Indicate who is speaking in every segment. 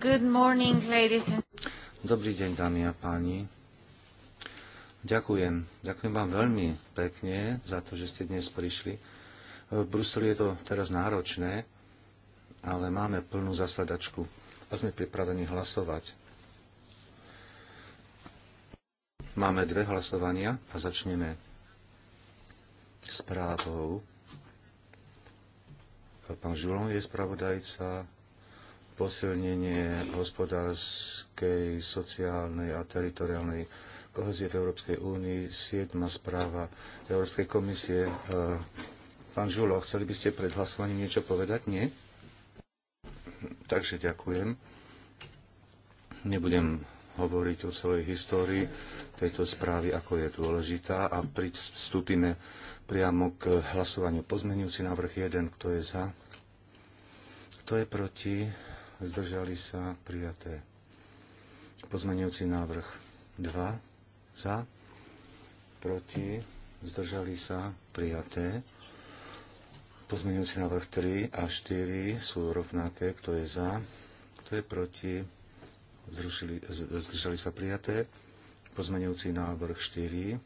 Speaker 1: Good morning, ladies and...
Speaker 2: Dobrý deň, dámy a páni. Ďakujem. Ďakujem vám veľmi pekne za to, že ste dnes prišli. V Bruseli je to teraz náročné, ale máme plnú zasadačku a sme pripravení hlasovať. Máme dve hlasovania a začneme správou. Pán Žulon je spravodajca, posilnenie hospodárskej, sociálnej a teritoriálnej kohezie v Európskej únii, siedma správa Európskej komisie. E, pán Žulo, chceli by ste pred hlasovaním niečo povedať? Nie? Takže ďakujem. Nebudem hovoriť o celej histórii tejto správy, ako je dôležitá a pristúpime priamo k hlasovaniu. Pozmenujúci návrh 1, kto je za? Kto je proti? zdržali sa, prijaté. Pozmeňujúci návrh 2 za, proti, zdržali sa, prijaté. Pozmeňujúci návrh 3 a 4 sú rovnaké, kto je za, kto je proti, zrušili, zdržali sa, prijaté. Pozmeňujúci návrh 4,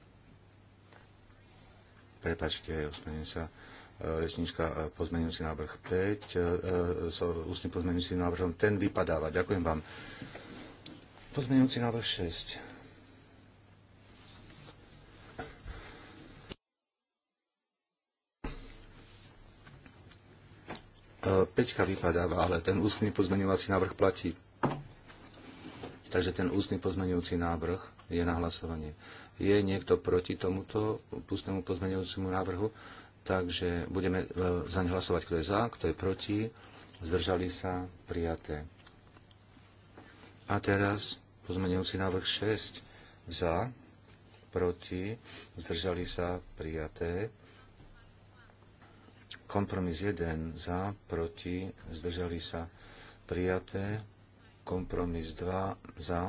Speaker 2: prepačte, osmením sa, E, rečníčka e, pozmenujúci návrh 5 e, s ústnym pozmenujúcim návrhom. Ten vypadáva. Ďakujem vám. Pozmenujúci návrh 6. Peťka vypadáva, ale ten ústny pozmeňovací návrh platí. Takže ten ústny pozmenujúci návrh je na hlasovanie. Je niekto proti tomuto ústnemu pozmenujúcemu návrhu? Takže budeme e, zaň hlasovať, kto je za, kto je proti. Zdržali sa prijaté. A teraz pozmenujúci návrh 6 za, proti, zdržali sa prijaté. Kompromis 1 za, proti, zdržali sa prijaté. Kompromis 2 za,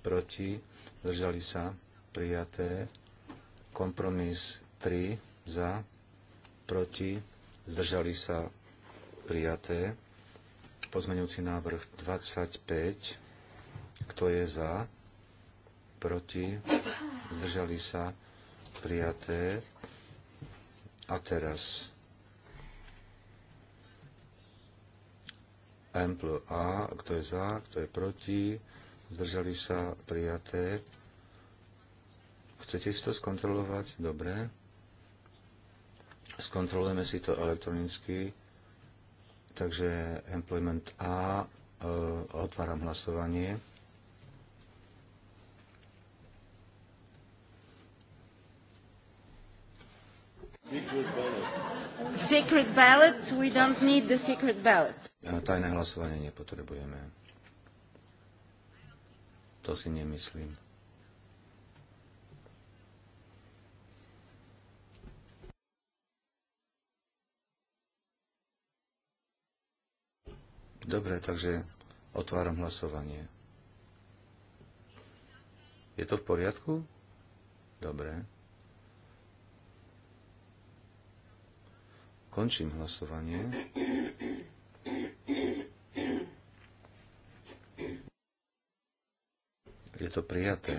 Speaker 2: proti, zdržali sa prijaté. Kompromis 3 za, proti, zdržali sa prijaté. Pozmeňujúci návrh 25, kto je za, proti, zdržali sa prijaté. A teraz plus A, kto je za, kto je proti, zdržali sa prijaté. Chcete si to skontrolovať? Dobre. Skontrolujeme si to elektronicky. Takže employment A, eh, otváram hlasovanie.
Speaker 1: Secret ballot. Secret ballot, we don't need the secret ballot.
Speaker 2: Tajné hlasovanie nepotrebujeme. To si nemyslím. Dobre, takže otváram hlasovanie. Je to v poriadku? Dobre. Končím hlasovanie. Je to prijaté.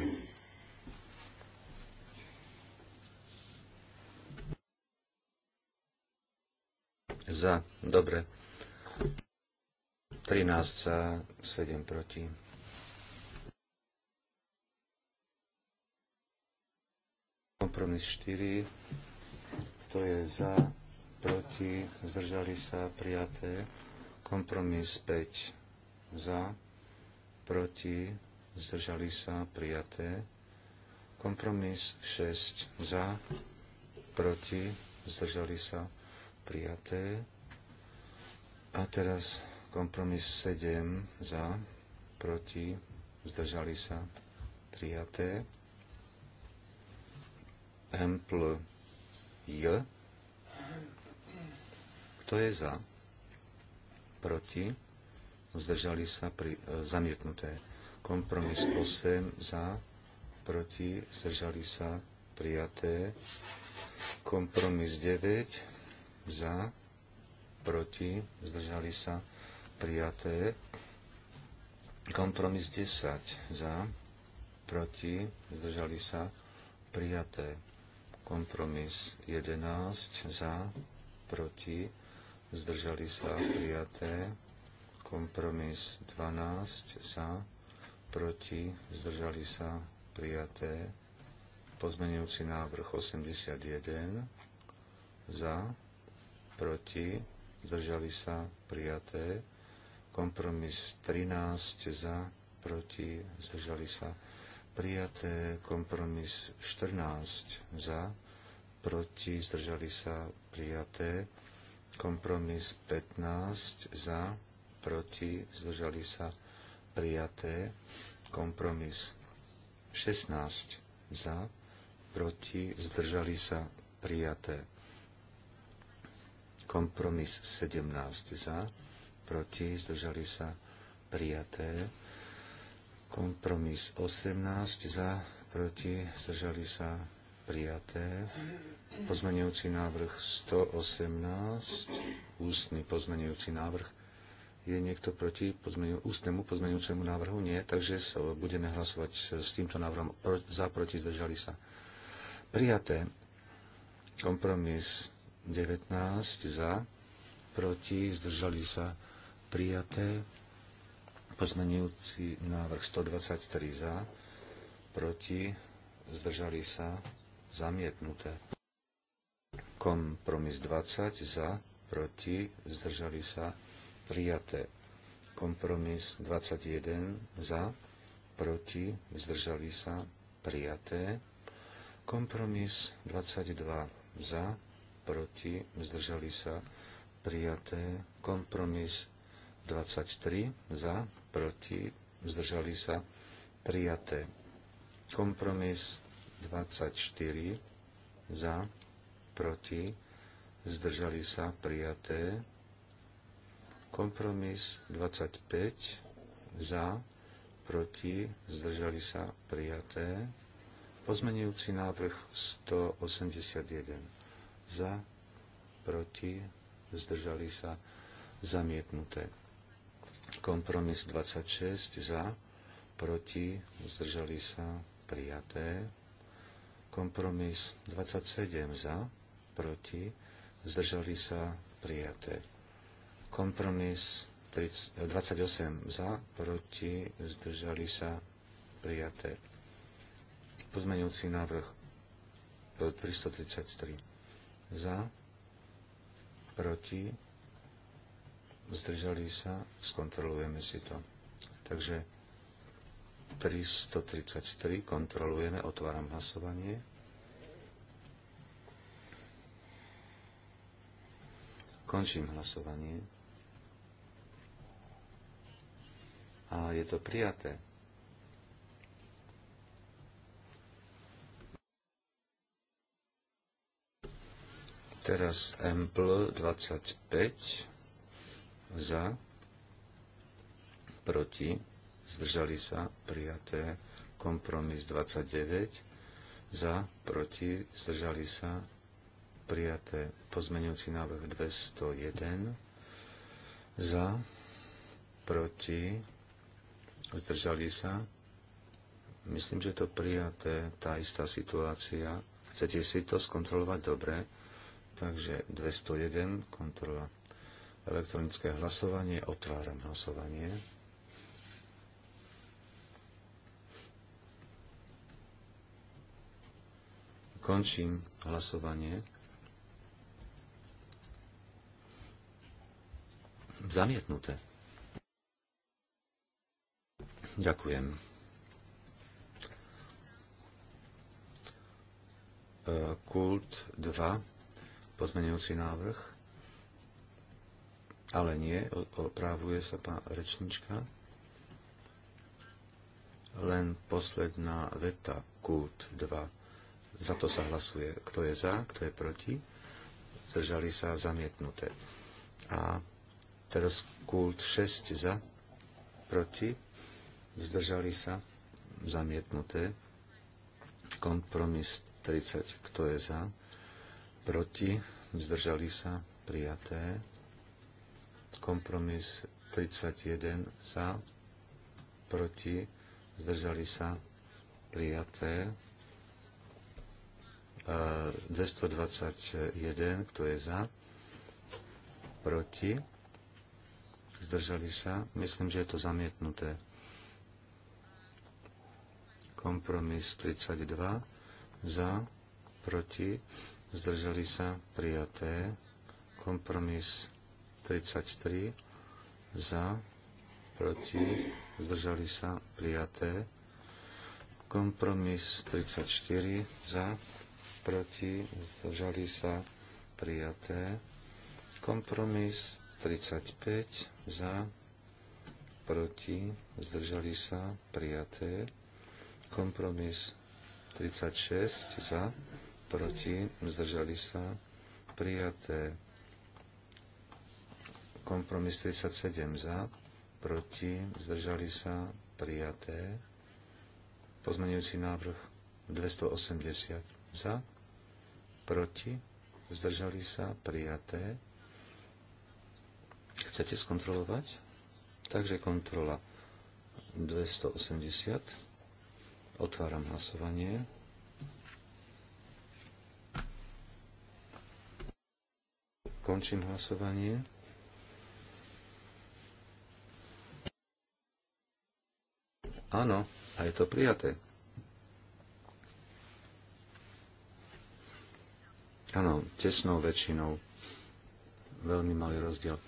Speaker 2: Za. Dobre. 13 za, 7 proti. Kompromis 4. To je za, proti, zdržali sa, prijaté. Kompromis 5. Za, proti, zdržali sa, prijaté. Kompromis 6. Za, proti, zdržali sa, prijaté. A teraz Kompromis 7 za, proti, zdržali sa, prijaté. Empl J. Kto je za? Proti. Zdržali sa pri, e, zamietnuté. Kompromis 8 za, proti, zdržali sa prijaté. Kompromis 9 za, proti, zdržali sa prijaté prijaté. Kompromis 10 za, proti, zdržali sa, prijaté. Kompromis 11 za, proti, zdržali sa, prijaté. Kompromis 12 za, proti, zdržali sa, prijaté. Pozmenujúci návrh 81 za, proti, zdržali sa, prijaté Kompromis 13 za, proti, zdržali sa prijaté. Kompromis 14 za, proti, zdržali sa prijaté. Kompromis 15 za, proti, zdržali sa prijaté. Kompromis 16 za, proti, zdržali sa prijaté. Kompromis 17 za, proti, zdržali sa prijaté. Kompromis 18 za, proti, zdržali sa prijaté. Pozmenujúci návrh 118, ústny pozmenujúci návrh. Je niekto proti pozmeniu, ústnemu pozmenujúcemu návrhu? Nie, takže so, budeme hlasovať s týmto návrhom pro, za, proti, zdržali sa. Prijaté. Kompromis 19 za, proti, zdržali sa prijaté. Pozmenujúci návrh 123 za, proti, zdržali sa, zamietnuté. Kompromis 20 za, proti, zdržali sa, prijaté. Kompromis 21 za, proti, zdržali sa, prijaté. Kompromis 22 za, proti, zdržali sa, prijaté. Kompromis 23 za, proti, zdržali sa, prijaté. Kompromis 24 za, proti, zdržali sa, prijaté. Kompromis 25 za, proti, zdržali sa, prijaté. Pozmenujúci návrh 181 za, proti, zdržali sa, zamietnuté. Kompromis 26 za, proti, zdržali sa, prijaté. Kompromis 27 za, proti, zdržali sa, prijaté. Kompromis 28 za, proti, zdržali sa, prijaté. Pozmeňujúci návrh 333 e, za, proti, zdržali sa, skontrolujeme si to. Takže 333 kontrolujeme, otváram hlasovanie. Končím hlasovanie. A je to prijaté. Teraz Ample 25 za, proti, zdržali sa, prijaté. Kompromis 29, za, proti, zdržali sa, prijaté. Pozmenujúci návrh 201, za, proti, zdržali sa. Myslím, že to prijaté, tá istá situácia. Chcete si to skontrolovať dobre? Takže 201, kontrola elektronické hlasovanie. Otváram hlasovanie. Končím hlasovanie. Zamietnuté. Ďakujem. E, kult 2, pozmenujúci návrh. Ale nie, oprávuje sa pán rečnička. Len posledná veta, kút 2. Za to sa hlasuje, kto je za, kto je proti. Zdržali sa zamietnuté. A teraz kult 6 za, proti. Zdržali sa zamietnuté. Kompromis 30, kto je za, proti, zdržali sa, prijaté. Kompromis 31 za, proti, zdržali sa, prijaté. 221, e, kto je za, proti, zdržali sa. Myslím, že je to zamietnuté. Kompromis 32 za, proti, zdržali sa, prijaté. Kompromis 33 za, proti, zdržali sa, prijaté. Kompromis 34 za, proti, zdržali sa, prijaté. Kompromis 35 za, proti, zdržali sa, prijaté. Kompromis 36 za, proti, zdržali sa, prijaté Kompromis 37 za, proti, zdržali sa, prijaté. Pozmenujúci návrh 280 za, proti, zdržali sa, prijaté. Chcete skontrolovať? Takže kontrola 280. Otváram hlasovanie. Končím hlasovanie. Áno, a je to prijaté. Áno, tesnou väčšinou. Veľmi malý rozdiel.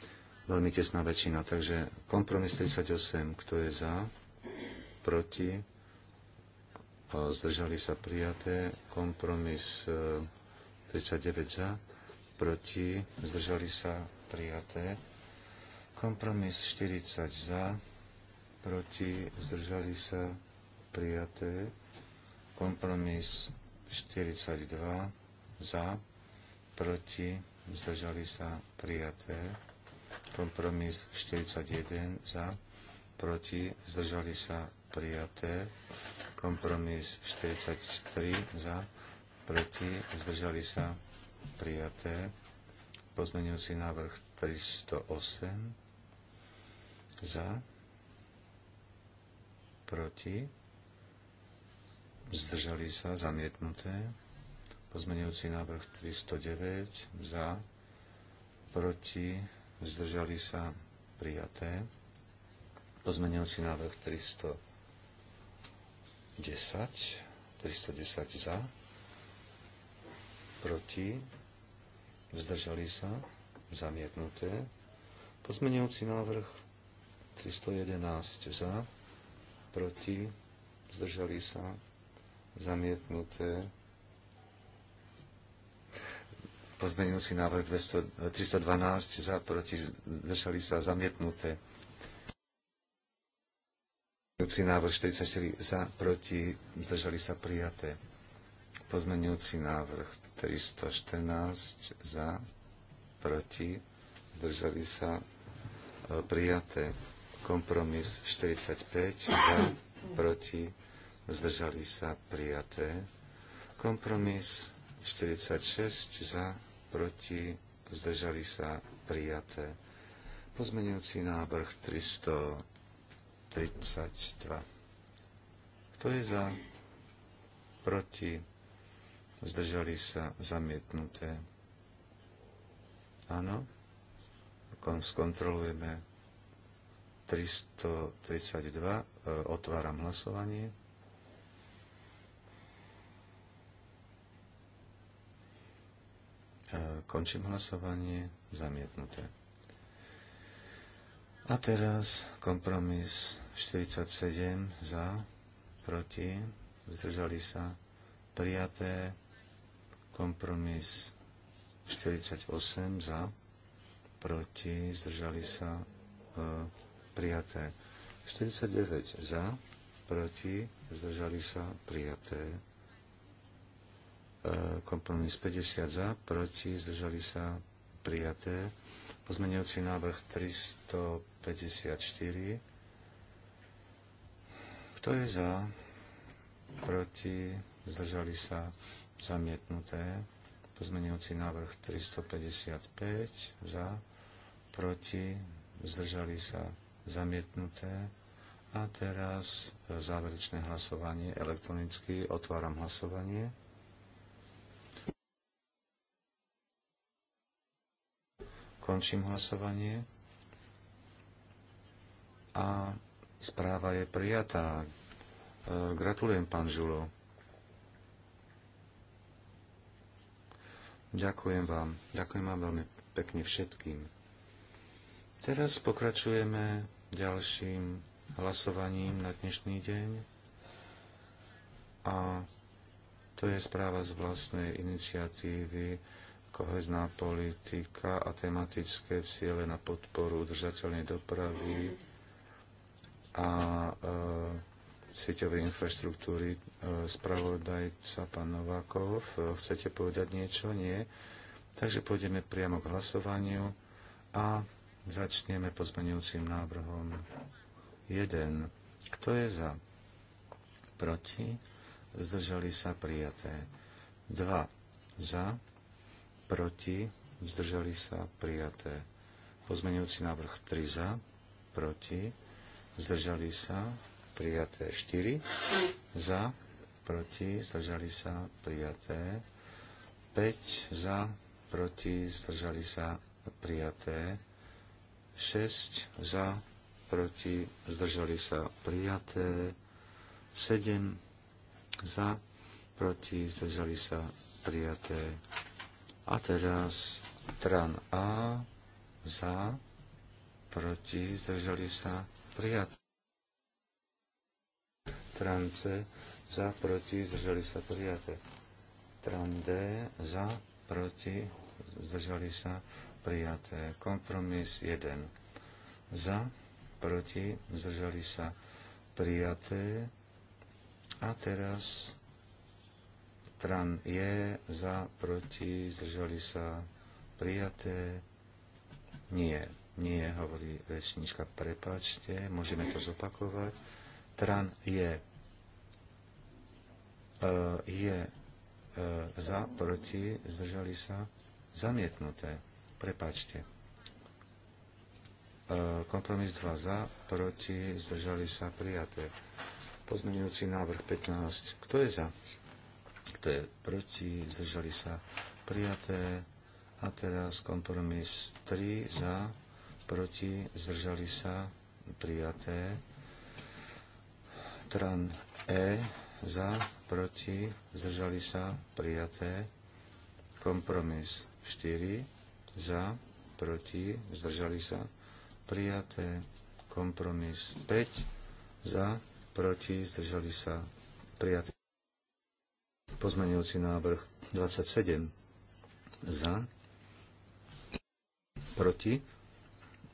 Speaker 2: Veľmi tesná väčšina. Takže kompromis 38. Kto je e, za? Proti? Zdržali sa prijaté. Kompromis 39 za. Proti? Zdržali sa prijaté. Kompromis 40 za proti, zdržali sa, prijaté. Kompromis 42 za, proti, zdržali sa, prijaté. Kompromis 41 za, proti, zdržali sa, prijaté. Kompromis 43 za, proti, zdržali sa, prijaté. Pozmenujúci návrh 308 za, proti, zdržali sa, zamietnuté. Pozmenujúci návrh 309 za, proti, zdržali sa, prijaté. Pozmenujúci návrh 310, 310 za, proti, zdržali sa, zamietnuté. Pozmenujúci návrh 311 za, proti, zdržali sa, zamietnuté. si návrh 312 e, za, proti, zdržali sa, zamietnuté. Pozmenujúci návrh 44 za, proti, zdržali sa, prijaté. Pozmenujúci návrh 314 za, proti, zdržali sa, e, prijaté Kompromis 45 za, proti, zdržali sa prijaté. Kompromis 46 za, proti, zdržali sa prijaté. Pozmenujúci návrh 332. Kto je za? Proti? Zdržali sa zamietnuté. Áno? Skontrolujeme 332. E, otváram hlasovanie. E, končím hlasovanie. Zamietnuté. A teraz kompromis 47 za, proti, zdržali sa, prijaté, kompromis 48 za, proti, zdržali sa, e, prijaté. 49 za, proti, zdržali sa, prijaté. E, kompromis 50 za, proti, zdržali sa, prijaté. Pozmeňujúci návrh 354. Kto je za, proti, zdržali sa, zamietnuté. Pozmeňujúci návrh 355 za, proti, zdržali sa, zamietnuté. A teraz e, záverečné hlasovanie elektronicky. Otváram hlasovanie. Končím hlasovanie. A správa je prijatá. E, gratulujem, pán Žulo. Ďakujem vám. Ďakujem vám veľmi pekne všetkým. Teraz pokračujeme ďalším hlasovaním na dnešný deň. A to je správa z vlastnej iniciatívy kohezná politika a tematické ciele na podporu udržateľnej dopravy a e, sieťovej infraštruktúry. E, spravodajca pán Novákov, e, chcete povedať niečo? Nie. Takže pôjdeme priamo k hlasovaniu a Začneme pozmenujúcim návrhom 1. Kto je za? Proti? Zdržali sa prijaté. 2. Za? Proti? Zdržali sa prijaté. Pozmenujúci návrh 3 za? Proti? Zdržali sa prijaté. 4. Za? Proti? Zdržali sa prijaté. 5. Za? Proti? Zdržali sa prijaté. 6 za, proti, zdržali sa prijaté, 7 za, proti, zdržali sa prijaté. A teraz tran A za, proti, zdržali sa prijaté. Tran C za, proti, zdržali sa prijaté. Tran D za, proti, zdržali sa prijaté prijaté. Kompromis 1 za, proti, zdržali sa prijaté. A teraz tran je za, proti, zdržali sa prijaté. Nie, nie, hovorí rečnička, prepačte, môžeme to zopakovať. Tran je, e, je e, za, proti, zdržali sa zamietnuté prepáčte. E, kompromis 2 za, proti, zdržali sa, prijaté. Pozmenujúci návrh 15. Kto je za? Kto je proti? Zdržali sa? Prijaté. A teraz kompromis 3 za, proti, zdržali sa, prijaté. Tran E za, proti, zdržali sa, prijaté. Kompromis 4 za, proti, zdržali sa, prijaté, kompromis 5, za, proti, zdržali sa, prijaté. Pozmenujúci návrh 27, za, proti,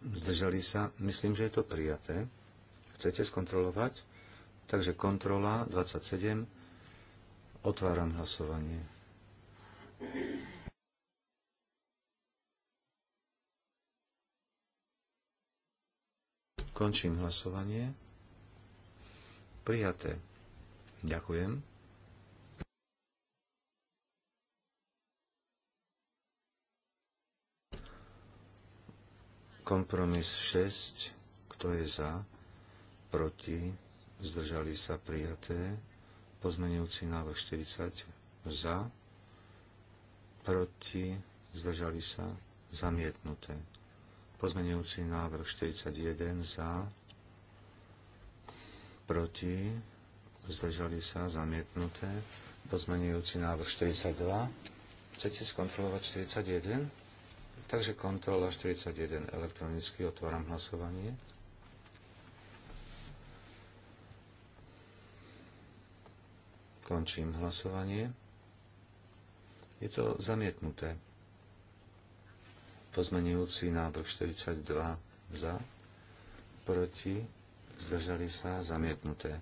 Speaker 2: zdržali sa, myslím, že je to prijaté. Chcete skontrolovať? Takže kontrola 27, otváram hlasovanie. Končím hlasovanie. Prijaté. Ďakujem. Kompromis 6. Kto je za? Proti? Zdržali sa prijaté. Pozmenujúci návrh 40. Za? Proti? Zdržali sa zamietnuté. Pozmenujúci návrh 41 za, proti, zdržali sa, zamietnuté. Pozmenujúci návrh 42. Chcete skontrolovať 41? Takže kontrola 41 elektronicky, otváram hlasovanie. Končím hlasovanie. Je to zamietnuté. Pozmenujúci návrh 42 za, proti, zdržali sa, zamietnuté.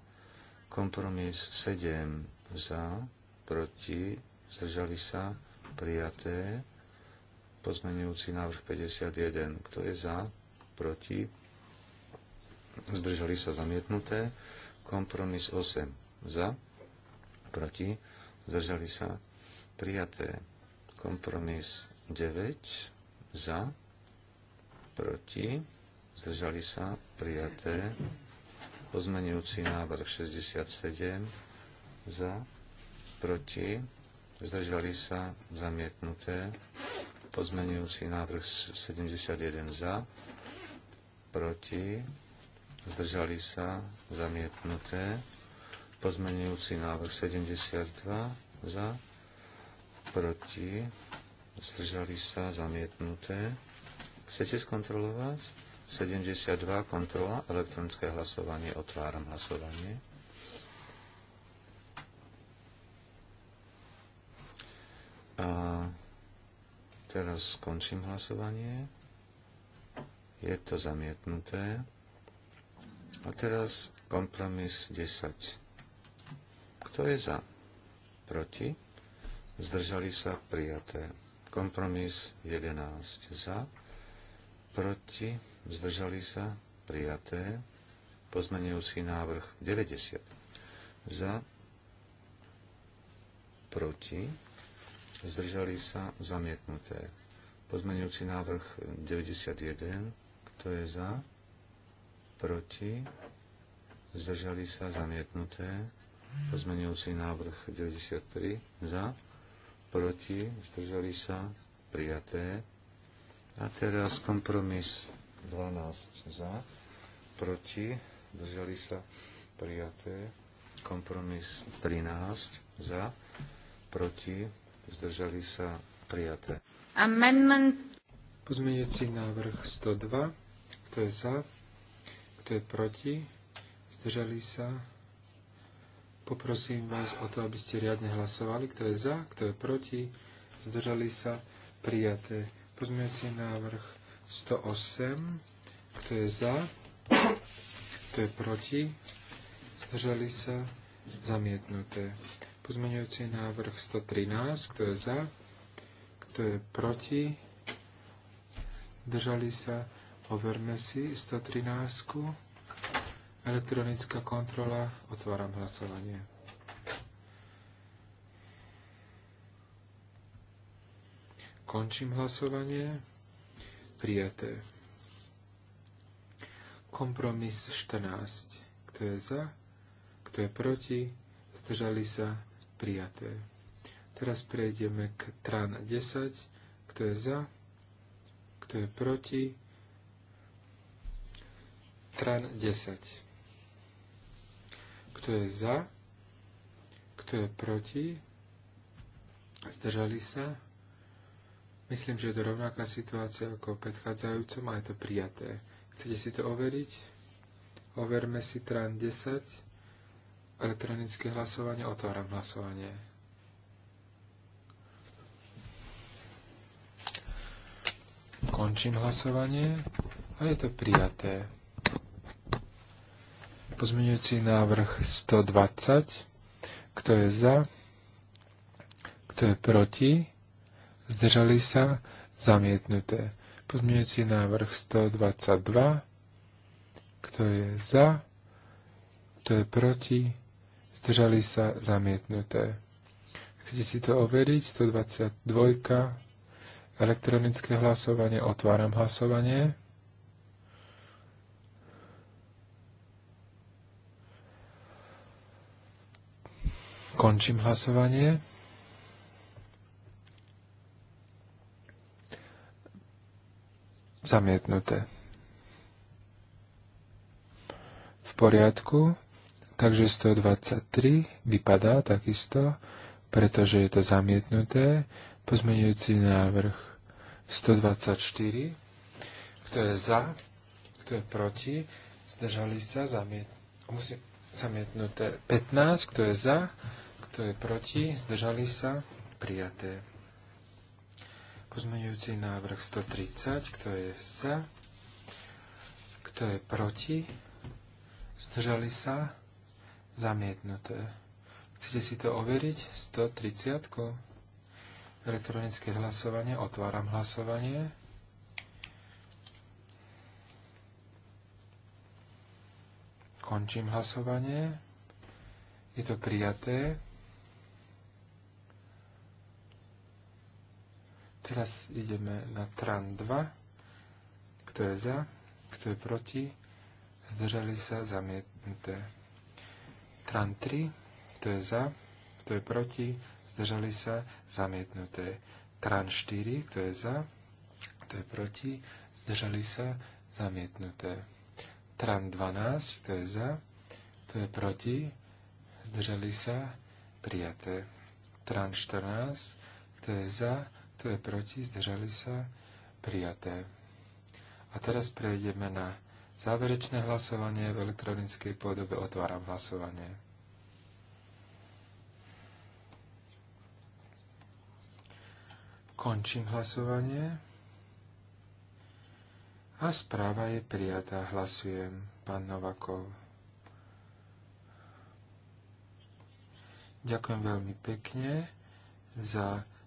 Speaker 2: Kompromis 7 za, proti, zdržali sa, prijaté. Pozmenujúci návrh 51. Kto je za, proti, zdržali sa, zamietnuté. Kompromis 8 za, proti, zdržali sa, prijaté. Kompromis 9 za, proti, zdržali sa, prijaté. Pozmenujúci návrh 67 za, proti, zdržali sa, zamietnuté. Pozmenujúci návrh 71 za, proti, zdržali sa, zamietnuté. Pozmenujúci návrh 72 za, proti, zdržali sa, zamietnuté. Chcete skontrolovať? 72, kontrola, elektronické hlasovanie, otváram hlasovanie. A teraz skončím hlasovanie. Je to zamietnuté. A teraz kompromis 10. Kto je za? Proti? Zdržali sa prijaté. Kompromis 11 za, proti, zdržali sa, prijaté. Pozmenujúci návrh 90 za, proti, zdržali sa, zamietnuté. Pozmenujúci návrh 91, kto je za, proti, zdržali sa, zamietnuté. Pozmenujúci návrh 93 za, proti, zdržali sa, prijaté. A teraz kompromis 12 za, proti, zdržali sa, prijaté. Kompromis 13 za, proti, zdržali sa,
Speaker 3: prijaté.
Speaker 1: Amendment.
Speaker 3: Pozmeňujúci návrh 102, kto je za, kto je proti, zdržali sa, Poprosím vás o to, aby ste riadne hlasovali, kto je za, kto je proti, zdržali sa, prijaté. Pozmeňujúci návrh 108, kto je za, kto je proti, zdržali sa, zamietnuté. Pozmeňujúci návrh 113, kto je za, kto je proti, zdržali sa, overme si 113. Elektronická kontrola. Otváram hlasovanie. Končím hlasovanie. Prijaté. Kompromis 14. Kto je za? Kto je proti? Zdržali sa? Prijaté. Teraz prejdeme k TRAN 10. Kto je za? Kto je proti? TRAN 10. Kto je za? Kto je proti? Zdržali sa? Myslím, že je to rovnaká situácia ako predchádzajúcom a je to prijaté. Chcete si to overiť? Overme si TRAN 10. Elektronické hlasovanie. Otváram hlasovanie. Končím hlasovanie a je to prijaté. Pozmeňujúci návrh 120. Kto je za? Kto je proti? Zdržali sa? Zamietnuté. Pozmeňujúci návrh 122. Kto je za? Kto je proti? Zdržali sa? Zamietnuté. Chcete si to overiť? 122. Elektronické hlasovanie. Otváram hlasovanie. Končím hlasovanie. Zamietnuté. V poriadku. Takže 123 vypadá takisto, pretože je to zamietnuté. Pozmenujúci návrh 124. Kto je za? Kto je proti? Zdržali sa? Zamiet... Musím... Zamietnuté 15. Kto je za? Kto je proti? Zdržali sa? Prijaté. Pozmeňujúci návrh 130. Kto je za? Kto je proti? Zdržali sa? Zamietnuté. Chcete si to overiť? 130. Elektronické hlasovanie. Otváram hlasovanie. Končím hlasovanie. Je to prijaté. Teraz ideme na TRAN 2. Kto je za? Kto je proti? Zdržali sa zamietnuté. TRAN 3. Kto je za? Kto je proti? Zdržali sa zamietnuté. TRAN 4. Kto je za? Kto je proti? Zdržali sa zamietnuté. TRAN 12. Kto je za? Kto je proti? Zdržali sa prijaté. TRAN 14. Kto je za? kto je proti, zdržali sa, prijaté. A teraz prejdeme na záverečné hlasovanie v elektronickej podobe. Otváram hlasovanie. Končím hlasovanie. A správa je prijatá. Hlasujem, pán Novakov. Ďakujem veľmi pekne za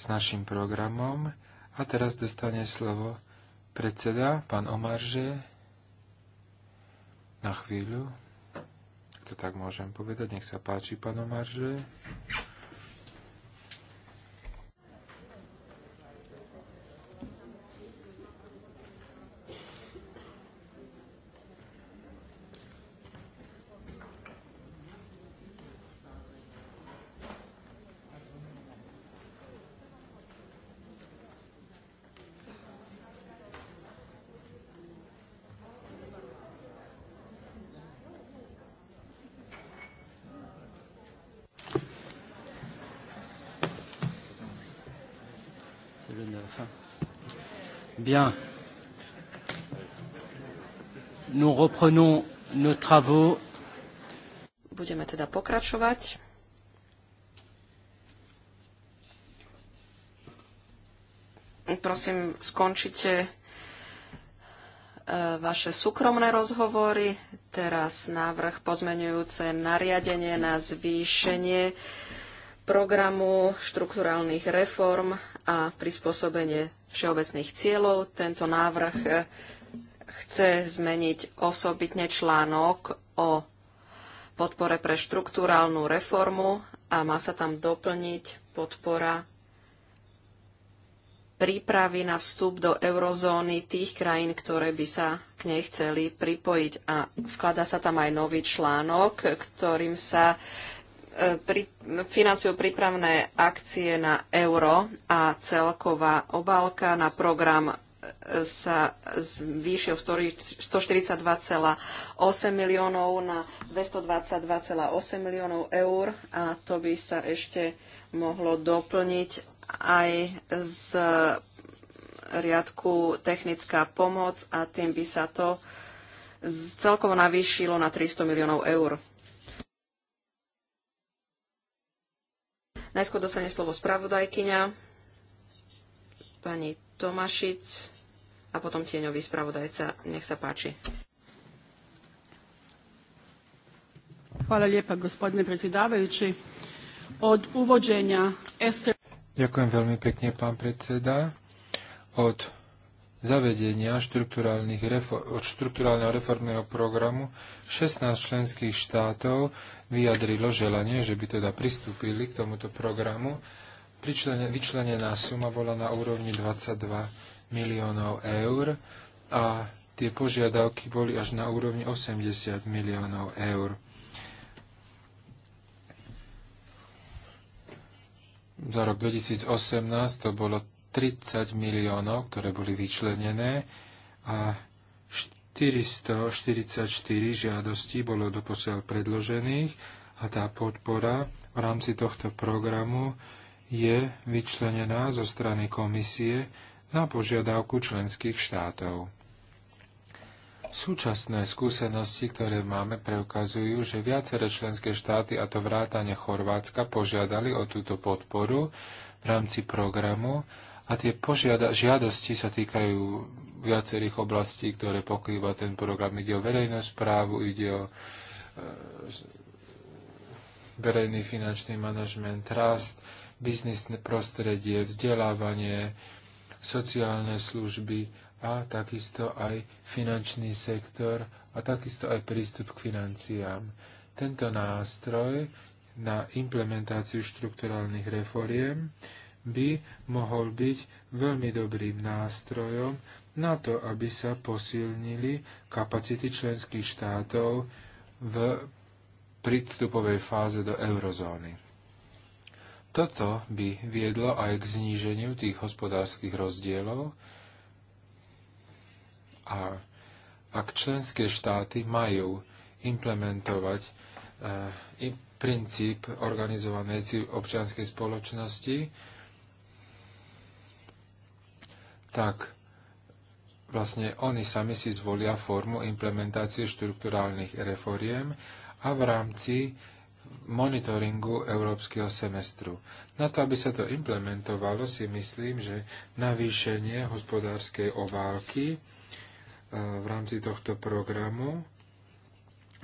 Speaker 3: s našim programom. A teraz dostane slovo predseda, pán Omarže, na chvíľu. To tak môžem povedať. Nech sa páči, pán Omarže.
Speaker 1: Bien. Nous reprenons nos travaux.
Speaker 4: Budeme teda pokračovať. Prosím, skončite e, vaše súkromné rozhovory. Teraz návrh pozmenujúce nariadenie na zvýšenie programu štrukturálnych reform a prispôsobenie všeobecných cieľov. Tento návrh e, chce zmeniť osobitne článok o podpore pre štruktúrálnu reformu a má sa tam doplniť podpora prípravy na vstup do eurozóny tých krajín, ktoré by sa k nej chceli pripojiť. A vklada sa tam aj nový článok, ktorým sa pri, financujú prípravné akcie na euro a celková obálka na program e, sa zvýšil 142,8 miliónov na 222,8 miliónov eur a to by sa ešte mohlo doplniť aj z riadku technická pomoc a tým by sa to celkovo navýšilo na 300 miliónov eur. Najskôr dostane slovo spravodajkyňa, pani Tomašic a potom tieňový spravodajca. Nech sa páči. Hvala lijepa, gospodine predsjedavajući. Od uvođenja
Speaker 3: Ďakujem veľmi pekne, pán predseda. Od zavedenia štruktúrálneho reformného programu 16 členských štátov vyjadrilo želanie, že by teda pristúpili k tomuto programu. Vyčlenená suma bola na úrovni 22 miliónov eur a tie požiadavky boli až na úrovni 80 miliónov eur. Za rok 2018 to bolo 30 miliónov, ktoré boli vyčlenené a 444 žiadostí bolo doposiaľ predložených a tá podpora v rámci tohto programu je vyčlenená zo strany komisie na požiadavku členských štátov. Súčasné skúsenosti, ktoré máme, preukazujú, že viaceré členské štáty, a to vrátane Chorvátska, požiadali o túto podporu v rámci programu a tie požiada- žiadosti sa týkajú viacerých oblastí, ktoré pokrýva ten program. Ide o verejnú správu, ide o e, verejný finančný manažment, rast, biznisné prostredie, vzdelávanie, sociálne služby a takisto aj finančný sektor a takisto aj prístup k financiám. Tento nástroj na implementáciu štrukturálnych reforiem by mohol byť veľmi dobrým nástrojom na to, aby sa posilnili kapacity členských štátov v prístupovej fáze do eurozóny. Toto by viedlo aj k zníženiu tých hospodárskych rozdielov a ak členské štáty majú implementovať e, princíp organizovanej občianskej spoločnosti, tak vlastne oni sami si zvolia formu implementácie štrukturálnych reforiem a v rámci monitoringu európskeho semestru. Na to, aby sa to implementovalo, si myslím, že navýšenie hospodárskej oválky e, v rámci tohto programu,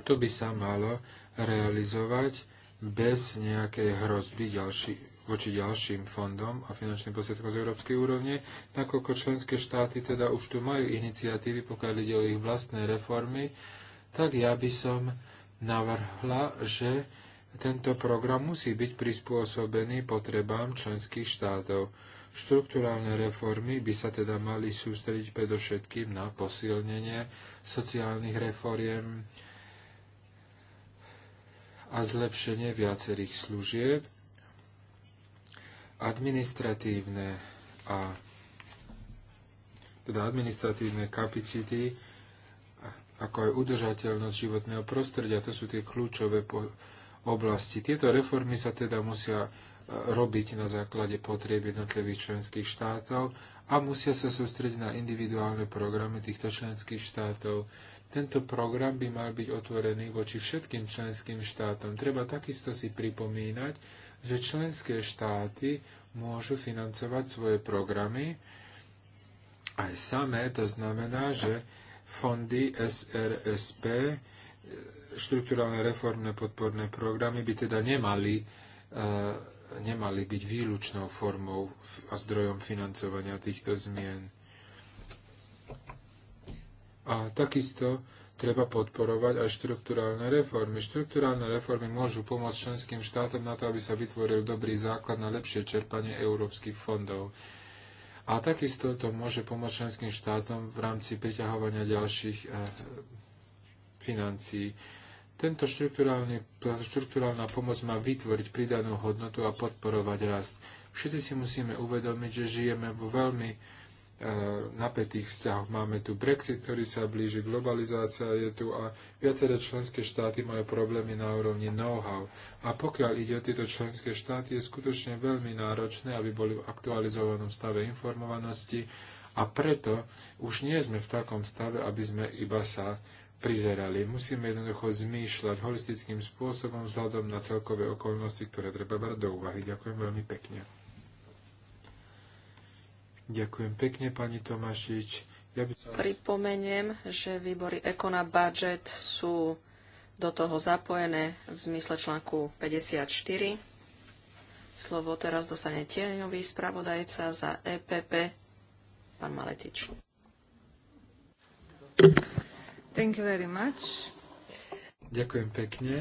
Speaker 3: to by sa malo realizovať bez nejakej hrozby ďalších voči ďalším fondom a finančným prostriedkom z európskej úrovne, nakoľko členské štáty teda už tu majú iniciatívy, pokiaľ ide o ich vlastné reformy, tak ja by som navrhla, že tento program musí byť prispôsobený potrebám členských štátov. Štruktúrálne reformy by sa teda mali sústrediť predovšetkým na posilnenie sociálnych reforiem, a zlepšenie viacerých služieb, administratívne a teda administratívne kapacity, ako aj udržateľnosť životného prostredia. To sú tie kľúčové oblasti. Tieto reformy sa teda musia e, robiť na základe potrieb jednotlivých členských štátov a musia sa sústrediť na individuálne programy týchto členských štátov. Tento program by mal byť otvorený voči všetkým členským štátom. Treba takisto si pripomínať, že členské štáty môžu financovať svoje programy aj samé, to znamená, že fondy SRSP, e, štruktúralne reformné podporné programy, by teda nemali, e, nemali byť výlučnou formou a zdrojom financovania týchto zmien. A takisto treba podporovať aj štrukturálne reformy. Štrukturálne reformy môžu pomôcť členským štátom na to, aby sa vytvoril dobrý základ na lepšie čerpanie európskych fondov. A takisto to môže pomôcť členským štátom v rámci priťahovania ďalších eh, financií. Tento štruktúrálna pomoc má vytvoriť pridanú hodnotu a podporovať rast. Všetci si musíme uvedomiť, že žijeme vo veľmi E, napätých vzťahoch. Máme tu Brexit, ktorý sa blíži, globalizácia je tu a viaceré členské štáty majú problémy na úrovni know-how. A pokiaľ ide o tieto členské štáty, je skutočne veľmi náročné, aby boli v aktualizovanom stave informovanosti a preto už nie sme v takom stave, aby sme iba sa prizerali. Musíme jednoducho zmýšľať holistickým spôsobom vzhľadom na celkové okolnosti, ktoré treba brať do úvahy. Ďakujem veľmi pekne. Ďakujem pekne, pani Tomašič. Ja by som...
Speaker 4: Pripomeniem, že výbory Ekona Budget sú do toho zapojené v zmysle článku 54. Slovo teraz dostane tieňový spravodajca za EPP, pán Maletič. Thank you very much.
Speaker 3: Ďakujem pekne.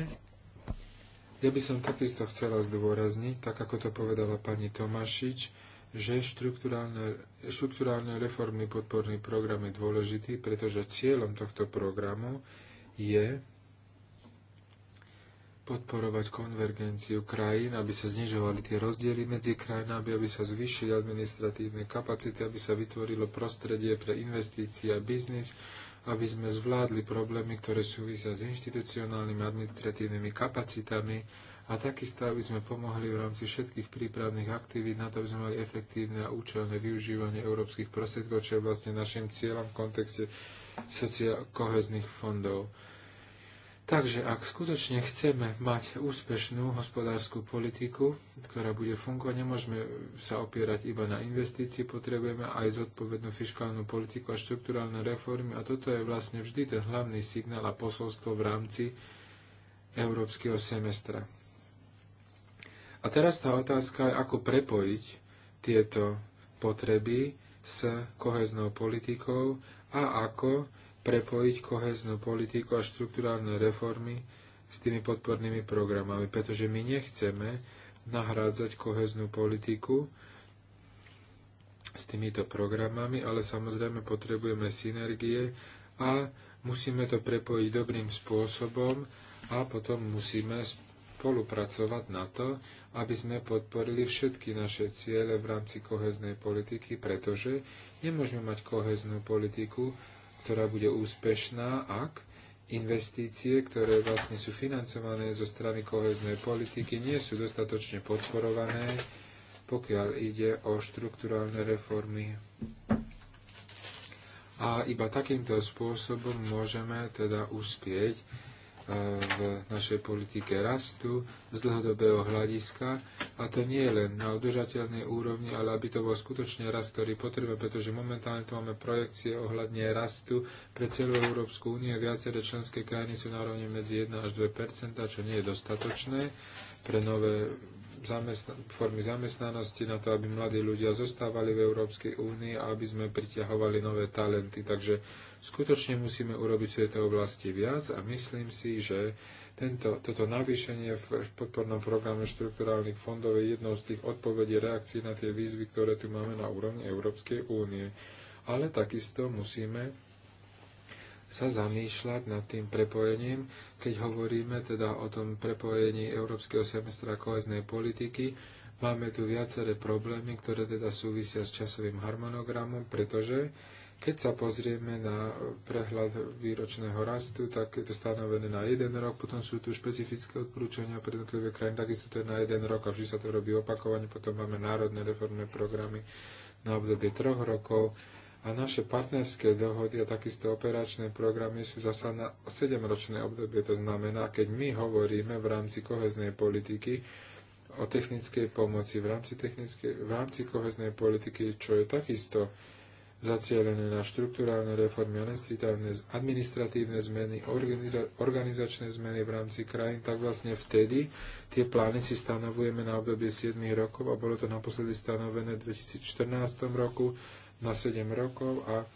Speaker 3: Ja by som takisto chcela zdôrazniť, tak ako to povedala pani Tomášič, že štruktúrálne reformy podporný program je dôležitý, pretože cieľom tohto programu je podporovať konvergenciu krajín, aby sa znižovali tie rozdiely medzi krajinami, aby sa zvýšili administratívne kapacity, aby sa vytvorilo prostredie pre investície a biznis, aby sme zvládli problémy, ktoré súvisia s inštitucionálnymi administratívnymi kapacitami, a takisto, aby sme pomohli v rámci všetkých prípravných aktivít na to, aby sme mali efektívne a účelné využívanie európskych prostriedkov, čo je vlastne našim cieľom v kontexte sociokohezných fondov. Takže ak skutočne chceme mať úspešnú hospodárskú politiku, ktorá bude fungovať, nemôžeme sa opierať iba na investície, potrebujeme aj zodpovednú fiskálnu politiku a štruktúralne reformy a toto je vlastne vždy ten hlavný signál a posolstvo v rámci európskeho semestra. A teraz tá otázka je, ako prepojiť tieto potreby s koheznou politikou a ako prepojiť koheznú politiku a štruktúrálne reformy s tými podpornými programami, pretože my nechceme nahrádzať koheznú politiku s týmito programami, ale samozrejme potrebujeme synergie a musíme to prepojiť dobrým spôsobom a potom musíme spolupracovať na to, aby sme podporili všetky naše ciele v rámci koheznej politiky, pretože nemôžeme mať koheznú politiku, ktorá bude úspešná, ak investície, ktoré vlastne sú financované zo strany koheznej politiky, nie sú dostatočne podporované, pokiaľ ide o štruktúralne reformy. A iba takýmto spôsobom môžeme teda uspieť v našej politike rastu z dlhodobého hľadiska a to nie len na udržateľnej úrovni, ale aby to bol skutočne rast, ktorý potrebujeme, pretože momentálne tu máme projekcie ohľadne rastu pre celú Európsku úniu. Viaceré členské krajiny sú na rovni medzi 1 až 2 čo nie je dostatočné pre nové zamestn- formy zamestnanosti na to, aby mladí ľudia zostávali v Európskej únii a aby sme priťahovali nové talenty. Takže Skutočne musíme urobiť v tejto oblasti viac a myslím si, že tento, toto navýšenie v podpornom programe štrukturálnych fondov je jednou z tých odpovedí reakcií na tie výzvy, ktoré tu máme na úrovni Európskej únie. Ale takisto musíme sa zamýšľať nad tým prepojením, keď hovoríme teda o tom prepojení Európskeho semestra koheznej politiky. Máme tu viaceré problémy, ktoré teda súvisia s časovým harmonogramom, pretože keď sa pozrieme na prehľad výročného rastu, tak je to stanovené na jeden rok, potom sú tu špecifické odporúčania pre jednotlivé krajiny, takisto to je na jeden rok a vždy sa to robí opakovane, potom máme národné reformné programy na obdobie troch rokov a naše partnerské dohody a takisto operačné programy sú zasa na 7-ročné obdobie. To znamená, keď my hovoríme v rámci koheznej politiky, o technickej pomoci v rámci, technickej, v rámci koheznej politiky, čo je takisto zacielené na štruktúrálne reformy, administratívne zmeny, organiza- organizačné zmeny v rámci krajín, tak vlastne vtedy tie plány si stanovujeme na obdobie 7 rokov a bolo to naposledy stanovené v 2014 roku na 7 rokov a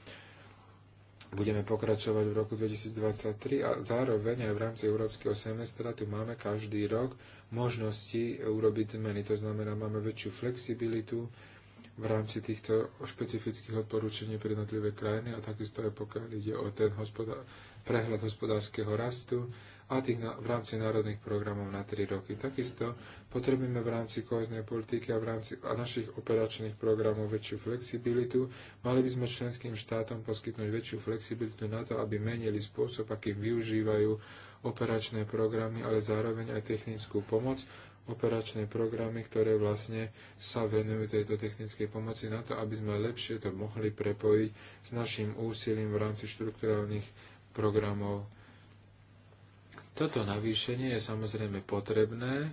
Speaker 3: budeme pokračovať v roku 2023 a zároveň aj v rámci európskeho semestra tu máme každý rok možnosti urobiť zmeny. To znamená, máme väčšiu flexibilitu, v rámci týchto špecifických odporúčení pre jednotlivé krajiny a takisto aj pokiaľ ide o ten hospodá- prehľad hospodárskeho rastu a tých na, v rámci národných programov na 3 roky. Takisto potrebujeme v rámci koheznej politiky a v rámci a našich operačných programov väčšiu flexibilitu. Mali by sme členským štátom poskytnúť väčšiu flexibilitu na to, aby menili spôsob, akým využívajú operačné programy, ale zároveň aj technickú pomoc, operačné programy, ktoré vlastne sa venujú tejto technickej pomoci na to, aby sme lepšie to mohli prepojiť s našim úsilím v rámci štrukturálnych programov. Toto navýšenie je samozrejme potrebné,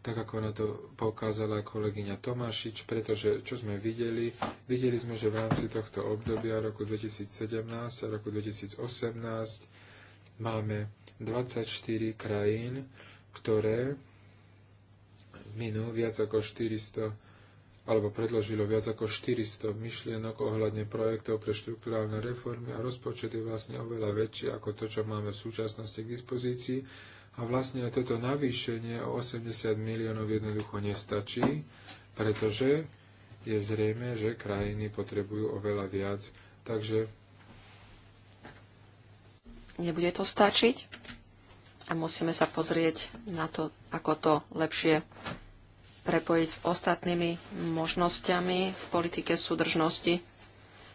Speaker 3: tak ako na to poukázala kolegyňa Tomášič, pretože čo sme videli, videli sme, že v rámci tohto obdobia roku 2017 a roku 2018 máme 24 krajín, ktoré minú viac ako 400 alebo predložilo viac ako 400 myšlienok ohľadne projektov pre štruktúrálne reformy a rozpočet je vlastne oveľa väčší ako to, čo máme v súčasnosti k dispozícii. A vlastne aj toto navýšenie o 80 miliónov jednoducho nestačí, pretože je zrejme, že krajiny potrebujú oveľa viac. Takže
Speaker 4: nebude to stačiť a musíme sa pozrieť na to, ako to lepšie prepojiť s ostatnými možnosťami v politike súdržnosti,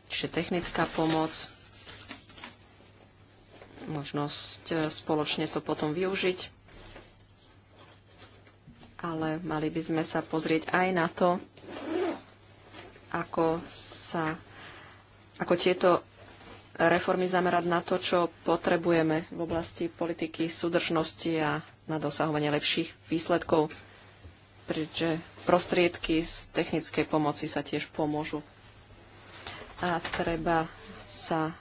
Speaker 4: čiže technická pomoc, možnosť e, spoločne to potom využiť. Ale mali by sme sa pozrieť aj na to, ako sa ako tieto reformy zamerať na to, čo potrebujeme v oblasti politiky súdržnosti a na dosahovanie lepších výsledkov pretože prostriedky z technickej pomoci sa tiež pomôžu. A treba sa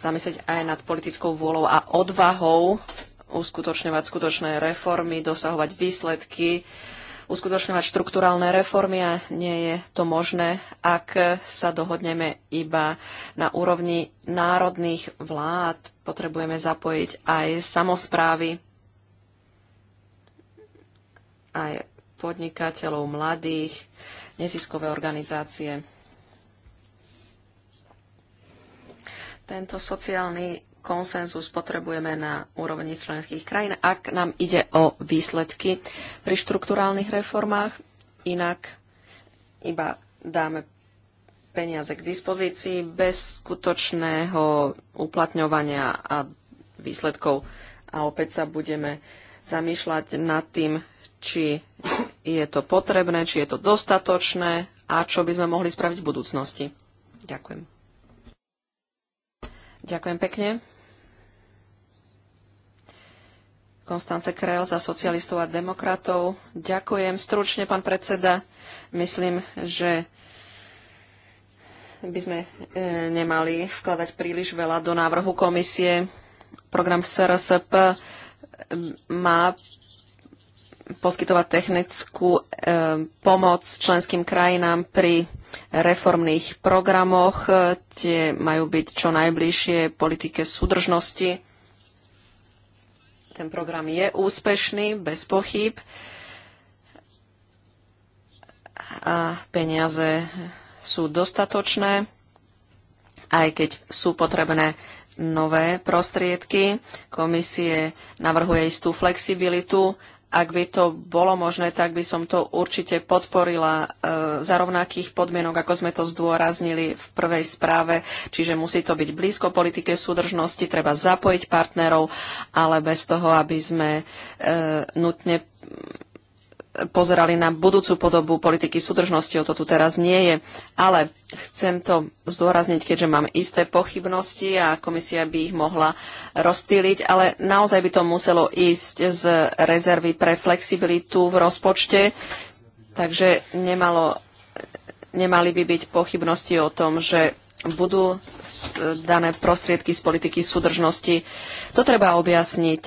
Speaker 4: zamyslieť aj nad politickou vôľou a odvahou uskutočňovať skutočné reformy, dosahovať výsledky, uskutočňovať štrukturálne reformy a nie je to možné, ak sa dohodneme iba na úrovni národných vlád. Potrebujeme zapojiť aj samozprávy, aj podnikateľov, mladých, neziskové organizácie. Tento sociálny konsenzus potrebujeme na úrovni členských krajín, ak nám ide o výsledky pri štruktúrálnych reformách. Inak iba dáme peniaze k dispozícii bez skutočného uplatňovania a výsledkov. A opäť sa budeme zamýšľať nad tým, či je to potrebné, či je to dostatočné a čo by sme mohli spraviť v budúcnosti. Ďakujem. Ďakujem pekne. Konstance Krel za socialistov a demokratov. Ďakujem stručne, pán predseda. Myslím, že by sme e, nemali vkladať príliš veľa do návrhu komisie. Program SRSP má poskytovať technickú e, pomoc členským krajinám pri reformných programoch. E, tie majú byť čo najbližšie politike súdržnosti. Ten program je úspešný, bez pochyb. A peniaze sú dostatočné, aj keď sú potrebné nové prostriedky. Komisie navrhuje istú flexibilitu ak by to bolo možné, tak by som to určite podporila e, za rovnakých podmienok, ako sme to zdôraznili v prvej správe. Čiže musí to byť blízko politike súdržnosti, treba zapojiť partnerov, ale bez toho, aby sme e, nutne pozerali na budúcu podobu politiky súdržnosti, o to tu teraz nie je. Ale chcem to zdôrazniť, keďže mám isté pochybnosti a komisia by ich mohla rozptýliť, ale naozaj by to muselo ísť z rezervy pre flexibilitu v rozpočte, takže nemalo, nemali by byť pochybnosti o tom, že budú dané prostriedky z politiky súdržnosti. To treba objasniť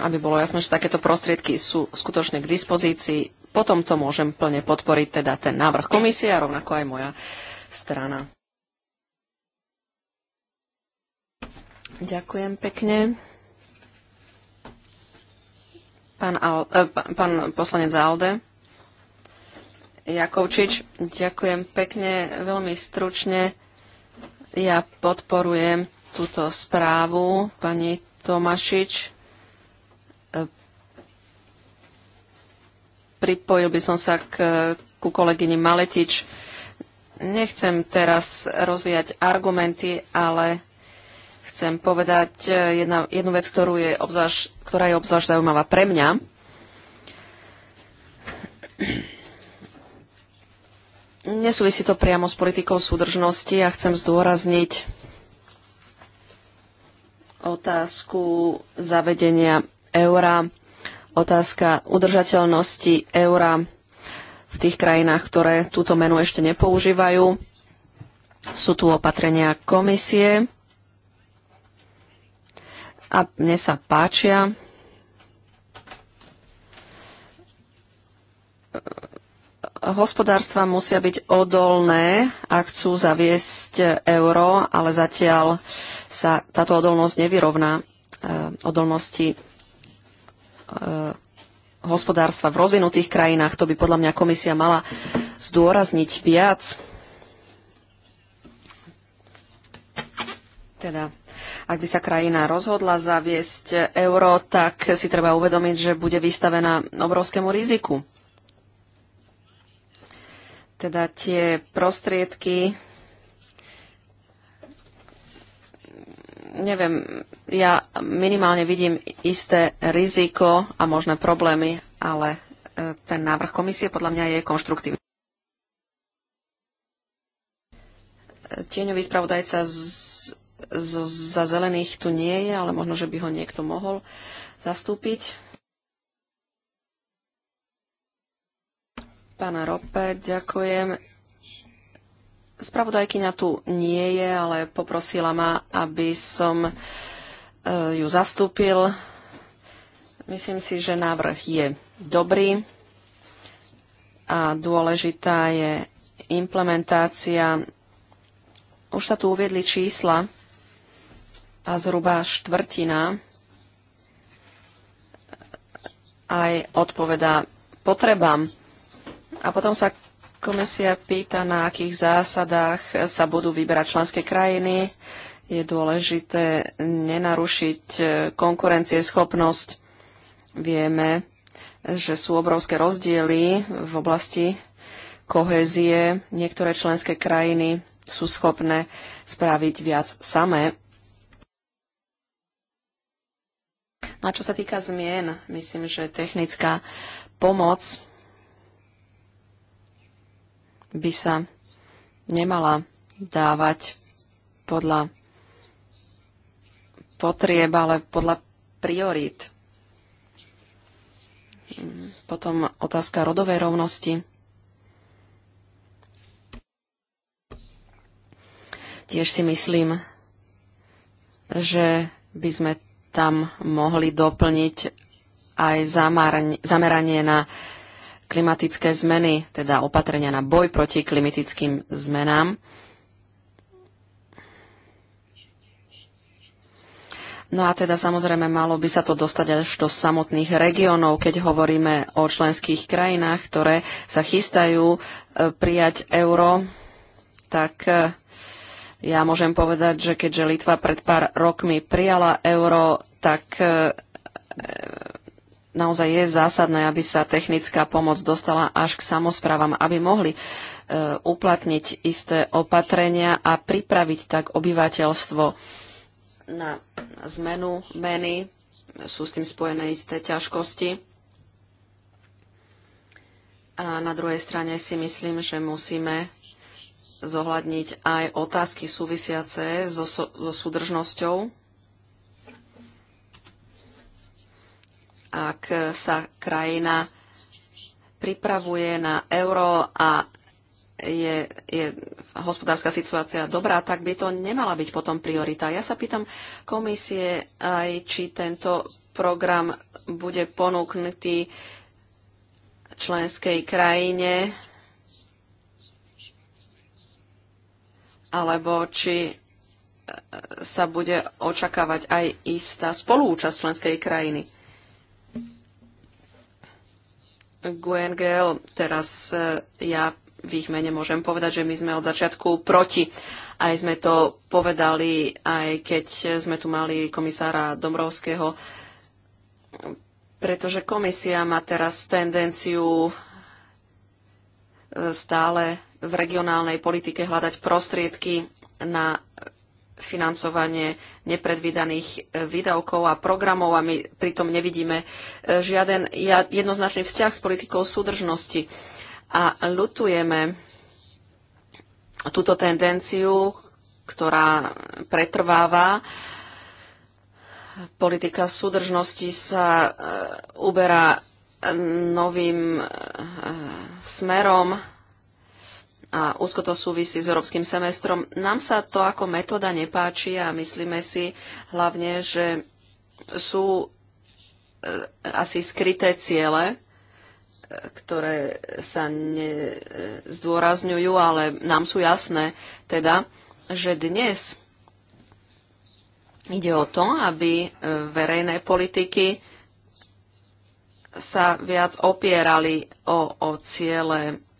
Speaker 4: aby bolo jasné, že takéto prostriedky sú skutočne k dispozícii. Potom to môžem plne podporiť, teda ten návrh komisie a rovnako aj moja strana. Ďakujem pekne. Pán, Al, eh, pán poslanec Alde. Jakovčič, ďakujem pekne, veľmi stručne. Ja podporujem túto správu pani Tomašič. pripojil by som sa k, ku kolegyni Maletič. Nechcem teraz rozvíjať argumenty, ale chcem povedať eh, jedna, jednu vec, ktorú je obzáž, ktorá je obzvlášť zaujímavá pre mňa. Nesúvisí to priamo s politikou súdržnosti a chcem zdôrazniť otázku zavedenia eura otázka udržateľnosti eura v tých krajinách, ktoré túto menu ešte nepoužívajú. Sú tu opatrenia komisie a mne sa páčia. Hospodárstva musia byť odolné, ak chcú zaviesť euro, ale zatiaľ sa táto odolnosť nevyrovná eh, odolnosti E, hospodárstva v rozvinutých krajinách. To by podľa mňa komisia mala zdôrazniť viac. Teda, ak by sa krajina rozhodla zaviesť euro, tak si treba uvedomiť, že bude vystavená obrovskému riziku. Teda tie prostriedky, neviem, ja minimálne vidím isté riziko a možné problémy, ale e, ten návrh komisie podľa mňa je konštruktívny. Tieňový spravodajca z, z, za zelených tu nie je, ale možno, že by ho niekto mohol zastúpiť. Pána Rope, ďakujem. Spravodajkyňa tu nie je, ale poprosila ma, aby som e, ju zastúpil. Myslím si, že návrh je dobrý a dôležitá je implementácia. Už sa tu uviedli čísla a zhruba štvrtina aj odpovedá potrebám. A potom sa Komisia pýta, na akých zásadách sa budú vyberať členské krajiny. Je dôležité nenarušiť e, schopnosť. Vieme, že sú obrovské rozdiely v oblasti kohézie. Niektoré členské krajiny sú schopné spraviť viac samé. No a čo sa týka zmien, myslím, že technická pomoc by sa nemala dávať podľa potrieb, ale podľa priorít. Potom otázka rodovej rovnosti. Tiež si myslím, že by sme tam mohli doplniť aj zameranie na klimatické zmeny, teda opatrenia na boj proti klimatickým zmenám. No a teda samozrejme malo by sa to dostať až do samotných regiónov, keď hovoríme o členských krajinách, ktoré sa chystajú e, prijať euro, tak e, ja môžem povedať, že keďže Litva pred pár rokmi prijala euro, tak e, naozaj je zásadné, aby sa technická pomoc dostala až k samozprávam, aby mohli e, uplatniť isté opatrenia a pripraviť tak obyvateľstvo na zmenu meny. Sú s tým spojené isté ťažkosti. A na druhej strane si myslím, že musíme zohľadniť aj otázky súvisiace so, so, so súdržnosťou ak sa krajina pripravuje na euro a je, je hospodárska situácia dobrá, tak by to nemala byť potom priorita. Ja sa pýtam komisie aj, či tento program bude ponúknutý členskej krajine, alebo či e, sa bude očakávať aj istá spolúčasť členskej krajiny. Guengel. Teraz e, ja v ich mene môžem povedať, že my sme od začiatku proti. Aj sme to povedali, aj keď sme tu mali komisára Dombrovského, pretože komisia má teraz tendenciu e, stále v regionálnej politike hľadať prostriedky na financovanie nepredvídaných e, výdavkov a programov a my pritom nevidíme e, žiaden jednoznačný vzťah s politikou súdržnosti. A lutujeme túto tendenciu, ktorá pretrváva. Politika súdržnosti sa e, uberá novým smerom a úzko to súvisí s európskym semestrom. Nám sa to ako metóda nepáči a myslíme si hlavne, že sú e, asi skryté ciele, e, ktoré sa nezdôrazňujú, e, ale nám sú jasné, teda, že dnes ide o to, aby verejné politiky sa viac opierali o, o ciele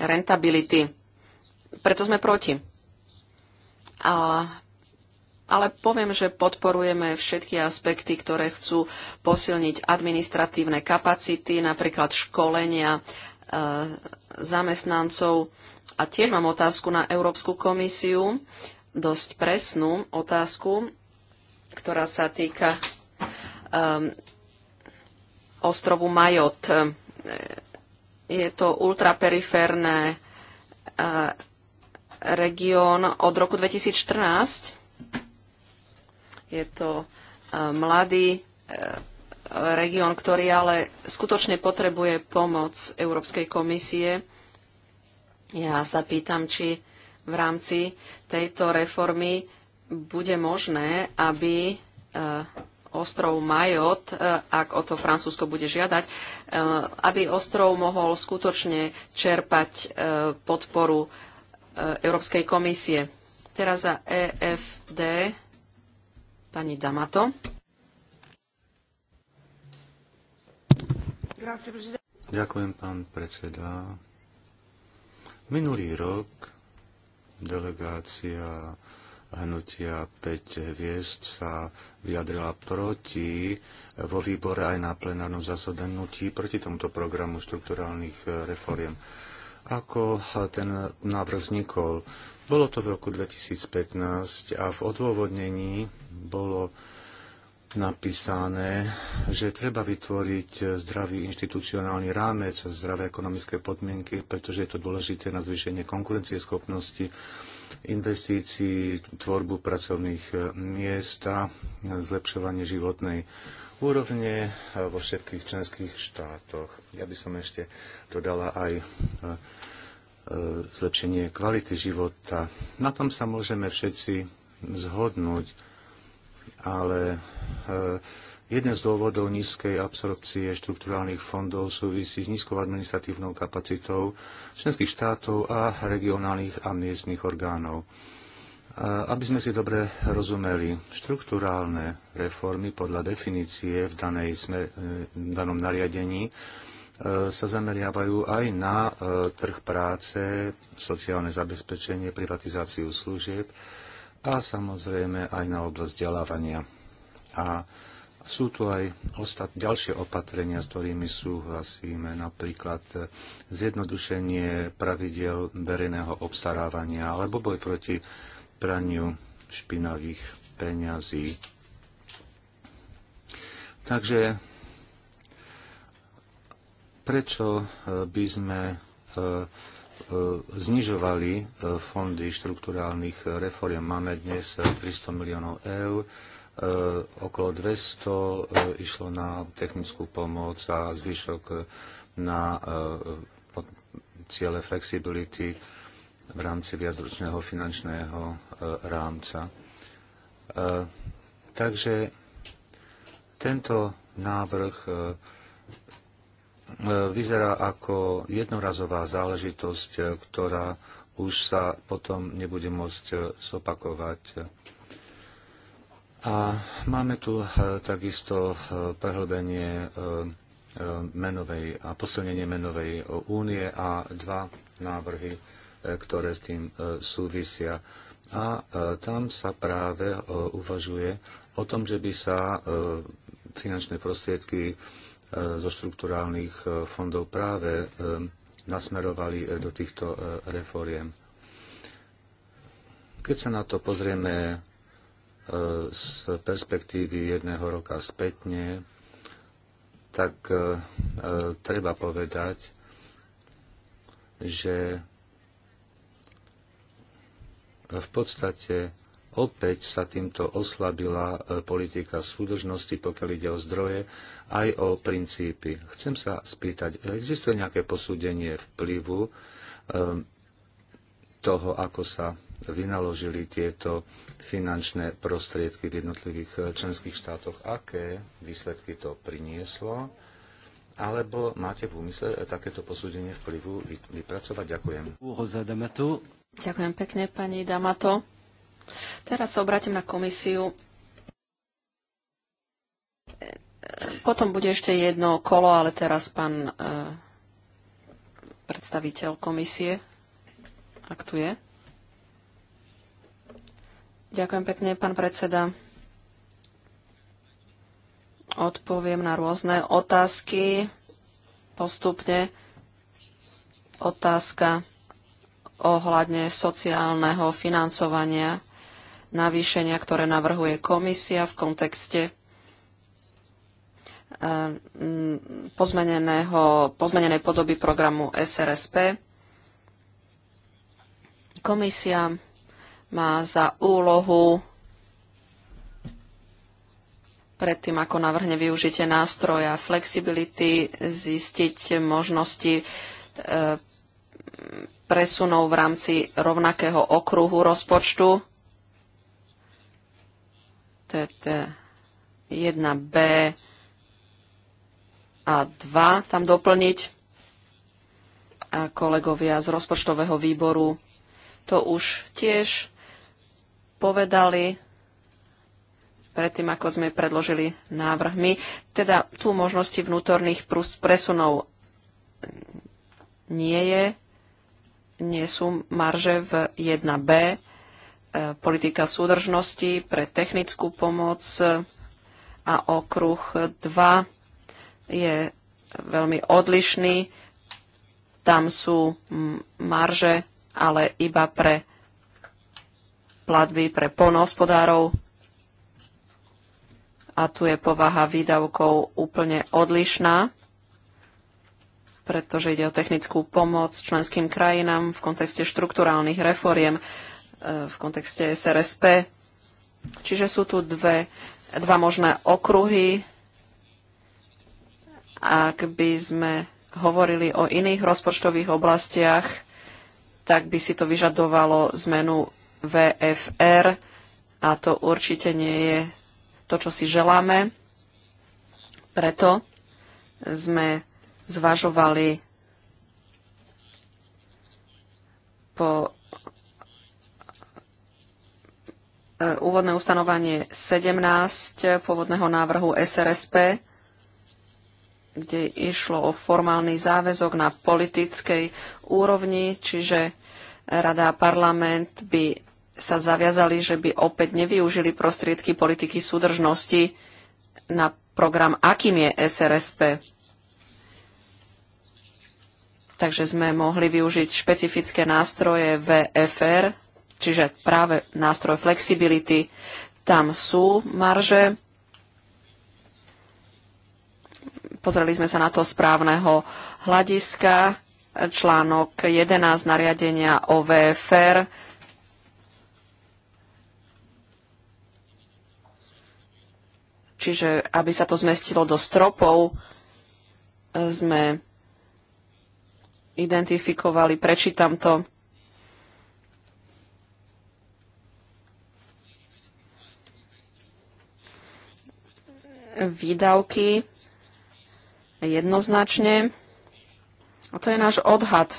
Speaker 4: rentability. Preto sme proti. A, ale poviem, že podporujeme všetky aspekty, ktoré chcú posilniť administratívne kapacity, napríklad školenia e, zamestnancov. A tiež mám otázku na Európsku komisiu, dosť presnú otázku, ktorá sa týka e, ostrovu Majot. E, je to ultraperiférne eh, región od roku 2014. Je to eh, mladý eh, región, ktorý ale skutočne potrebuje pomoc Európskej komisie. Ja sa pýtam, či v rámci tejto reformy bude možné, aby ostrov Majot, e, ak o to Francúzsko bude žiadať, e, aby ostrov mohol skutočne čerpať e, podporu Európskej komisie. Teraz za EFD pani Damato.
Speaker 2: Ďakujem, pán predseda. Minulý rok delegácia hnutia 5 hviezd sa vyjadrila proti eh, vo výbore aj na plenárnom zasadnutí proti tomuto programu štrukturálnych eh, reforiem. Ako eh, ten návrh vznikol? Bolo to v roku 2015 a v odôvodnení bolo napísané, že treba vytvoriť zdravý inštitucionálny rámec, zdravé ekonomické podmienky, pretože je to dôležité na zvýšenie konkurencieschopnosti schopnosti investícií, tvorbu pracovných e, miest a zlepšovanie životnej úrovne vo všetkých členských štátoch. Ja by som ešte dodala aj e, e, zlepšenie kvality života. Na tom sa môžeme všetci zhodnúť, ale Jeden z dôvodov nízkej absorpcie štrukturálnych fondov súvisí s nízkou administratívnou kapacitou členských štátov a regionálnych a miestnych orgánov. Aby sme si dobre rozumeli, štruktúrálne reformy podľa definície v, danej smer, e, v danom nariadení e, sa zameriavajú aj na e, trh práce, sociálne zabezpečenie, privatizáciu služieb a samozrejme aj na oblasť vzdelávania. A sú tu aj ostat, ďalšie opatrenia, s ktorými súhlasíme, napríklad e, zjednodušenie pravidel verejného obstarávania alebo boj proti praniu špinavých peňazí. Takže prečo e, by sme e, znižovali fondy štruktúrálnych reforiem? Máme dnes 300 miliónov eur E, okolo 200 e, išlo na technickú pomoc a zvyšok na e, ciele flexibility v rámci viacročného finančného rámca. Takže tento návrh vyzerá ako jednorazová záležitosť, ktorá už sa potom nebude môcť zopakovať. A máme tu eh, takisto eh, prehlbenie eh, menovej a posilnenie menovej únie a dva návrhy, ktoré s tým súvisia. A tam sa práve uvažuje o tom, že by sa finančné prostriedky zo štruktúrálnych fondov práve nasmerovali do týchto refóriem. Keď sa na to pozrieme E, z perspektívy jedného roka spätne, tak e, treba povedať, že v podstate opäť sa týmto oslabila e, politika súdržnosti, pokiaľ ide o zdroje, aj o princípy. Chcem sa spýtať, existuje nejaké posúdenie vplyvu toho, ako sa vynaložili tieto finančné prostriedky v jednotlivých eh, členských štátoch, aké výsledky to prinieslo, alebo máte v úmysle eh, takéto posúdenie vplyvu vypracovať? Ďakujem.
Speaker 1: Ďakujem
Speaker 4: pekne, pani Damato. Teraz sa obrátim na komisiu. Eh, potom bude ešte jedno kolo, ale teraz pán predstaviteľ komisie, ak tu je. Ďakujem pekne, pán predseda. Odpoviem na rôzne otázky postupne. Otázka ohľadne sociálneho financovania navýšenia, ktoré navrhuje komisia v kontekste eh, pozmenenej podoby programu SRSP. Komisia má za úlohu predtým, ako navrhne využitie nástroja flexibility, zistiť možnosti e, presunov v rámci rovnakého okruhu rozpočtu. je 1B a 2 tam doplniť. A kolegovia z rozpočtového výboru to už tiež povedali predtým, ako sme predložili návrh my. Teda tu možnosti vnútorných presunov nie je, nie sú marže v 1b, e, politika súdržnosti pre technickú pomoc a okruh 2 je veľmi odlišný. Tam sú marže, ale iba pre platby pre polnohospodárov. A tu je povaha výdavkov úplne odlišná, pretože ide o technickú pomoc členským krajinám v kontexte štrukturálnych reforiem, e, v kontexte SRSP. Čiže sú tu dve, dva možné okruhy. Ak by sme hovorili o iných rozpočtových oblastiach, tak by si to vyžadovalo zmenu VFR a to určite nie je to, čo si želáme. Preto sme zvažovali po e, úvodné ustanovanie 17 pôvodného návrhu SRSP, kde išlo o formálny záväzok na politickej úrovni, čiže Rada a parlament by sa zaviazali, že by opäť nevyužili prostriedky politiky súdržnosti na program, akým je SRSP. Takže sme mohli využiť špecifické nástroje VFR, čiže práve nástroj flexibility. Tam sú marže. Pozreli sme sa na to správneho hľadiska. Článok 11 nariadenia o VFR Čiže aby sa to zmestilo do stropov, e, sme identifikovali, prečítam to, výdavky jednoznačne. A to je náš odhad e,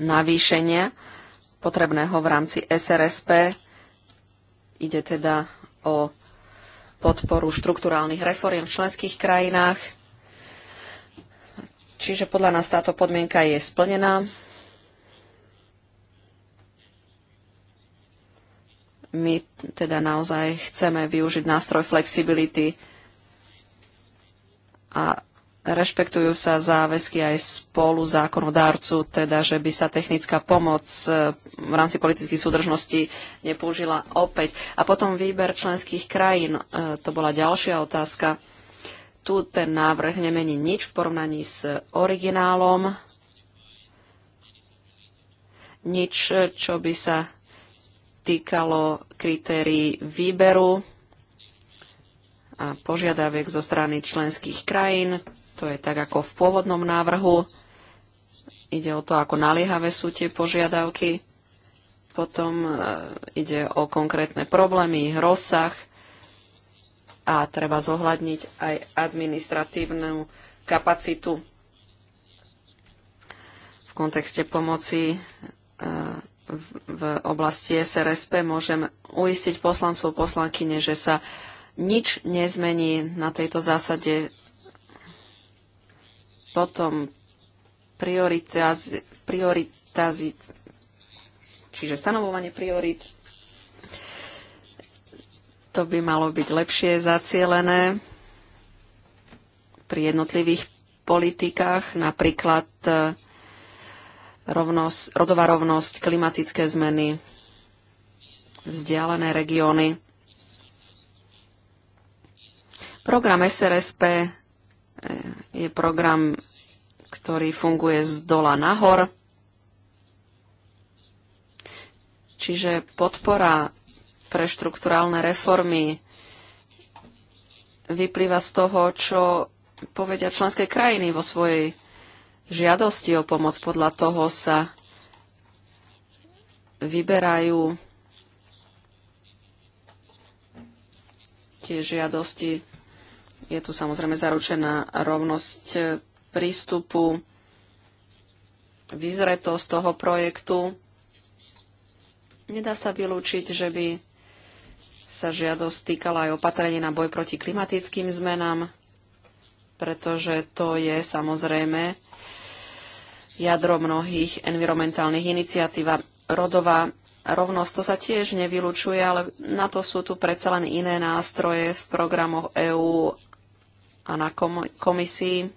Speaker 4: navýšenia potrebného v rámci SRSP. Ide teda o podporu štrukturálnych reforiem v členských krajinách. Čiže podľa nás táto podmienka je splnená. My teda naozaj chceme využiť nástroj flexibility a rešpektujú sa záväzky aj spolu zákonodárcu, teda že by sa technická pomoc e, v rámci politických súdržností nepoužila opäť. A potom výber členských krajín, e, to bola ďalšia otázka. Tu ten návrh nemení nič v porovnaní s originálom, nič, e, čo by sa týkalo kritérií výberu a požiadaviek zo strany členských krajín to je tak ako v pôvodnom návrhu. Ide o to, ako naliehavé sú tie požiadavky. Potom e, ide o konkrétne problémy, rozsah a treba zohľadniť aj administratívnu kapacitu v kontexte pomoci e, v oblasti SRSP môžem uistiť poslancov poslankyne, že sa nič nezmení na tejto zásade potom prioritazic, čiže stanovovanie priorit. To by malo byť lepšie zacielené pri jednotlivých politikách, napríklad e, rovnosť, rodová rovnosť, klimatické zmeny, vzdialené regióny. Program SRSP E, je program, ktorý funguje z dola nahor. Čiže podpora pre štruktúrálne reformy vyplýva z toho, čo povedia členské krajiny vo svojej žiadosti o pomoc. Podľa toho sa vyberajú tie žiadosti je tu samozrejme zaručená rovnosť eh, prístupu, vyzretosť toho projektu. Nedá sa vylúčiť, že by sa žiadosť týkala aj opatrenie na boj proti klimatickým zmenám, pretože to je samozrejme jadro mnohých environmentálnych iniciatív a rodová rovnosť. To sa tiež nevylučuje, ale na to sú tu predsa len iné nástroje v programoch EÚ a na komisii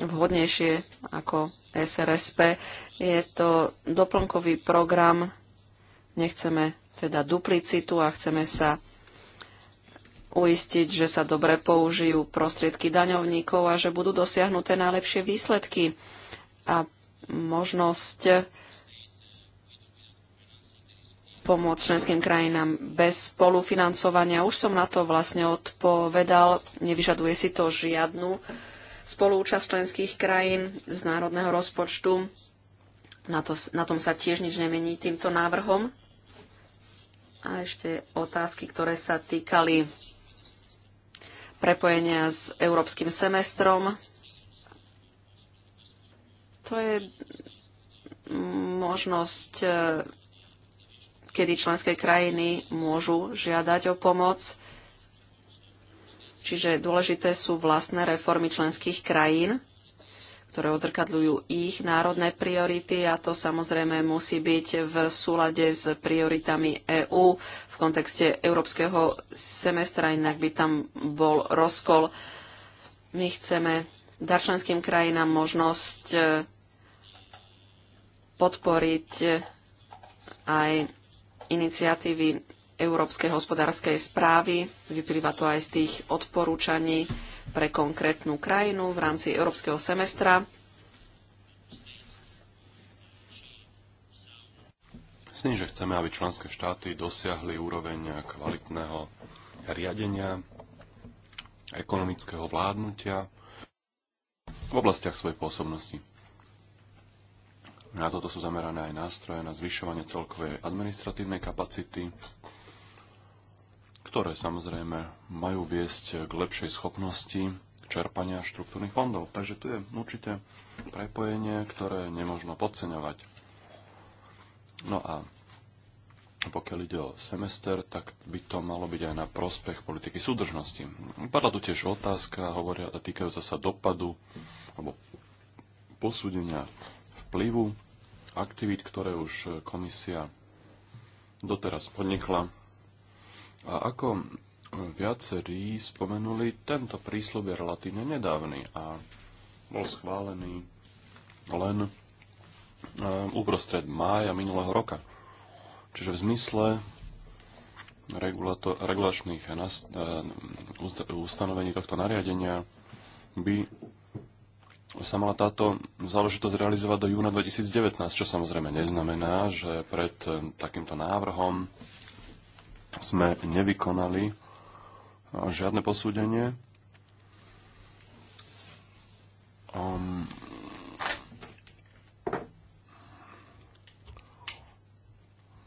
Speaker 4: vhodnejšie ako SRSP. Je to doplnkový program, nechceme teda duplicitu a chceme sa uistiť, že sa dobre použijú prostriedky daňovníkov a že budú dosiahnuté najlepšie výsledky. A možnosť pomoc členským krajinám bez spolufinancovania. Už som na to vlastne odpovedal. Nevyžaduje si to žiadnu spolúčasť členských krajín z národného rozpočtu. Na, to, na tom sa tiež nič nemení týmto návrhom. A ešte otázky, ktoré sa týkali prepojenia s európskym semestrom. To je možnosť e, kedy členské krajiny môžu žiadať o pomoc. Čiže dôležité sú vlastné reformy členských krajín, ktoré odzrkadľujú ich národné priority a to samozrejme musí byť v súlade s prioritami EÚ v kontexte európskeho semestra, inak by tam bol rozkol. My chceme dať členským krajinám možnosť podporiť aj iniciatívy Európskej hospodárskej správy. Vyplýva to aj z tých odporúčaní pre konkrétnu krajinu v rámci Európskeho semestra.
Speaker 5: Myslím, že chceme, aby členské štáty dosiahli úroveň kvalitného riadenia, ekonomického vládnutia v oblastiach svojej pôsobnosti. Na toto sú zamerané aj nástroje na zvyšovanie celkovej administratívnej kapacity, ktoré samozrejme majú viesť k lepšej schopnosti čerpania štruktúrnych fondov. Takže tu je určité prepojenie, ktoré nemôžno podceňovať. No a pokiaľ ide o semester, tak by to malo byť aj na prospech politiky súdržnosti. Padla tu tiež otázka, hovoria, týkajú sa dopadu alebo posúdenia vplyvu aktivít, ktoré už komisia doteraz podnikla. A ako viacerí spomenuli, tento prísľub je relatívne nedávny a bol schválený len e, uprostred mája minulého roka. Čiže v zmysle regulačných ustanovení e, tohto nariadenia by sa mala táto záležitosť realizovať do júna 2019, čo samozrejme neznamená, že pred e, takýmto návrhom sme nevykonali e, žiadne posúdenie. Um,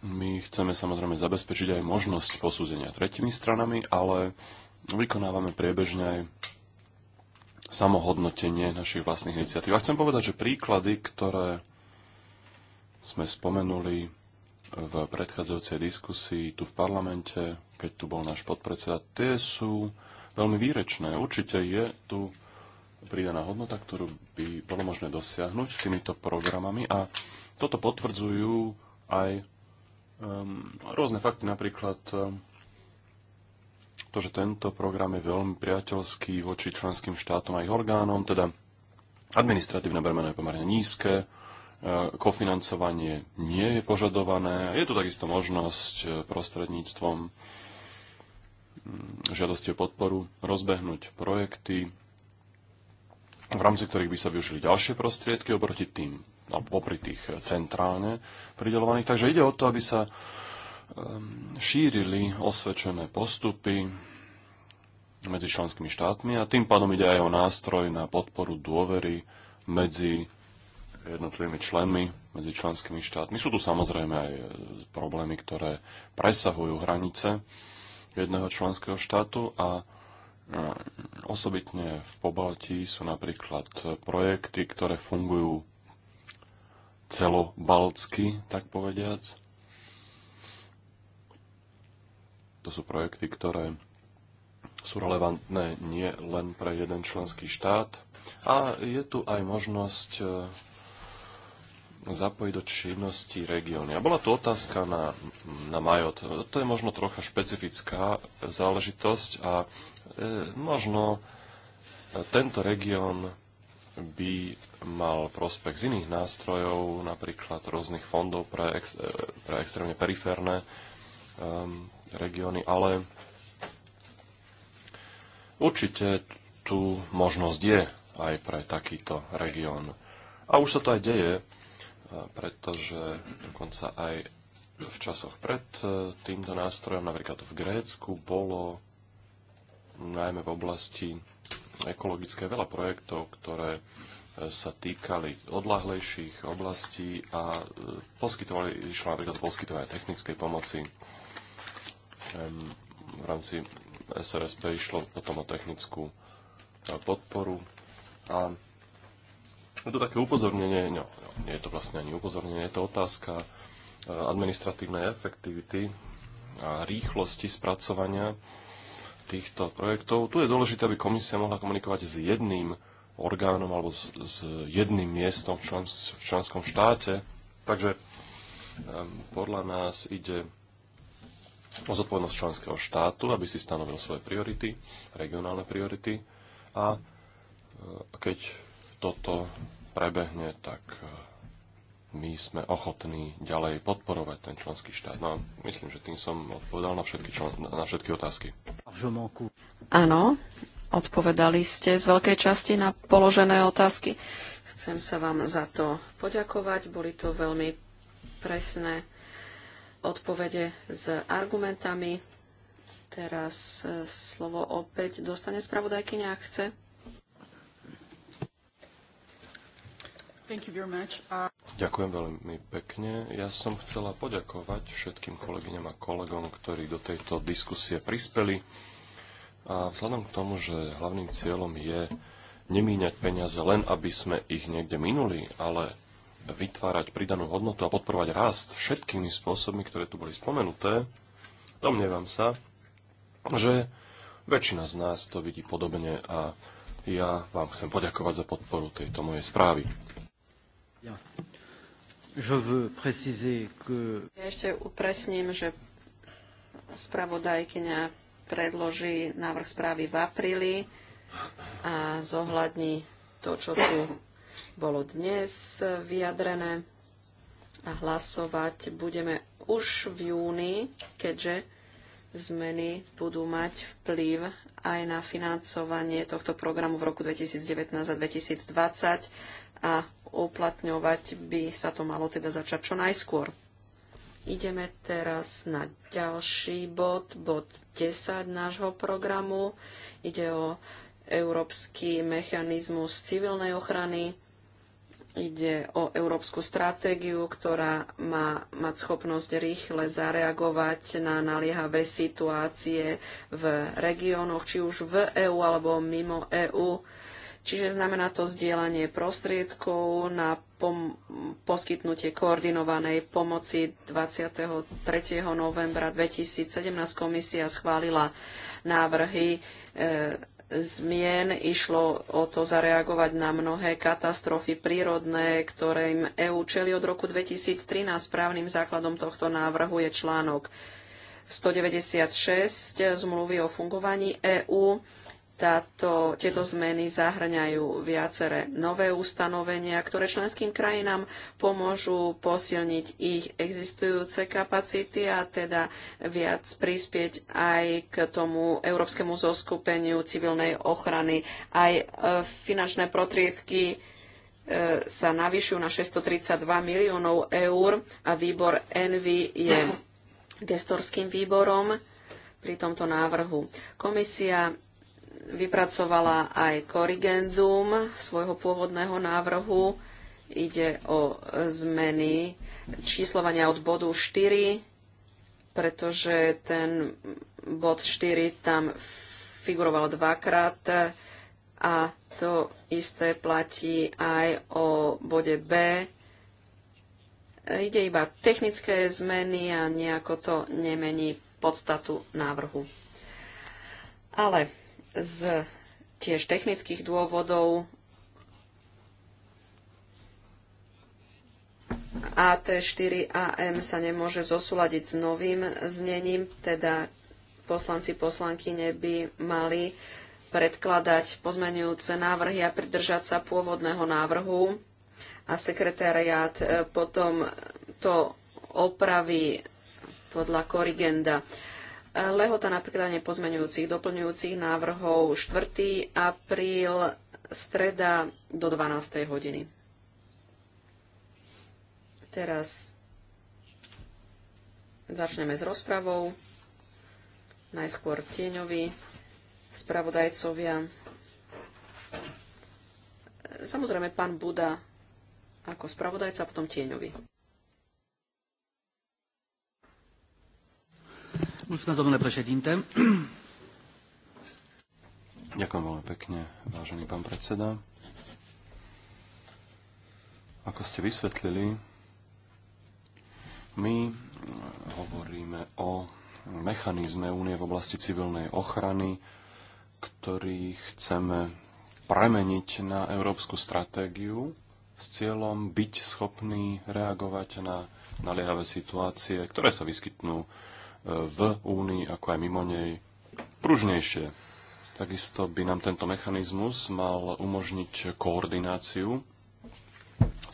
Speaker 5: my chceme samozrejme zabezpečiť aj možnosť posúdenia tretimi stranami, ale vykonávame priebežne aj samohodnotenie našich vlastných iniciatív. A chcem povedať, že príklady, ktoré sme spomenuli v predchádzajúcej diskusii tu v parlamente, keď tu bol náš podpredseda, tie sú veľmi výrečné. Určite je tu pridaná hodnota, ktorú by bolo možné dosiahnuť týmito programami a toto potvrdzujú aj um, rôzne fakty, napríklad um, to, že tento program je veľmi priateľský voči členským štátom a ich orgánom, teda administratívne bremeno je pomerne nízke, e, kofinancovanie nie je požadované, je tu takisto možnosť e, prostredníctvom žiadosti o podporu rozbehnúť projekty, v rámci ktorých by sa využili ďalšie prostriedky oproti tým, popri tých centrálne pridelovaných. Takže ide o to, aby sa Ehm, šírili osvedčené postupy medzi členskými štátmi a tým pádom ide aj o nástroj na podporu dôvery medzi jednotlivými členmi, medzi členskými štátmi. Sú tu samozrejme aj e, problémy, ktoré presahujú hranice jedného členského štátu a e, osobitne v Pobaltí sú napríklad projekty, ktoré fungujú celobaltsky, tak povediac, To sú projekty, ktoré sú relevantné nie len pre jeden členský štát. A je tu aj možnosť e, zapojiť do činnosti regióny. A bola tu otázka na, na Majot. To je možno trocha špecifická záležitosť a e, možno e, tento región by mal prospech z iných nástrojov, napríklad rôznych fondov pre, ex, e, pre extrémne periférne um, regióny, ale určite tu možnosť je aj pre takýto región. A už sa to aj deje, e, pretože dokonca aj v časoch pred e, týmto nástrojom, napríklad v Grécku, bolo najmä v oblasti ekologické veľa projektov, ktoré e, sa týkali odlahlejších oblastí a poskytovali, išlo napríklad poskytovanie technickej pomoci v rámci SRSP išlo potom o technickú e, podporu a je to také upozornenie, no, no, nie je to vlastne ani upozornenie, je to otázka e, administratívnej efektivity a rýchlosti spracovania týchto projektov. Tu je dôležité, aby komisia mohla komunikovať s jedným orgánom alebo s, s jedným miestom v, člens- v členskom štáte. Takže um, podľa nás ide o zodpovednosť členského štátu, aby si stanovil svoje priority, regionálne priority a e, keď toto prebehne, tak e, my sme ochotní ďalej podporovať ten členský štát. No myslím, že tým som odpovedal na všetky, člen, na všetky otázky.
Speaker 4: Áno, odpovedali ste z veľkej časti na položené otázky. Chcem sa vám za to poďakovať. Boli to veľmi presné odpovede s argumentami. Teraz e, slovo opäť dostane spravodajkyňa, ak chce.
Speaker 5: Ďakujem veľmi pekne. Ja som chcela poďakovať všetkým kolegyňam a kolegom, ktorí do tejto diskusie prispeli. A vzhľadom k tomu, že hlavným cieľom je nemíňať peniaze len, aby sme ich niekde minuli, ale vytvárať pridanú hodnotu a podporovať rast všetkými spôsobmi, ktoré tu boli spomenuté, domnievam sa, že väčšina z nás to vidí podobne a ja vám chcem poďakovať za podporu tejto mojej správy.
Speaker 1: Ja.
Speaker 4: Ešte upresním, že spravodajkyňa predloží návrh správy v apríli a zohľadní to, čo tu bolo dnes vyjadrené a hlasovať budeme už v júni, keďže zmeny budú mať vplyv aj na financovanie tohto programu v roku 2019 a 2020 a uplatňovať by sa to malo teda začať čo najskôr. Ideme teraz na ďalší bod, bod 10 nášho programu. Ide o Európsky mechanizmus civilnej ochrany. Ide o európsku stratégiu, ktorá má mať schopnosť rýchle zareagovať na naliehavé situácie v regiónoch, či už v EÚ alebo mimo EÚ. Čiže znamená to zdieľanie prostriedkov na poskytnutie koordinovanej pomoci 23. novembra 2017 komisia schválila návrhy e, zmien. Išlo o to zareagovať na mnohé katastrofy prírodné, ktorým EÚ čeli od roku 2013. Právnym základom tohto návrhu je článok 196 zmluvy o fungovaní EÚ táto, tieto zmeny zahrňajú viaceré nové ustanovenia, ktoré členským krajinám pomôžu posilniť ich existujúce kapacity a teda viac prispieť aj k tomu Európskemu zoskupeniu civilnej ochrany. Aj e, finančné protriedky e, sa navyšujú na 632 miliónov eur a výbor Envy je gestorským výborom pri tomto návrhu. Komisia vypracovala aj korigenzum svojho pôvodného návrhu. Ide o zmeny číslovania od bodu 4, pretože ten bod 4 tam figuroval dvakrát a to isté platí aj o bode B. Ide iba technické zmeny a nejako to nemení podstatu návrhu. Ale z tiež technických dôvodov AT4AM sa nemôže zosúľadiť s novým znením, teda poslanci poslanky by mali predkladať pozmenujúce návrhy a pridržať sa pôvodného návrhu a sekretariát eh, potom to opraví podľa korigenda. Lehota na prekladanie pozmeňujúcich, doplňujúcich návrhov 4. apríl, streda do 12. hodiny. Teraz začneme s rozpravou. Najskôr tieňovi, spravodajcovia. Samozrejme, pán Buda ako spravodajca, potom tieňovi.
Speaker 3: domnule președinte.
Speaker 5: Ďakujem veľmi pekne, vážený pán predseda. Ako ste vysvetlili, my hovoríme o mechanizme únie v oblasti civilnej ochrany, ktorý chceme premeniť na európsku stratégiu s cieľom byť schopný reagovať na naliehavé situácie, ktoré sa vyskytnú v Únii, ako aj mimo nej, pružnejšie. Takisto by nám tento mechanizmus mal umožniť koordináciu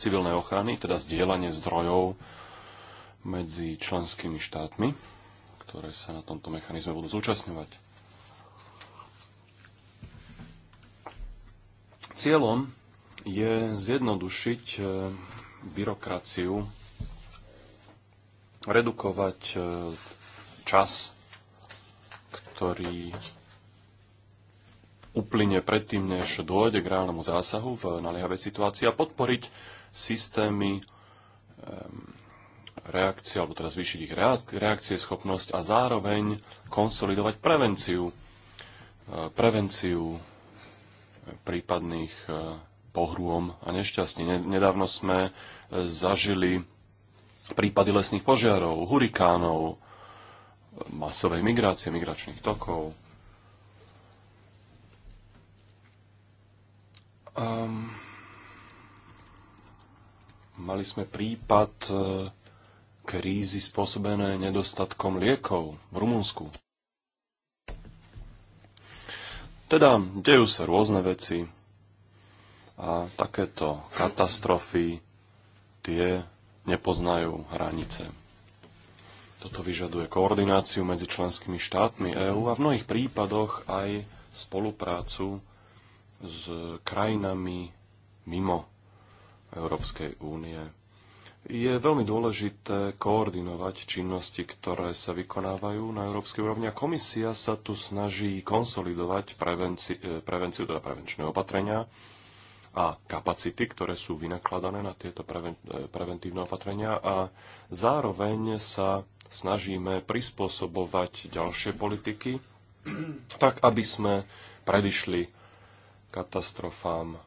Speaker 5: civilnej ochrany, teda zdieľanie zdrojov medzi členskými štátmi, ktoré sa na tomto mechanizme budú zúčastňovať. Cieľom je zjednodušiť e, byrokraciu, redukovať e, čas, ktorý uplyne predtým, než dôjde k reálnemu zásahu v naliehavej situácii a podporiť systémy reakcie, alebo teda zvýšiť ich reakcie, schopnosť a zároveň konsolidovať prevenciu, e, prevenciu e, prípadných e, pohrôm a nešťastí. Nedávno sme zažili prípady lesných požiarov, hurikánov, masovej migrácie, migračných tokov. Um, mali sme prípad e, krízy spôsobené nedostatkom liekov v Rumunsku. Teda dejú sa rôzne veci a takéto katastrofy tie nepoznajú hranice. Toto vyžaduje koordináciu medzi členskými štátmi EÚ a v mnohých prípadoch aj spoluprácu s krajinami mimo Európskej únie. Je veľmi dôležité koordinovať činnosti, ktoré sa vykonávajú na európskej úrovni a komisia sa tu snaží konsolidovať prevenci- eh, prevenciu, teda prevenčné opatrenia a kapacity, ktoré sú vynakladané na tieto e, preventívne opatrenia a zároveň sa snažíme prispôsobovať ďalšie politiky, tak aby sme predišli katastrofám.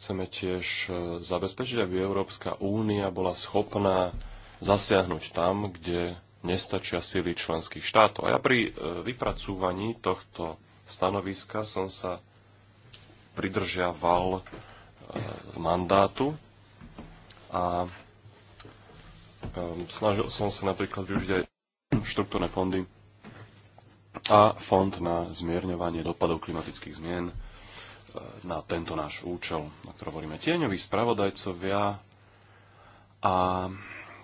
Speaker 5: Chceme tiež e, zabezpečiť, aby Európska únia bola schopná zasiahnuť tam, kde nestačia sily členských štátov. A ja pri e, vypracúvaní tohto stanoviska som sa pridržiaval e, mandátu a e, snažil som sa napríklad využiť aj štruktúrne fondy a fond na zmierňovanie dopadov klimatických zmien e, na tento náš účel, na ktorom hovoríme tieňoví spravodajcovia a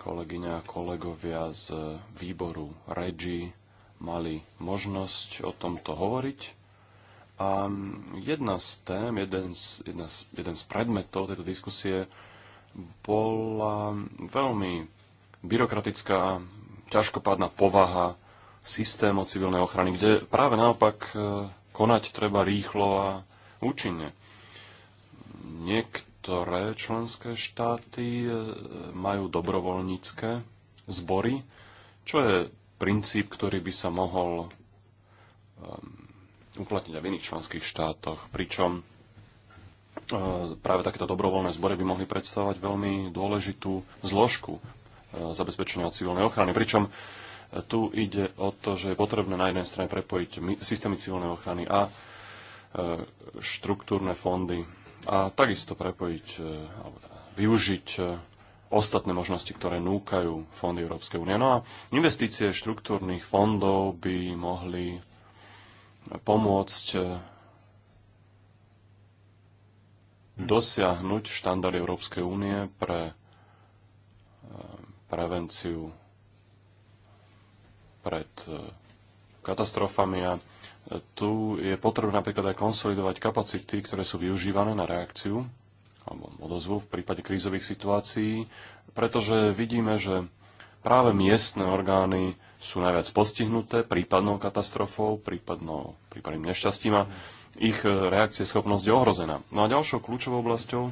Speaker 5: kolegyňa a kolegovia z výboru REGI mali možnosť o tomto hovoriť a jedna z tém, jeden z, jedna z, jeden z predmetov tejto diskusie bola veľmi byrokratická, ťažkopádna povaha systémov civilnej ochrany, kde práve naopak e, konať treba rýchlo a účinne. Niektoré členské štáty e, majú dobrovoľnícke zbory, čo je princíp, ktorý by sa mohol uplatniť aj v iných členských štátoch, pričom e, práve takéto dobrovoľné zbory by mohli predstavovať veľmi dôležitú zložku e, zabezpečenia civilnej ochrany. Pričom e, tu ide o to, že je potrebné na jednej strane prepojiť systémy civilnej ochrany a štruktúrne fondy a takisto prepojiť alebo teda využiť ostatné možnosti, ktoré núkajú fondy Európskej únie. No a investície štruktúrnych fondov by mohli pomôcť e, dosiahnuť štandard Európskej únie pre e, prevenciu pred e, katastrofami a tu je potrebné napríklad aj konsolidovať kapacity, ktoré sú využívané na reakciu alebo odozvu v prípade krízových situácií, pretože vidíme, že práve miestne orgány sú najviac postihnuté prípadnou katastrofou, prípadnou, prípadným nešťastím a ich e, reakcie schopnosť je ohrozená. No a ďalšou kľúčovou oblasťou,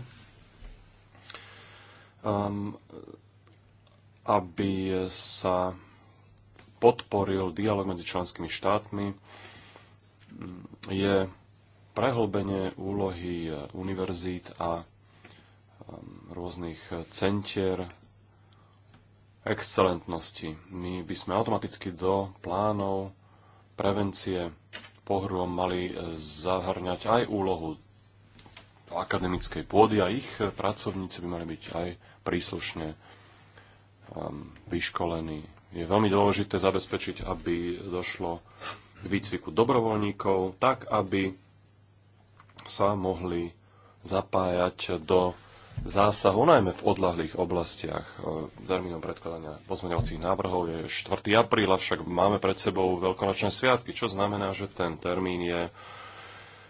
Speaker 5: um, aby sa podporil dialog medzi členskými štátmi, mm, je prehlbenie úlohy e, univerzít a ehm, rôznych centier excelentnosti. My by sme automaticky do plánov prevencie pohrom mali e, zahrňať aj úlohu akademickej pôdy a ich pracovníci by mali byť aj príslušne um, vyškolení. Je veľmi dôležité zabezpečiť, aby došlo k výcviku dobrovoľníkov, tak aby sa mohli zapájať do zásahu, najmä v odlahlých oblastiach. E, termínom predkladania pozmeňovacích návrhov je 4. apríl, avšak máme pred sebou veľkonočné sviatky, čo znamená, že ten termín je,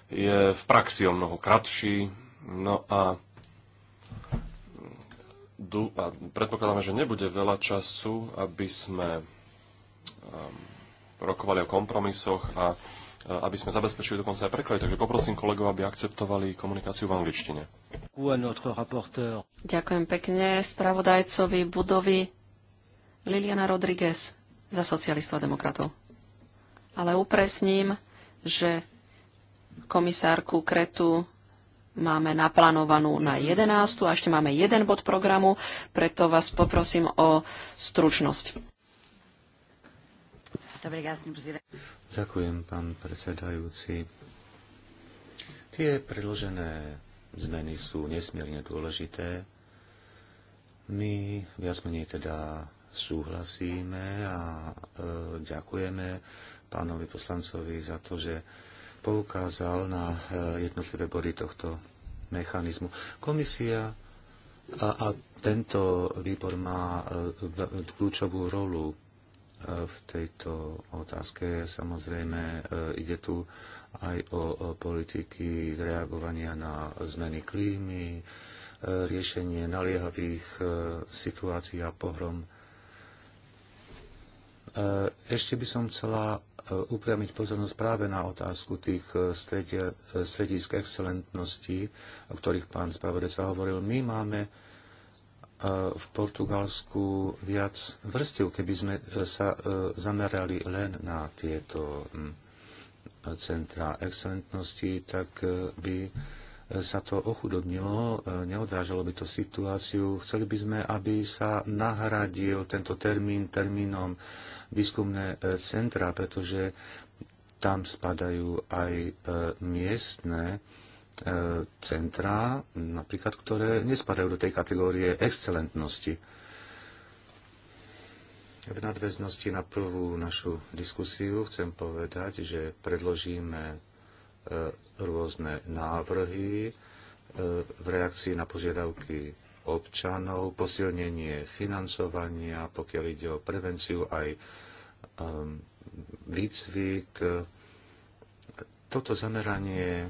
Speaker 5: je v praxi o mnoho kratší. No a, a predpokladáme, že nebude veľa času, aby sme um, rokovali o kompromisoch a Eh, aby sme zabezpečili dokonca aj preklady. Takže poprosím kolegov, aby akceptovali komunikáciu
Speaker 1: v angličtine.
Speaker 4: Ďakujem pekne spravodajcovi budovy Liliana Rodriguez za socialistov a demokratov. Ale upresním, že komisárku Kretu máme naplánovanú na 11. a ešte máme jeden bod programu, preto vás poprosím o stručnosť.
Speaker 2: Ďakujem, pán predsedajúci. Tie predložené zmeny sú nesmierne dôležité. My viac menej teda súhlasíme a e, ďakujeme pánovi poslancovi za to, že poukázal na e, jednotlivé body tohto mechanizmu. Komisia a, a tento výbor má e, kľúčovú rolu v tejto otázke. Samozrejme, e, ide tu aj o politiky reagovania na zmeny klímy, e, riešenie naliehavých e, situácií a pohrom. Ešte by som chcela upriamiť pozornosť práve na otázku tých stredisk excelentnosti, o ktorých pán spravodajca hovoril. My máme v Portugalsku viac vrstiev, keby sme e, sa e, zamerali len na tieto centra excelentnosti, tak e, by sa to ochudobnilo, neodrážalo by to situáciu. Chceli by sme, aby sa nahradil tento termín termínom výskumné centra, pretože tam spadajú aj miestne E, centrá, napríklad, ktoré nespadajú do tej kategórie excelentnosti. V nadväznosti na prvú našu diskusiu chcem povedať, že predložíme e, rôzne návrhy e, v reakcii na požiadavky občanov, posilnenie financovania, pokiaľ ide o prevenciu aj výcvik. Toto zameranie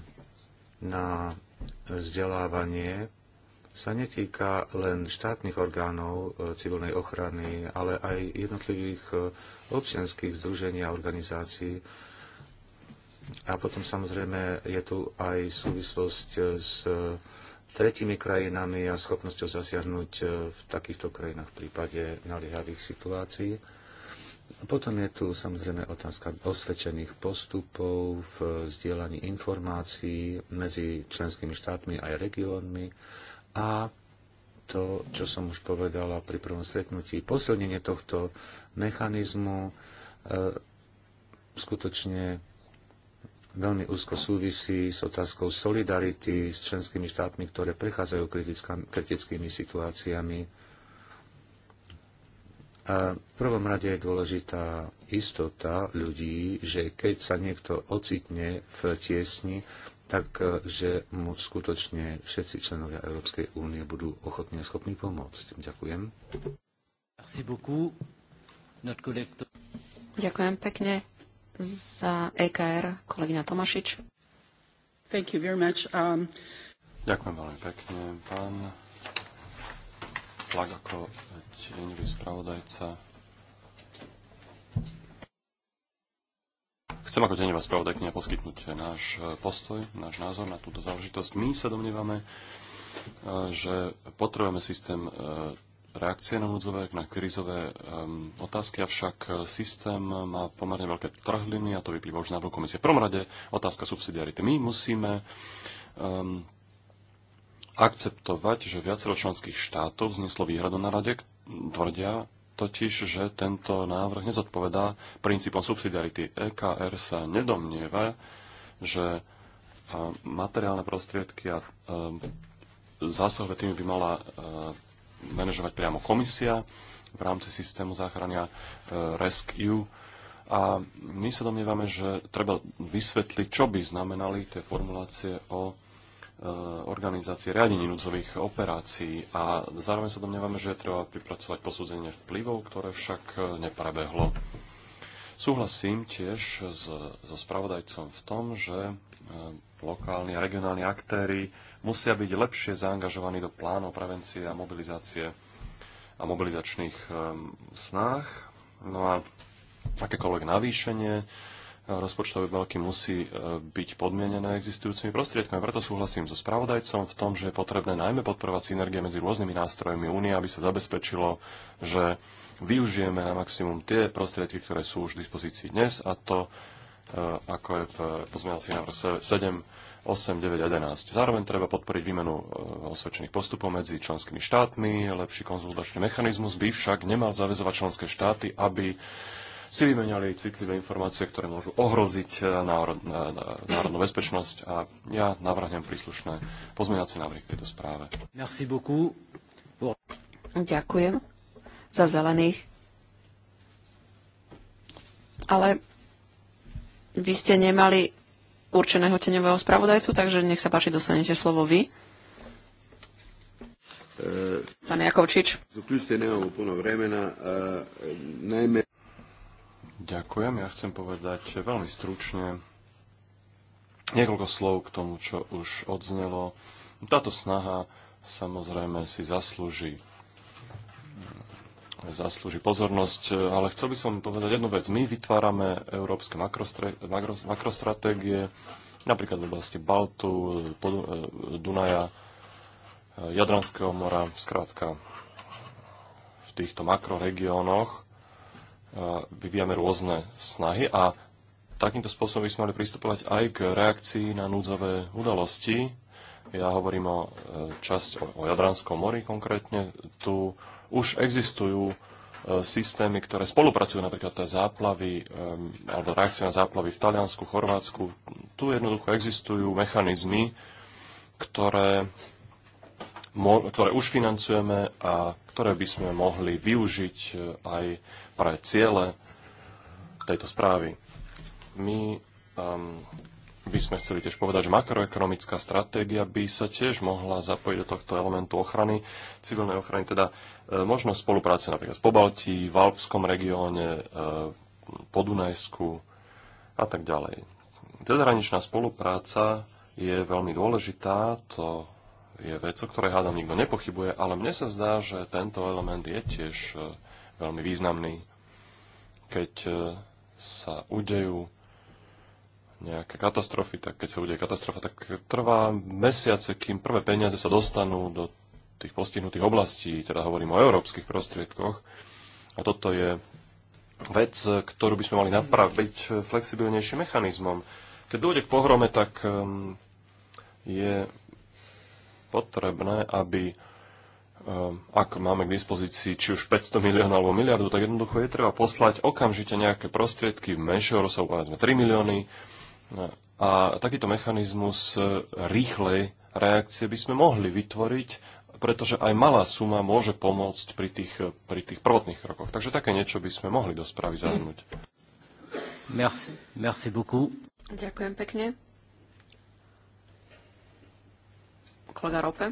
Speaker 2: na vzdelávanie sa netýka len štátnych orgánov e, civilnej ochrany, ale aj jednotlivých e, občianských združení a organizácií. A potom samozrejme je tu aj súvislosť e, s tretími krajinami a schopnosťou zasiahnuť v takýchto krajinách v prípade naliehavých situácií. Potom je tu samozrejme otázka osvedčených postupov v zdieľaní informácií medzi členskými štátmi aj regiónmi a to, čo som už povedala pri prvom stretnutí, posilnenie tohto mechanizmu e, skutočne veľmi úzko súvisí s otázkou solidarity s členskými štátmi, ktoré prechádzajú kritickými situáciami a V prvom rade je dôležitá istota ľudí, že keď sa niekto ocitne v tiesni, tak e, že mu skutočne všetci členovia Európskej únie budú ochotní a schopní pomôcť. Ďakujem.
Speaker 4: Ďakujem pekne za EKR, kolegyňa Tomašič. Thank you very much. Um...
Speaker 5: Ďakujem veľmi pekne. Pán Plagako tieňový spravodajca. Chcem ako tieňová spravodajkňa poskytnúť náš e, postoj, náš názor na túto záležitosť. My sa domnievame, e, že potrebujeme systém e, reakcie na núdzové, na krizové otázky, avšak systém má pomerne veľké trhliny a to vyplýva už z návrhu komisie. V prvom rade otázka subsidiarity. My musíme akceptovať, že viacero členských štátov vzneslo výhradu na rade, Tvrdia totiž, že tento návrh nezodpovedá princípom subsidiarity. EKR sa nedomnieva, že materiálne prostriedky a e, zásahové týmy by mala e, manažovať priamo komisia v rámci systému záchrania e, resc A my sa domnievame, že treba vysvetliť, čo by znamenali tie formulácie o Eh, organizácie riadení núdzových operácií a zároveň sa domnievame, že treba pripracovať posúdenie vplyvov, ktoré však eh, neprebehlo. Súhlasím tiež so spravodajcom v tom, že eh, lokálni a regionálni aktéry musia byť lepšie zaangažovaní do plánov prevencie a mobilizácie a mobilizačných snách. No a akékoľvek navýšenie rozpočtové veľky musí e, byť podmienené existujúcimi prostriedkami. Preto súhlasím so spravodajcom v tom, že je potrebné najmä podporovať synergie medzi rôznymi nástrojmi únie, aby sa zabezpečilo, že využijeme na maximum tie prostriedky, ktoré sú už v dispozícii dnes a to e, ako je v pozmeňovací návrh 7, 8, 9, 11. Zároveň treba podporiť výmenu e, osvedčených postupov medzi členskými štátmi. Lepší konzultačný mechanizmus by však nemal zavezovať členské štáty, aby si vymenali citlivé informácie, ktoré môžu ohroziť e, národ, e, e, národnú bezpečnosť a ja navrhnem príslušné pozmeňovacie návrhy k tejto správe.
Speaker 4: Merci beaucoup. Ďakujem za zelených. Ale vy ste nemali určeného teňového spravodajcu, takže nech sa páči, dostanete slovo vy.
Speaker 1: Pán Jakovčič. Zaključite nemamo úplno
Speaker 5: vremena, najmä... Ďakujem. Ja chcem povedať veľmi stručne niekoľko slov k tomu, čo už odznelo. Táto snaha samozrejme si zaslúži zaslúži pozornosť, ale chcel by som povedať jednu vec. My vytvárame európske makrostratégie, napríklad v oblasti Baltu, Dunaja, Jadranského mora, zkrátka v týchto makroregiónoch vyvíjame rôzne snahy a takýmto spôsobom by sme mali pristupovať aj k reakcii na núdzové udalosti. Ja hovorím o e, časť o Jadranskom mori konkrétne. Tu už existujú e, systémy, ktoré spolupracujú, napríklad tie záplavy e, alebo reakcia na záplavy v Taliansku, Chorvátsku. Tu jednoducho existujú mechanizmy, ktoré, ktoré už financujeme a ktoré by sme mohli využiť e, aj pre ciele tejto správy. My um, by sme chceli tiež povedať, že makroekonomická stratégia by sa tiež mohla zapojiť do tohto elementu ochrany, civilnej ochrany, teda e, možnosť spolupráce napríklad v Pobalti, v Alpskom regióne, e, po Dunajsku a tak ďalej. Cezhraničná spolupráca je veľmi dôležitá, to je vec, o ktorej hádam nikto nepochybuje, ale mne sa zdá, že tento element je tiež e, veľmi významný. Keď e, sa udejú nejaké katastrofy, tak keď sa udeje katastrofa, tak trvá mesiace, kým prvé peniaze sa dostanú do tých postihnutých oblastí, teda hovorím o európskych prostriedkoch. A toto je vec, ktorú by sme mali napraviť flexibilnejším mechanizmom. Keď dôjde k pohrome, tak ehm, je potrebné, aby eh, ak máme k dispozícii či už 500 miliónov alebo miliardu, tak jednoducho je treba poslať okamžite nejaké prostriedky v menšieho rozsahu, povedzme 3 milióny. A takýto mechanizmus eh, rýchlej reakcie by sme mohli vytvoriť, pretože aj malá suma môže pomôcť pri tých, eh, pri tých prvotných krokoch. Takže také niečo by sme mohli do správy zahrnúť.
Speaker 1: Merci. Merci beaucoup.
Speaker 4: Ďakujem pekne. Kolega Rope.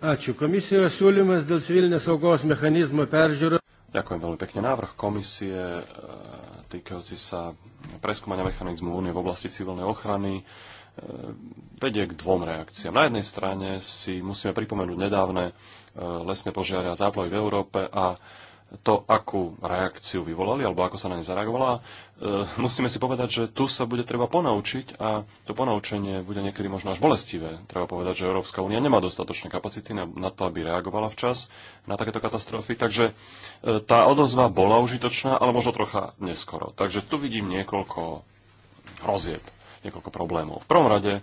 Speaker 1: Ačiū. Komisijos siūlymas dėl civilinės saugos mechanizmo peržiūros. Ďakujem veľmi pekne. Návrh komisie e, týkajúci sa
Speaker 5: preskúmania mechanizmu únie v oblasti civilnej ochrany e, vedie k dvom reakciám. Na jednej strane si musíme pripomenúť nedávne e, lesné požiare a záplavy v Európe a to, akú reakciu vyvolali alebo ako sa na ne zareagovala. E, musíme si povedať, že tu sa bude treba ponaučiť a to ponaučenie bude niekedy možno až bolestivé. Treba povedať, že Európska únia nemá dostatočné kapacity na, na to, aby reagovala včas na takéto katastrofy, takže e, tá odozva bola užitočná, ale možno trocha neskoro. Takže tu vidím niekoľko hrozieb, niekoľko problémov. V prvom rade e,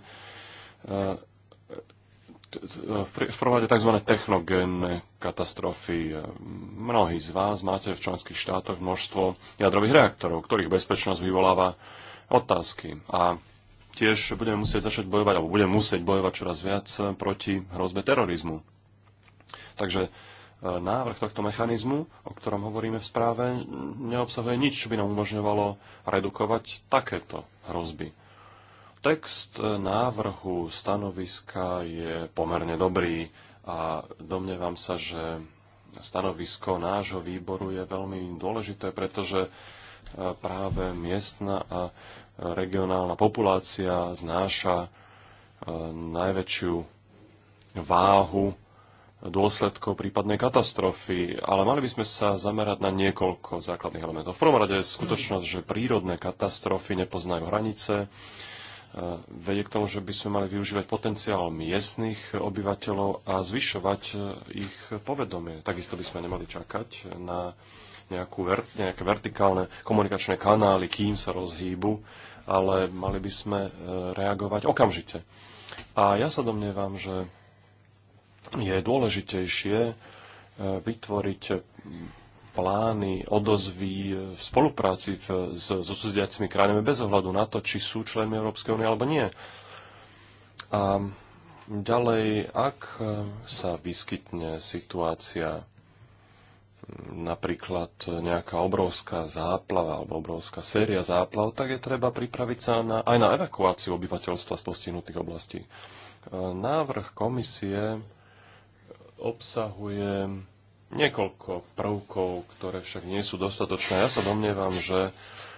Speaker 5: v prvade tzv. technogénne katastrofy. Mnohí z vás máte v členských štátoch množstvo jadrových reaktorov, ktorých bezpečnosť vyvoláva otázky. A tiež budeme musieť začať bojovať, alebo budeme musieť bojovať čoraz viac proti hrozbe terorizmu. Takže e, návrh tohto mechanizmu, o ktorom hovoríme v správe, neobsahuje nič, čo by nám umožňovalo redukovať takéto hrozby. Text návrhu stanoviska je pomerne dobrý a domnievam sa, že stanovisko nášho výboru je veľmi dôležité, pretože e, práve miestna a regionálna populácia znáša e, najväčšiu váhu dôsledkov prípadnej katastrofy, ale mali by sme sa zamerať na niekoľko základných elementov. V prvom rade je skutočnosť, že prírodné katastrofy nepoznajú hranice, E, vedie k tomu, že by sme mali využívať potenciál miestnych obyvateľov a zvyšovať e, ich povedomie. Takisto by sme nemali čakať na nejakú ver, nejaké vertikálne komunikačné kanály, kým sa rozhýbu, ale mali by sme e, reagovať okamžite. A ja sa domnievam, že je dôležitejšie vytvoriť plány, odozvy e, v spolupráci v, s, so susediacimi krajinami bez ohľadu na to, či sú členmi Európskej únie alebo nie. A ďalej, ak e, sa vyskytne situácia napríklad nejaká obrovská záplava alebo obrovská séria záplav, tak je treba pripraviť sa na, aj na evakuáciu obyvateľstva z postihnutých oblastí. E, návrh komisie obsahuje niekoľko prvkov, ktoré však nie sú dostatočné. Ja sa domnievam, že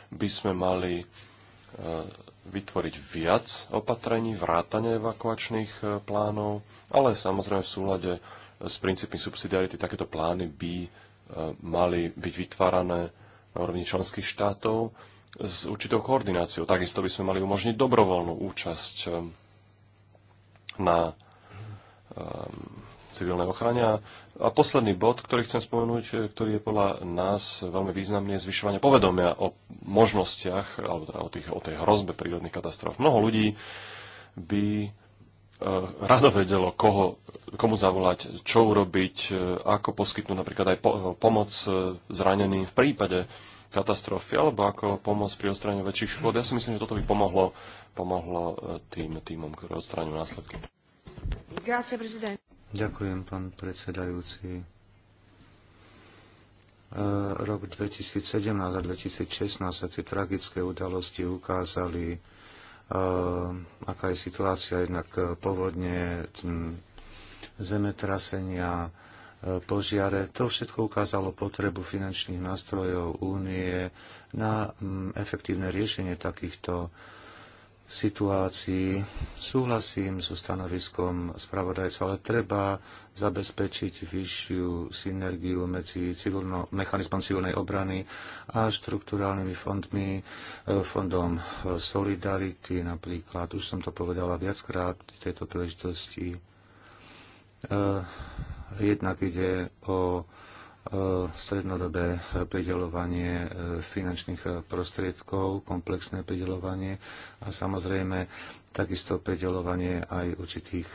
Speaker 5: by sme mali e, vytvoriť viac opatrení, vrátane evakuačných e, plánov, ale samozrejme v súlade s princípmi subsidiarity takéto plány by e, mali byť vytvárané na úrovni členských štátov s určitou koordináciou. Takisto by sme mali umožniť dobrovoľnú účasť na civilnej ochrane. A a posledný bod, ktorý chcem spomenúť, e, ktorý je podľa nás veľmi významný, je zvyšovanie povedomia o možnostiach, alebo teda o, tých, o tej hrozbe prírodných katastrof. Mnoho ľudí by e, rado vedelo, koho, komu zavolať, čo urobiť, e, ako poskytnúť napríklad aj po, pomoc zraneným v prípade katastrofy, alebo ako pomoc pri odstraňovaní väčších škôd. Ja si myslím, že toto by pomohlo, pomohlo tým týmom, ktoré odstraňujú následky.
Speaker 4: Grazie, prezident.
Speaker 5: Ďakujem, pán predsedajúci. E,
Speaker 2: rok 2017 a 2016 sa tie tragické udalosti ukázali, e, aká je situácia jednak povodne, zemetrasenia, e, požiare. To všetko ukázalo potrebu finančných nástrojov únie na efektívne riešenie takýchto situácií. Súhlasím so stanoviskom spravodajcov, ale treba zabezpečiť vyššiu synergiu medzi civilno, mechanizmom civilnej obrany a štruktúrálnymi fondmi, e, fondom Solidarity napríklad. Už som to povedala viackrát v tejto príležitosti. E, jednak ide o E, strednodobé pridelovanie e, finančných e, prostriedkov, komplexné pridelovanie a samozrejme takisto pridelovanie aj určitých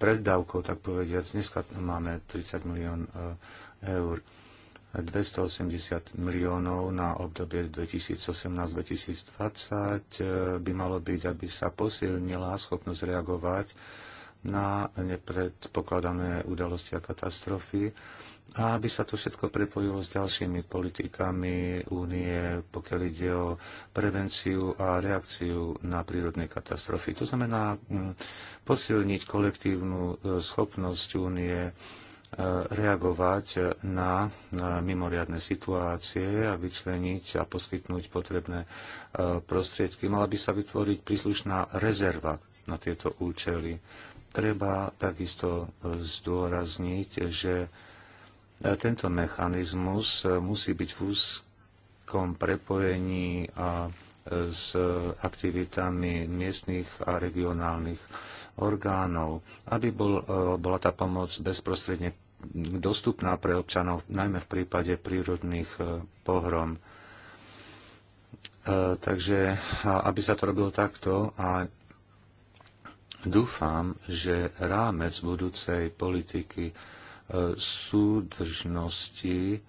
Speaker 2: preddavkov, tak povediac. Dneska máme 30 milión eur, 280 miliónov na obdobie 2018-2020 by malo byť, aby sa posilnila schopnosť reagovať na nepredpokladané udalosti a katastrofy a aby sa to všetko prepojilo s ďalšími politikami únie, pokiaľ ide o prevenciu a reakciu na prírodné katastrofy. To znamená mm, posilniť kolektívnu e, schopnosť únie e, reagovať na mimoriadne situácie a vyčleniť a poskytnúť potrebné e, prostriedky. Mala by sa vytvoriť príslušná rezerva na tieto účely Treba takisto e, zdôrazniť, že e, tento mechanizmus e, musí byť v úzkom prepojení a s aktivitami miestnych a regionálnych orgánov, aby bol, bola tá pomoc bezprostredne dostupná pre občanov, najmä v prípade prírodných pohrom. Takže aby sa to robilo takto a Dúfam, že rámec budúcej politiky e, súdržnosti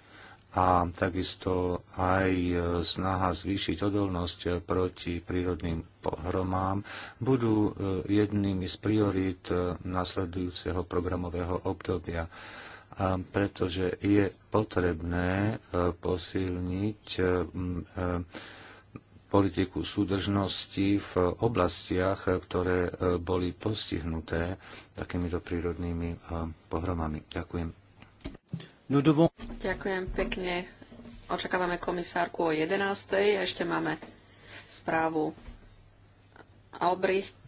Speaker 2: a takisto aj e, snaha zvýšiť odolnosť proti prírodným pohromám budú e, jednými z priorít nasledujúceho programového obdobia, pretože je potrebné posilniť politiku súdržnosti v oblastiach, ktoré e, boli postihnuté takýmito prírodnými e, pohromami. Ďakujem.
Speaker 1: No,
Speaker 4: Ďakujem pekne. Očakávame komisárku o 11. Ešte máme správu Albricht.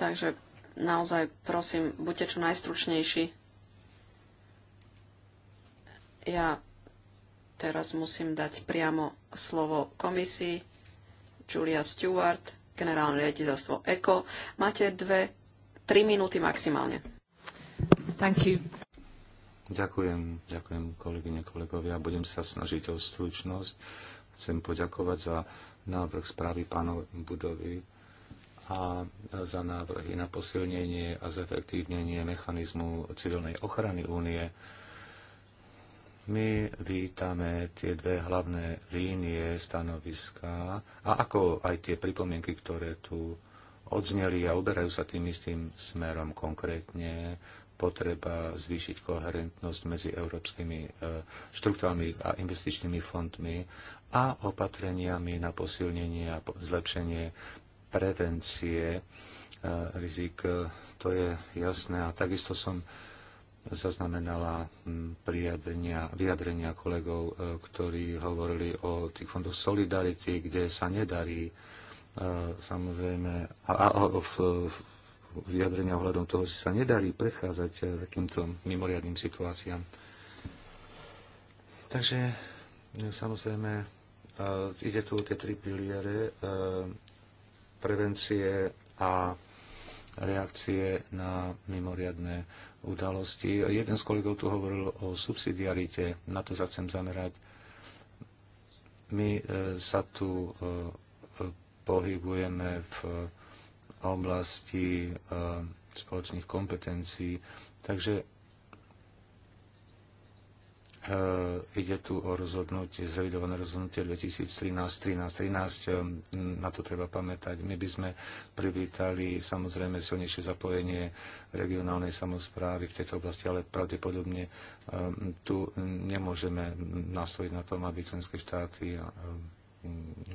Speaker 4: Takže naozaj prosím, buďte čo najstručnejší. Ja teraz musím dať priamo slovo komisii. Julia Stewart, generálne riaditeľstvo ECO. Máte dve, tri minúty maximálne.
Speaker 3: Thank you.
Speaker 2: Ďakujem, ďakujem kolegyne, kolegovia. Budem sa snažiť o stručnosť. Chcem poďakovať za návrh správy pánov Budovi a za návrhy na posilnenie a zefektívnenie mechanizmu civilnej ochrany únie my vítame tie dve hlavné línie stanoviska a ako aj tie pripomienky, ktoré tu odzneli a uberajú sa tým istým smerom konkrétne potreba zvýšiť koherentnosť medzi európskymi e, štruktúrami a investičnými fondmi a opatreniami na posilnenie a zlepšenie prevencie e, rizik. To je jasné a takisto som zaznamenala mm, vyjadrenia kolegov, e, ktorí hovorili o tých fondoch Solidarity, kde sa nedarí e, samozrejme a, a, a v, vyjadrenia ohľadom toho, že sa nedarí predchádzať e, takýmto mimoriadným situáciám. Takže samozrejme ide tu o tie tri piliere prevencie a reakcie na mimoriadné udalosti. Jeden z kolegov tu hovoril o subsidiarite, na to sa chcem zamerať. My e, sa tu e, pohybujeme v oblasti e, spoločných kompetencií, takže E, ide tu o rozhodnutie, zrevidované rozhodnutie 2013-13-13. E, na to treba pamätať. My by sme privítali samozrejme silnejšie zapojenie regionálnej samozprávy v tejto oblasti, ale pravdepodobne e, tu nemôžeme nastojiť na tom, aby členské štáty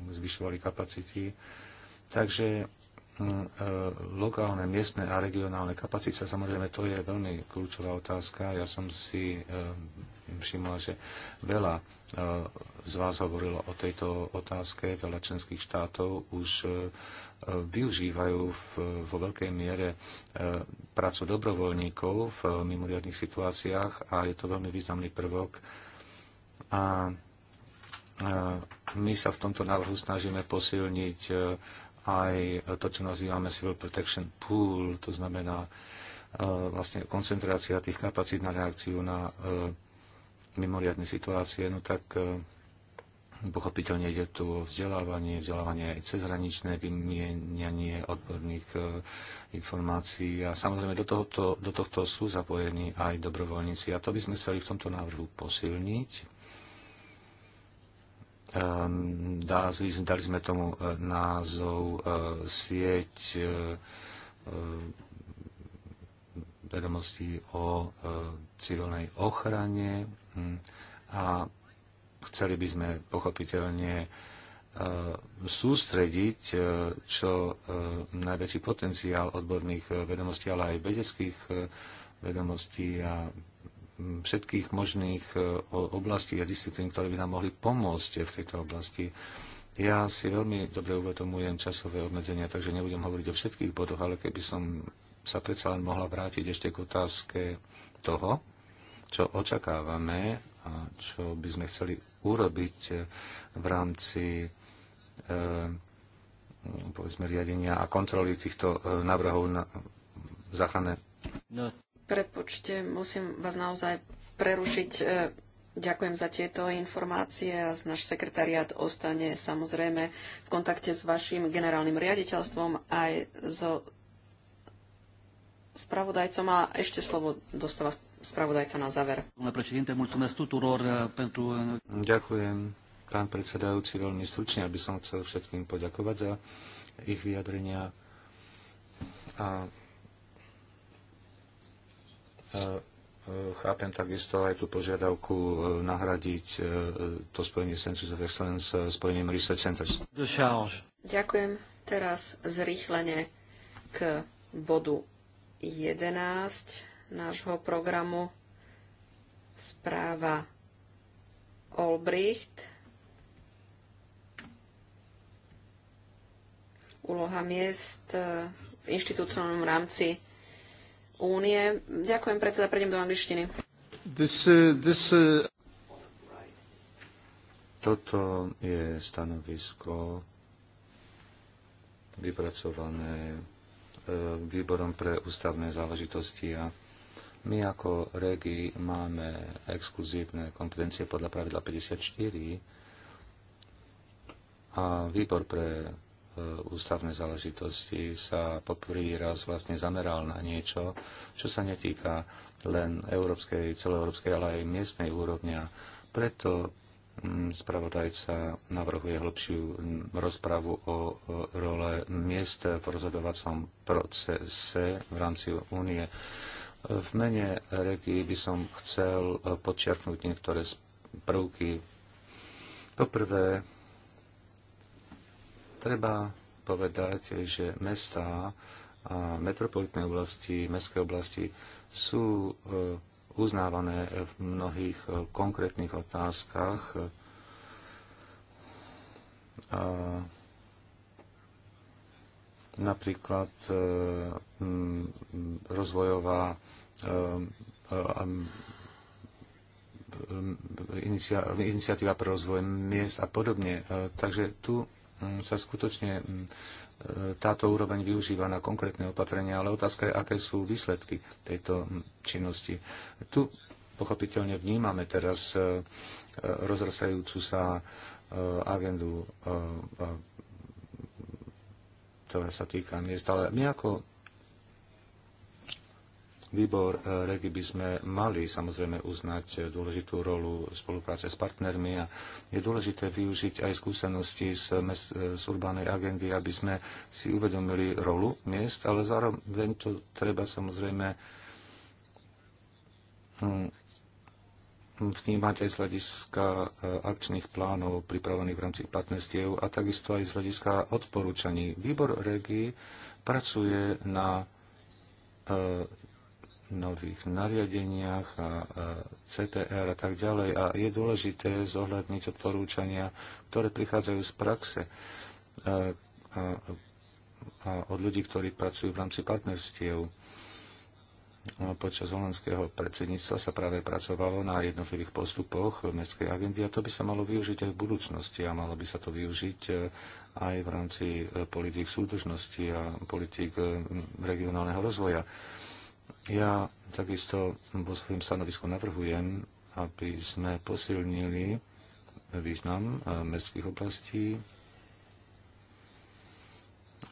Speaker 2: zvyšovali kapacity. Takže lokálne, miestne a regionálne kapacity, samozrejme, to je veľmi kľúčová otázka. Ja som si všimla, že veľa e, z vás hovorilo o tejto otázke. Veľa členských štátov už e, využívajú v, vo veľkej miere e, prácu dobrovoľníkov v mimoriadných situáciách a je to veľmi významný prvok. A my sa v tomto návrhu snažíme posilniť aj to, čo nazývame Civil Protection Pool, to znamená vlastne koncentrácia tých kapacít na reakciu na mimoriadne situácie, no tak e, pochopiteľne ide tu o vzdelávanie, vzdelávanie aj cezhraničné, vymienianie odborných e, informácií a samozrejme do tohto, do tohto sú zapojení aj dobrovoľníci a to by sme chceli v tomto návrhu posilniť. E, dali sme tomu názov sieť vedomostí o civilnej ochrane Hm. a chceli by sme pochopiteľne e, sústrediť e, čo e, najväčší potenciál odborných vedomostí, ale aj vedeckých vedomostí a všetkých možných oblastí a disciplín, ktoré by nám mohli pomôcť v tejto oblasti. Ja si veľmi dobre uvedomujem časové obmedzenia, takže nebudem hovoriť o všetkých bodoch, ale keby som sa predsa len mohla vrátiť ešte k otázke toho, čo očakávame a čo by sme chceli urobiť e, v rámci e, povedzme, riadenia a kontroly týchto e, návrhov na záchranné.
Speaker 4: No. Prepočte, musím vás naozaj prerušiť. Ďakujem za tieto informácie a náš sekretariat ostane samozrejme v kontakte s vašim generálnym riaditeľstvom aj so spravodajcom a ešte slovo dostáva spravodajca na záver.
Speaker 2: Eh, eh, Ďakujem, pán predsedajúci, veľmi stručne, aby som chcel všetkým poďakovať za ich vyjadrenia. A, eh, chápem takisto aj tú požiadavku nahradiť to spojenie Centers of Excellence s spojením Research Centers.
Speaker 4: Ďakujem. Teraz zrýchlene k bodu 11 nášho programu správa Olbricht. Úloha miest eh, v inštitúcionálnom rámci únie. Ďakujem, predseda, prejdem do angličtiny.
Speaker 2: This, eh, this, eh, Toto je stanovisko vypracované výborom pre ústavné záležitosti a my ako REGI máme exkluzívne kompetencie podľa pravidla 54 a výbor pre e, ústavné záležitosti sa poprvý raz vlastne zameral na niečo, čo sa netýka len európskej, celoeurópskej, ale aj miestnej úrovne. Preto mm, spravodajca navrhuje hlbšiu mm, rozpravu o role miest v rozhodovacom procese v rámci únie. V mene reky by som chcel podčiarknúť niektoré prvky. Poprvé, treba povedať, že mesta a metropolitné oblasti, mestské oblasti sú e, uznávané v mnohých e, konkrétnych otázkach. A napríklad e, rozvojová iniciatíva pre rozvoj miest a podobne. E, takže tu mm, sa skutočne mm, e, táto úroveň využíva na konkrétne opatrenia, ale otázka je, aké sú výsledky tejto mm, činnosti. Tu pochopiteľne vnímame teraz e, rozrastajúcu sa agendu, ktorá sa týka miest, ale my ako Výbor e, REGI by sme mali samozrejme uznať dôležitú rolu spolupráce s partnermi a je dôležité využiť aj skúsenosti z, e, z urbánej agendy, aby sme si uvedomili rolu miest, ale zároveň to treba samozrejme hm, vnímať aj z hľadiska e, akčných plánov pripravených v rámci partnerstiev a takisto aj z hľadiska odporúčaní. Výbor REGI pracuje na nových nariadeniach a CPR a tak ďalej. A je dôležité zohľadniť odporúčania, ktoré prichádzajú z praxe a, a, a od ľudí, ktorí pracujú v rámci partnerstiev. No, počas holandského predsedníctva sa práve pracovalo na jednotlivých postupoch v mestskej agendy a to by sa malo využiť aj v budúcnosti a malo by sa to využiť e, aj v rámci e, politik súdržnosti a politik e, regionálneho rozvoja. Ja takisto vo svojom stanovisku navrhujem, aby sme posilnili význam eh, mestských oblastí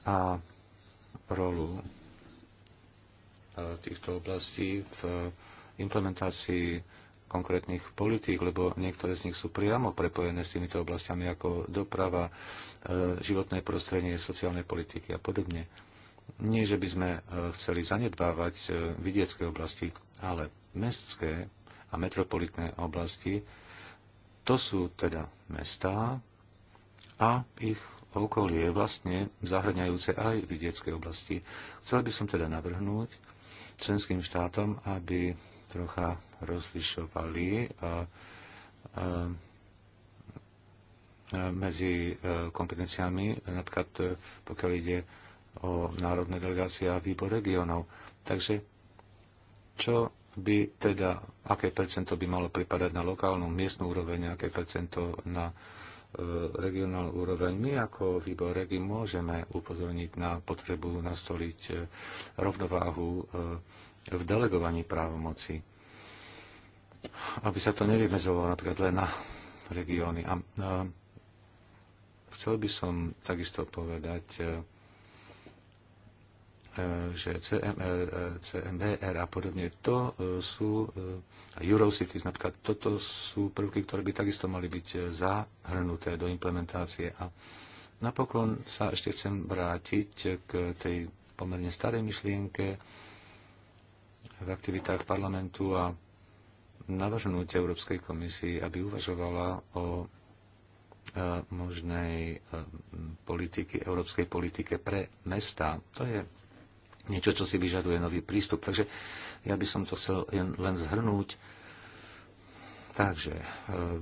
Speaker 2: a rolu eh, týchto oblastí v implementácii konkrétnych politík, lebo niektoré z nich sú priamo prepojené s týmito oblastiami ako doprava, eh, životné prostredie, sociálne politiky a podobne. Nie, že by sme e, chceli zanedbávať e, vidiecké oblasti, ale mestské a metropolitné oblasti, to sú teda mestá a ich okolie vlastne zahrňajúce aj vidiecké oblasti. Chcel by som teda navrhnúť členským štátom, aby trocha rozlišovali a, e, a, medzi kompetenciami, napríklad pokiaľ ide o národné delegácie a výbor regionov. Takže čo by teda, aké percento by malo pripadať na lokálnu miestnú úroveň, aké percento na e, regionálnu úroveň. My ako výbor regi môžeme upozorniť na potrebu nastoliť e, rovnováhu e, v delegovaní právomoci, aby sa to nevymezovalo napríklad len na regióny. A, a e, chcel by som takisto povedať, e, Eh, že CML, eh, eh, CMBR e a podobne, to sú Eurocities napríklad, toto sú prvky, ktoré by takisto mali byť zahrnuté do implementácie. A napokon sa ešte chcem vrátiť k tej pomerne starej myšlienke v aktivitách parlamentu a navrhnúť Európskej komisii, aby uvažovala o možnej politiky, európskej politike pre mesta. To je niečo, čo si vyžaduje nový prístup. Takže ja by som to chcel len zhrnúť. Takže e,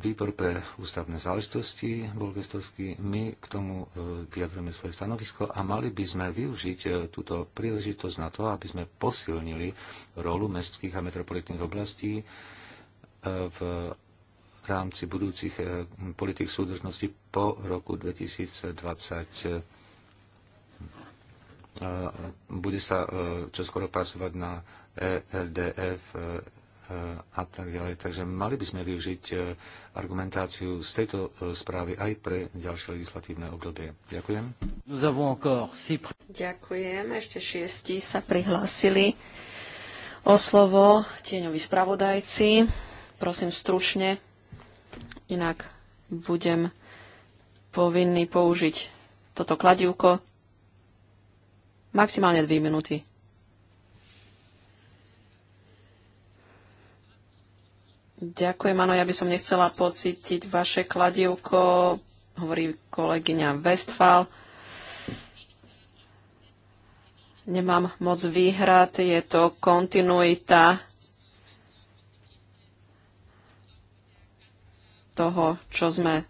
Speaker 2: výbor pre ústavné záležitosti bol gestorský. My k tomu e, vyjadrujeme svoje stanovisko a mali by sme využiť e, túto príležitosť na to, aby sme posilnili rolu mestských a metropolitných oblastí v rámci budúcich politik súdržnosti po roku 2020 bude sa e, čoskoro pracovať na ELDF e, e, a tak ďalej. Takže mali by sme využiť argumentáciu z tejto správy aj pre ďalšie legislatívne obdobie. Ďakujem. Ďakujem.
Speaker 4: Ešte šiesti sa prihlásili o slovo tieňoví spravodajci. Prosím stručne, inak budem povinný použiť toto kladivko Maximálne 2 minúty. Ďakujem, áno, ja by som nechcela pocítiť vaše kladivko, hovorí kolegyňa Westfal. Nemám moc výhrad, je to kontinuita toho, čo sme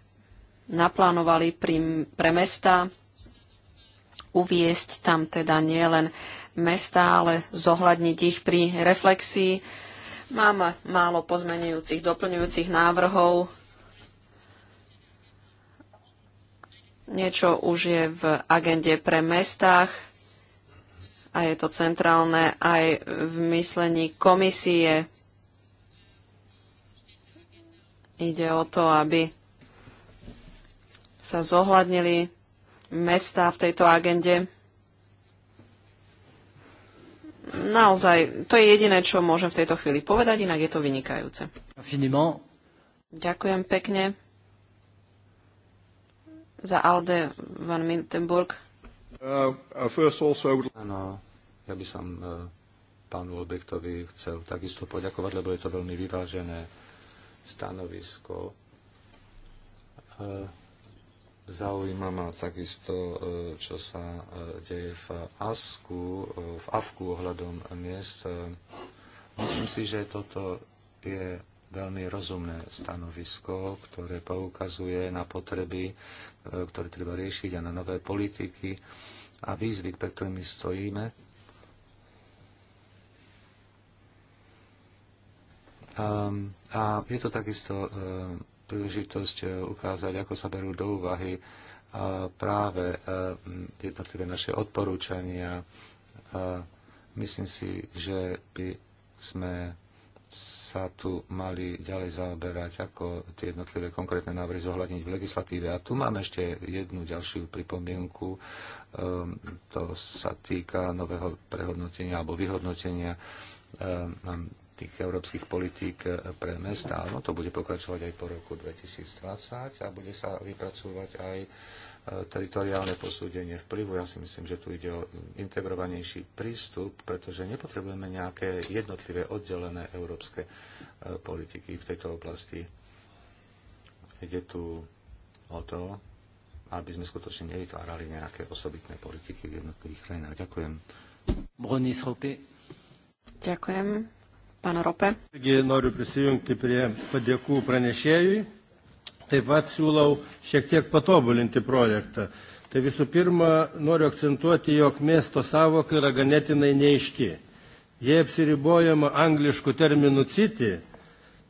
Speaker 4: naplánovali pri, pre mesta uviesť tam teda nielen mesta, ale zohľadniť ich pri reflexii. Mám málo pozmenujúcich, doplňujúcich návrhov. Niečo už je v agende pre mestách a je to centrálne aj v myslení komisie. Ide o to, aby sa zohľadnili mesta v tejto agende. Naozaj, to je jediné, čo môžem v tejto chvíli povedať, inak je to vynikajúce. Finiment. Ďakujem pekne za Alde van Mintenburg.
Speaker 1: Uh, uh
Speaker 2: Áno, ja by som uh, pánu Objektovi chcel takisto poďakovať, lebo je to veľmi vyvážené stanovisko. Uh, Zaujíma ma takisto, e, čo sa e, deje v ASKu, e, v AFKu ohľadom miest. Myslím si, že toto je veľmi rozumné stanovisko, ktoré poukazuje na potreby, ktoré treba riešiť a na nové politiky a výzvy, pre ktorými stojíme. Ehm, a je to takisto ehm, príležitosť eh, ukázať, ako sa berú do úvahy eh, práve eh, jednotlivé naše odporúčania. Myslím si, že by sme sa tu mali ďalej zaoberať, ako tie jednotlivé konkrétne návrhy zohľadniť v legislatíve. A tu mám ešte jednu ďalšiu pripomienku. to sa týka nového prehodnotenia alebo vyhodnotenia tých európskych politík e, pre mesta. Áno, to bude pokračovať aj po roku 2020 a bude sa vypracovať aj e, teritoriálne posúdenie vplyvu. Ja si myslím, že tu ide o integrovanejší prístup, pretože nepotrebujeme nejaké jednotlivé oddelené európske e, politiky v tejto oblasti. Ide tu o to, aby sme skutočne nevytvárali nejaké osobitné politiky v jednotlivých krajinách. Ďakujem.
Speaker 4: Ďakujem pana Rope.
Speaker 1: Noriu prisijungti prie padėkų pranešėjui. Taip pat siūlau šiek tiek patobulinti projektą. Tai visų pirma, noriu akcentuoti, jog miesto savoka yra ganėtinai neiški. Jei apsiribojama angliškų terminų city,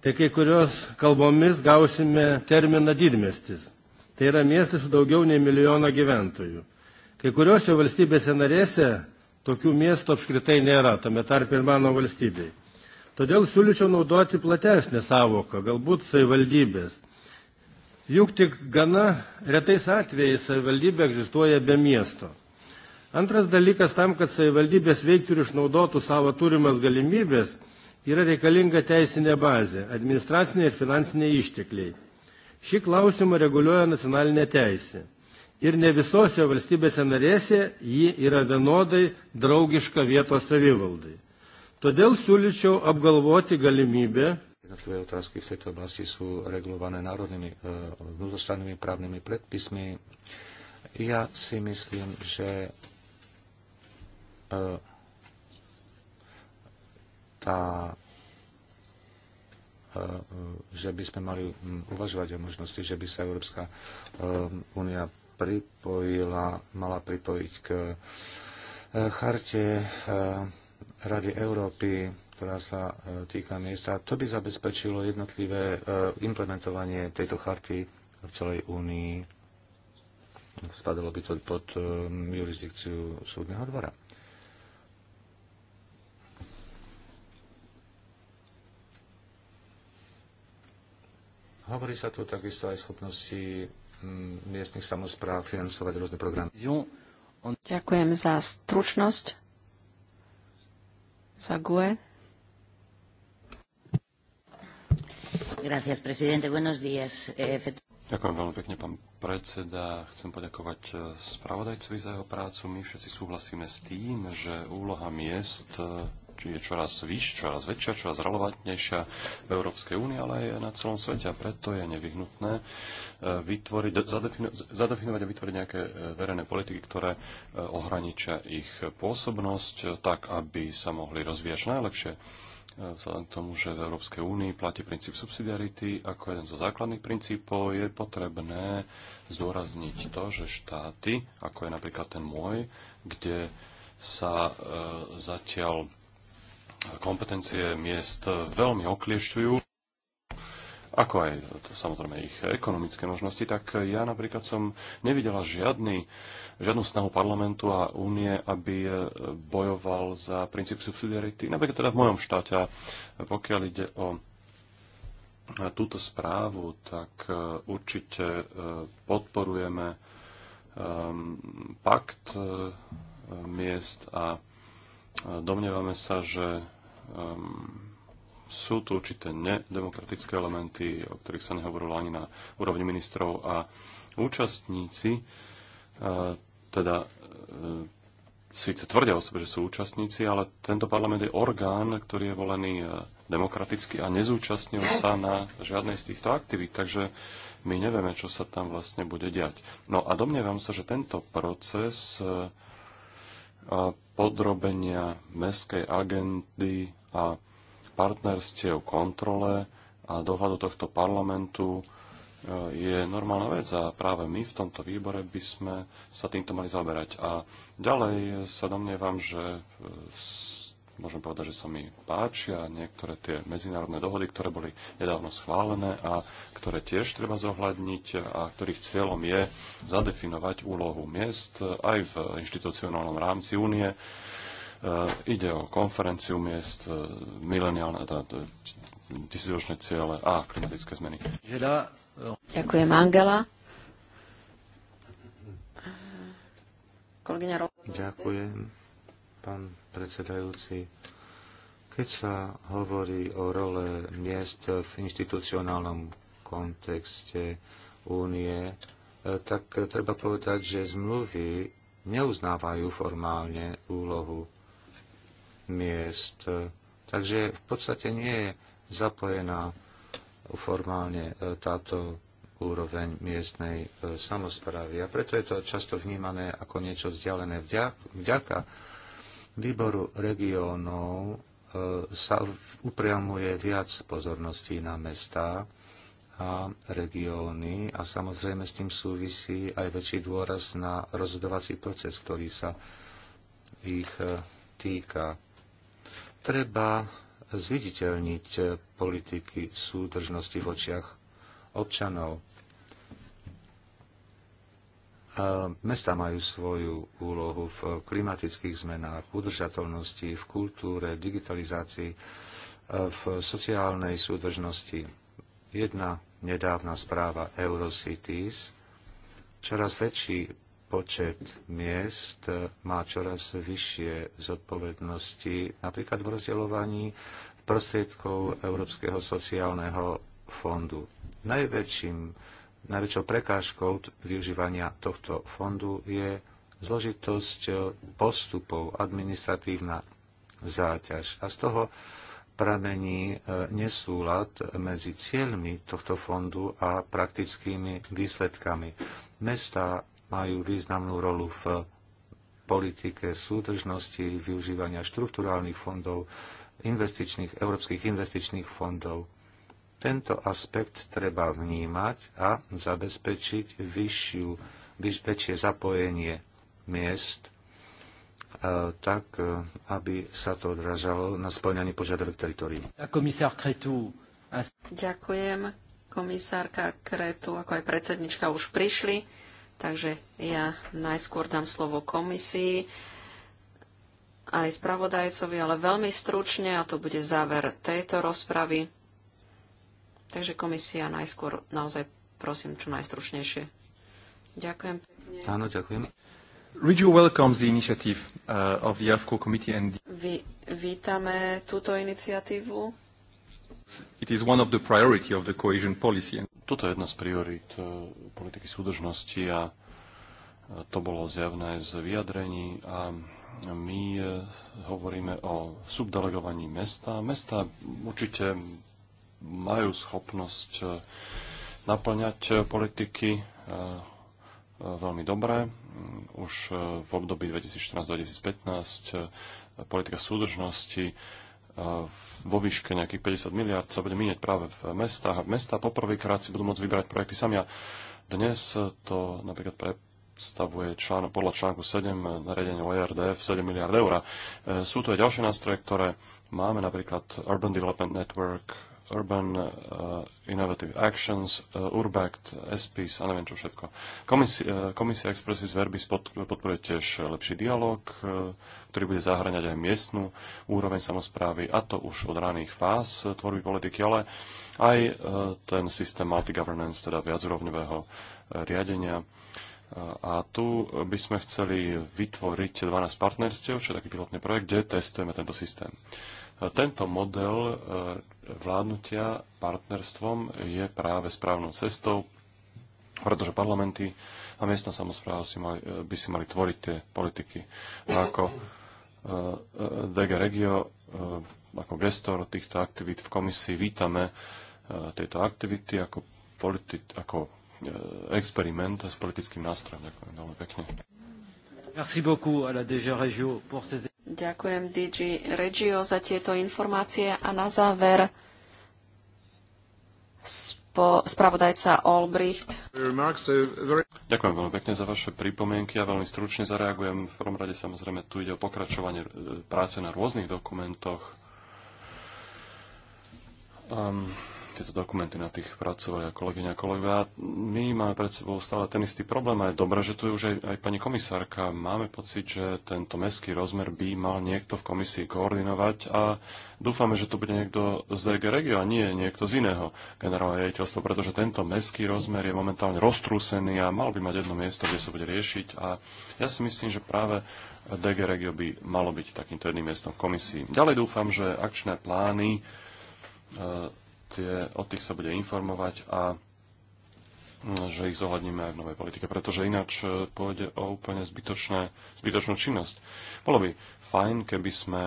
Speaker 1: tai kai kurios kalbomis gausime terminą didmestis. Tai yra miestas su daugiau nei milijono gyventojų. Kai kuriuose valstybėse narėse tokių miestų apskritai nėra, tame tarp ir mano valstybėje. Todėl siūlyčiau naudoti platesnį savoką, galbūt savivaldybės. Juk tik gana retais atvejais savivaldybė egzistuoja be miesto. Antras dalykas tam, kad savivaldybės veiktų ir išnaudotų savo turimas galimybės, yra reikalinga teisinė bazė, administraciniai ir finansiniai ištekliai. Šį klausimą reguliuoja nacionalinė teisė. Ir ne visose valstybėse narėse ji yra vienodai draugiška vietos savivaldai. Todėl siūlyčiau apgalvoti galimybę.
Speaker 2: Jednotlivé otázky v tejto oblasti sú regulované národnými e, vnútrostrannými právnymi predpismi. Ja si myslím, že e, tá e, že by sme mali uvažovať o možnosti, že by sa Európska únia pripojila, mala pripojiť k charte Rady Európy, ktorá sa e, týka miesta, to by zabezpečilo jednotlivé e, implementovanie tejto charty v celej únii. Spadalo by to pod e, jurisdikciu súdneho dvora. Hovorí sa tu takisto aj schopnosti miestnych samozpráv financovať rôzne programy.
Speaker 4: Ďakujem za stručnosť.
Speaker 1: Gracias, presidente. Buenos días. Eh,
Speaker 5: Ďakujem veľmi pekne, pán predseda. Chcem poďakovať eh, spravodajcovi za jeho prácu. My všetci súhlasíme s tým, že úloha miest eh, je čoraz vyššia, čoraz väčšia, čoraz relevantnejšia v Európskej únii, ale aj na celom svete. A preto je nevyhnutné e, vytvoriť, zadefino, zadefinovať a vytvoriť nejaké e, verejné politiky, ktoré e, ohraničia ich pôsobnosť tak, aby sa mohli rozvíjať najlepšie vzhľadom k tomu, že v Európskej únii platí princíp subsidiarity ako jeden zo základných princípov, je potrebné zdôrazniť to, že štáty, ako je napríklad ten môj, kde sa e, zatiaľ kompetencie miest veľmi okliešťujú, ako aj to, samozrejme ich ekonomické možnosti, tak ja napríklad som nevidela žiadny, žiadnu snahu parlamentu a únie, aby bojoval za princíp subsidiarity. Napríklad teda v mojom štáte, pokiaľ ide o túto správu, tak e, určite e, podporujeme e, pakt miest a Domnievame sa, že um, sú tu určité nedemokratické elementy, o ktorých sa nehovorilo ani na úrovni ministrov a účastníci, uh, teda uh, síce tvrdia o sebe, že sú účastníci, ale tento parlament je orgán, ktorý je volený uh, demokraticky a nezúčastnil sa na žiadnej z týchto aktivít, takže my nevieme, čo sa tam vlastne bude diať. No a domnievam sa, že tento proces podrobenia mestskej agendy a partnerstiev kontrole a dohľadu tohto parlamentu e, je normálna vec a práve my v tomto výbore by sme sa týmto mali zaoberať. A ďalej sa domnievam, že môžem povedať, že sa mi páčia niektoré tie medzinárodné dohody, ktoré boli nedávno schválené a ktoré tiež treba zohľadniť a ktorých cieľom je zadefinovať úlohu miest aj v inštitucionálnom rámci únie. E, ide o konferenciu miest, e, mileniálne, e, teda tisícročné ciele a klimatické zmeny.
Speaker 4: Ďakujem, Angela. Ďakujem,
Speaker 2: pán predsedajúci. Keď sa hovorí o role miest v inštitucionálnom kontexte únie, e, tak treba povedať, že zmluvy neuznávajú formálne úlohu miest. Takže v podstate nie je zapojená formálne e, táto úroveň miestnej e, samozprávy. A preto je to často vnímané ako niečo vzdialené vďaka výboru regiónov e, sa upriamuje viac pozorností na mestá a regióny a samozrejme s tým súvisí aj väčší dôraz na rozhodovací proces, ktorý sa ich e, týka. Treba zviditeľniť e, politiky súdržnosti v očiach občanov. Mesta majú svoju úlohu v klimatických zmenách, v udržateľnosti, v kultúre, v digitalizácii, v sociálnej súdržnosti. Jedna nedávna správa Eurocities. Čoraz väčší počet miest má čoraz vyššie zodpovednosti, napríklad v rozdeľovaní prostriedkov Európskeho sociálneho fondu. Najväčším najväčšou prekážkou využívania tohto fondu je zložitosť e, postupov, administratívna záťaž. A z toho pramení e, nesúlad medzi cieľmi tohto fondu a praktickými výsledkami. Mesta majú významnú rolu v politike súdržnosti, využívania štruktúrálnych fondov, investičných, európskych investičných fondov tento aspekt treba vnímať a zabezpečiť vyššiu, vyš, väčšie zapojenie miest, e, tak, e, aby sa to odrážalo na splňanie požiadavek teritorií.
Speaker 4: Ďakujem. Komisárka Kretu, ako aj predsednička, už prišli, takže ja najskôr dám slovo komisii aj spravodajcovi, ale veľmi stručne, a to bude záver tejto rozpravy. Takže komisia najskôr naozaj prosím čo najstručnejšie. Ďakujem pekne.
Speaker 5: Áno, ďakujem. Regio welcomes the initiative uh, of the AFCO committee and the...
Speaker 4: Vy, vítame túto iniciatívu.
Speaker 5: It is one of the priority of the cohesion policy. And... Toto je jedna z priorit uh, politiky súdržnosti a to bolo zjavné z vyjadrení a my uh, hovoríme o subdelegovaní mesta. Mesta určite majú schopnosť e, naplňať e, politiky e, veľmi dobré. Mm, už v období 2014-2015 politika súdržnosti vo výške nejakých 50 miliard sa bude míňať práve v mestách. A mesta poprvýkrát si budú môcť vybrať projekty sami. A dnes to napríklad predstavuje člán, podľa článku 7 nariadenia ORDF 7 miliard eur. Sú tu aj ďalšie nástroje, ktoré máme, napríklad Urban Development Network, Urban uh, Innovative Actions, uh, Urbact, SPIS a neviem čo všetko. Komisia, uh, komisia Expressis Verbis pod, podporuje tiež lepší dialog, uh, ktorý bude zahrňať aj miestnu úroveň samozprávy, a to už od raných fáz tvorby politiky, ale aj uh, ten systém multi-governance, teda viacúrovňového uh, riadenia. Uh, a tu by sme chceli vytvoriť 12 partnerstiev, čo je taký pilotný projekt, kde testujeme tento systém. Uh, tento model uh, vládnutia partnerstvom je práve správnou cestou, pretože parlamenty a miestna samozpráva si mali, eh, by si mali tvoriť tie politiky. A ako eh, DG Regio, eh, ako gestor týchto aktivít v komisii, vítame tieto aktivity ako, politi- ako experiment s politickým nástrojom. Ďakujem veľmi pekne.
Speaker 1: Merci beaucoup à la DG Regio pour ces...
Speaker 4: Ďakujem DG Regio za tieto informácie a na záver spo, spravodajca Olbricht.
Speaker 3: Ďakujem
Speaker 5: veľmi pekne za vaše pripomienky. Ja veľmi stručne zareagujem. V prvom rade samozrejme tu ide o pokračovanie e, práce na rôznych dokumentoch. Um, tieto dokumenty na tých pracovali a kolegyňa a kolegovia. My máme pred sebou stále ten istý problém a je dobré, že tu je už aj, aj pani komisárka. Máme pocit, že tento mestský rozmer by mal niekto v komisii koordinovať a dúfame, že tu bude niekto z DG Regio a nie niekto z iného generálneho riaditeľstva, pretože tento mestský rozmer je momentálne roztrúsený a mal by mať jedno miesto, kde sa bude riešiť a ja si myslím, že práve DG Regio by malo byť takýmto jedným miestom v komisii. Ďalej dúfam, že akčné plány e, tie, e, o tých sa bude informovať a mm, že ich zohľadníme aj v novej politike, pretože ináč e, pôjde o úplne zbytočné, zbytočnú činnosť. Bolo by fajn, keby sme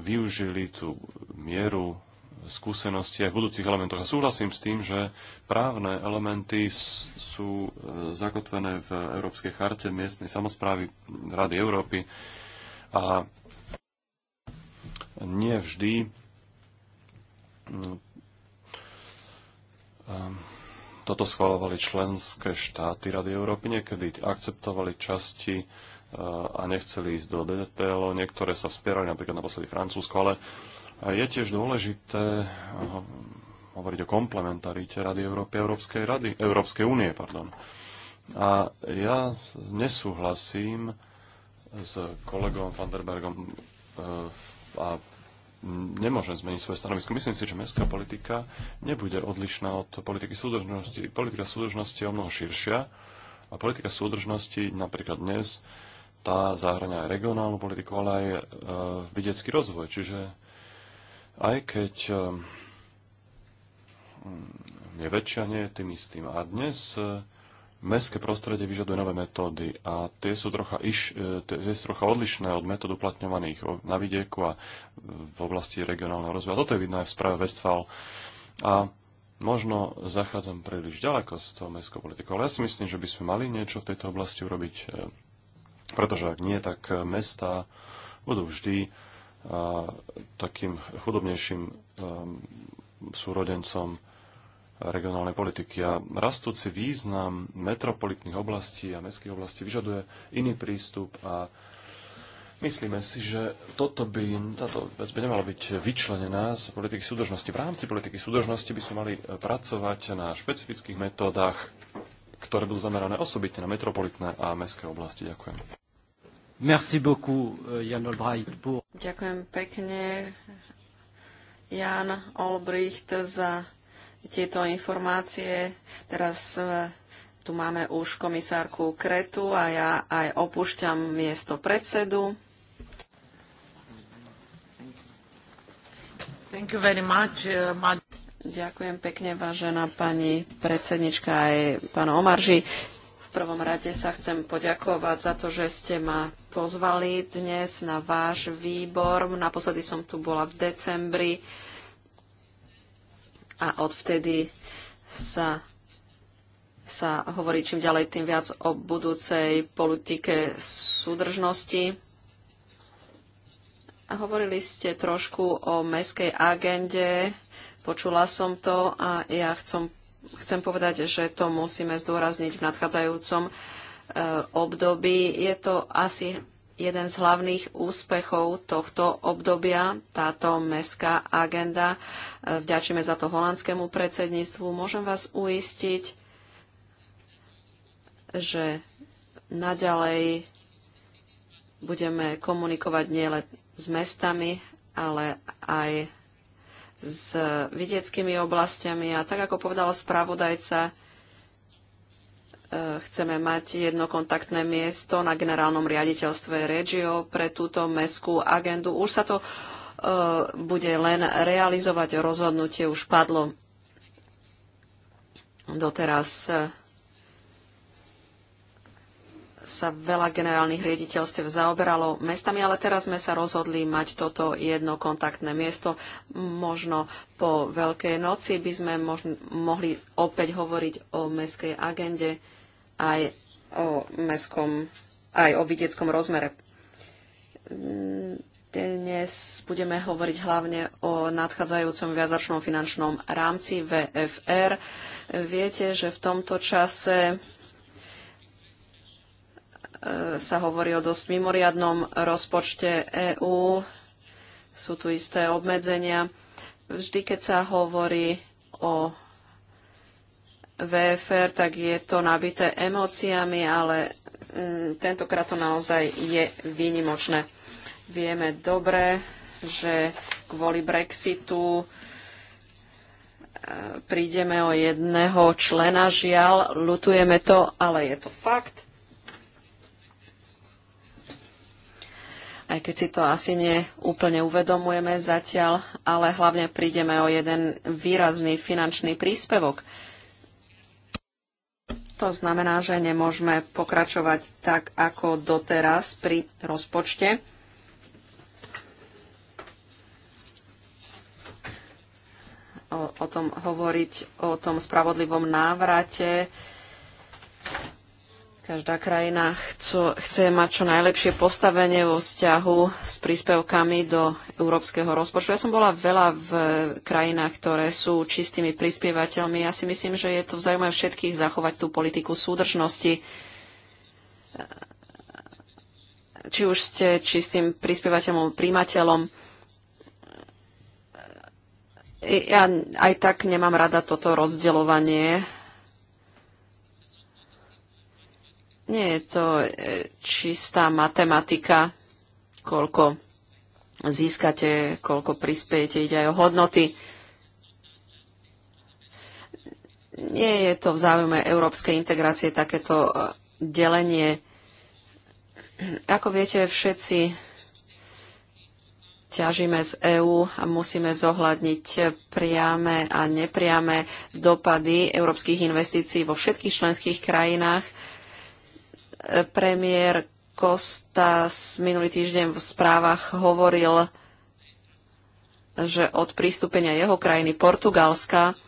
Speaker 5: využili tú mieru skúsenosti aj v budúcich elementoch. A súhlasím s tým, že právne elementy sú e, zakotvené v Európskej charte miestnej samozprávy Rady Európy a nie vždy mm, Ehm, toto schvalovali členské štáty Rady Európy, niekedy akceptovali časti eh, a nechceli ísť do DTL, niektoré sa vspierali, napríklad posledy Francúzsko, ale je tiež dôležité eh, hovoriť o komplementarite Rady Európy, Európskej, rady, Európskej únie. Pardon. A ja nesúhlasím s kolegom Vanderbergom eh, a nemôžem zmeniť svoje stanovisko. Myslím si, že mestská politika nebude odlišná od politiky súdržnosti. Politika súdržnosti je o mnoho širšia a politika súdržnosti napríklad dnes tá zahrania aj regionálnu politiku, ale aj e, vidiecký rozvoj. Čiže aj keď e, je väčšia, nie je tým istým. A dnes e, mestské prostredie vyžaduje nové metódy a tie sú trocha, iš, e, tie sú trocha odlišné od metód uplatňovaných na vidieku a v oblasti regionálneho rozvoja. Toto je vidno aj v správe Westfal. A možno zachádzam príliš ďaleko z toho mestskou politikou, ale ja si myslím, že by sme mali niečo v tejto oblasti urobiť, e, pretože ak nie, tak mesta budú vždy e, takým chudobnejším súrodencom regionálnej politiky. A rastúci význam metropolitných oblastí a mestských oblastí vyžaduje iný prístup a Myslíme si, že toto by, táto vec by nemala byť vyčlenená z politiky súdržnosti. V rámci politiky súdržnosti by sme mali pracovať na špecifických metódach, ktoré budú zamerané osobitne na
Speaker 1: metropolitné
Speaker 5: a mestské oblasti. Ďakujem.
Speaker 1: Merci beaucoup, euh, Jan Olbricht. Pour...
Speaker 4: Ďakujem pekne, Jan Olbricht, za tieto informácie. Teraz e, tu máme už komisárku Kretu a ja aj opúšťam miesto predsedu. Much, uh, Ďakujem pekne, vážená pani predsednička aj pán Omarži. V prvom rade sa chcem poďakovať za to, že ste ma pozvali dnes na váš výbor. Naposledy som tu bola v decembri a odvtedy sa, sa hovorí čím ďalej tým viac o budúcej politike súdržnosti. A hovorili ste trošku o meskej agende, počula som to a ja chcem, chcem povedať, že to musíme zdôrazniť v nadchádzajúcom eh, období. Je to asi jeden z hlavných úspechov tohto obdobia, táto mestská agenda. E, vďačíme za to holandskému predsedníctvu. Môžem vás uistiť, že naďalej budeme komunikovať nielen s mestami, ale aj s vidieckými oblastiami. A tak, ako povedala spravodajca, E, chceme mať jedno kontaktné miesto na generálnom riaditeľstve Regio pre túto meskú agendu. Už sa to e, bude len realizovať rozhodnutie už padlo doteraz e, sa veľa generálnych riediteľstiev zaoberalo mestami, ale teraz sme sa rozhodli mať toto jedno kontaktné miesto. Možno po Veľkej noci by sme mohli opäť hovoriť o mestskej agende aj o meskom, aj o vidieckom rozmere. Dnes budeme hovoriť hlavne o nadchádzajúcom viacročnom finančnom rámci VFR. Viete, že v tomto čase e, sa hovorí o dosť mimoriadnom rozpočte EÚ. Sú tu isté obmedzenia. Vždy, keď sa hovorí o VFR, tak je to nabité emóciami, ale mm, tentokrát to naozaj je výnimočné. Vieme dobre, že kvôli Brexitu e, prídeme o jedného člena, žiaľ, lutujeme to, ale je to fakt. Aj keď si to asi neúplne uvedomujeme zatiaľ, ale hlavne prídeme o jeden výrazný finančný príspevok. To znamená, že nemôžeme pokračovať tak, ako doteraz pri rozpočte. O, o tom hovoriť, o tom spravodlivom návrate Každá krajina chco, chce mať čo najlepšie postavenie vo vzťahu s príspevkami do európskeho rozpočtu. Ja som bola veľa v krajinách, ktoré sú čistými prispievateľmi. Ja si myslím, že je to vzájomné všetkých zachovať tú politiku súdržnosti či už ste čistým prispievateľom, príjmateľom. Ja aj tak nemám rada toto rozdeľovanie Nie je to e, čistá matematika, koľko získate, koľko prispiete, ide aj o hodnoty. Nie je to v záujme európskej integrácie takéto e, delenie. Ako viete, všetci ťažíme z EÚ a musíme zohľadniť priame a nepriame dopady európskych investícií vo všetkých členských krajinách – Premiér Kosta minulý týždeň v správach hovoril, že od prístupenia jeho krajiny Portugalska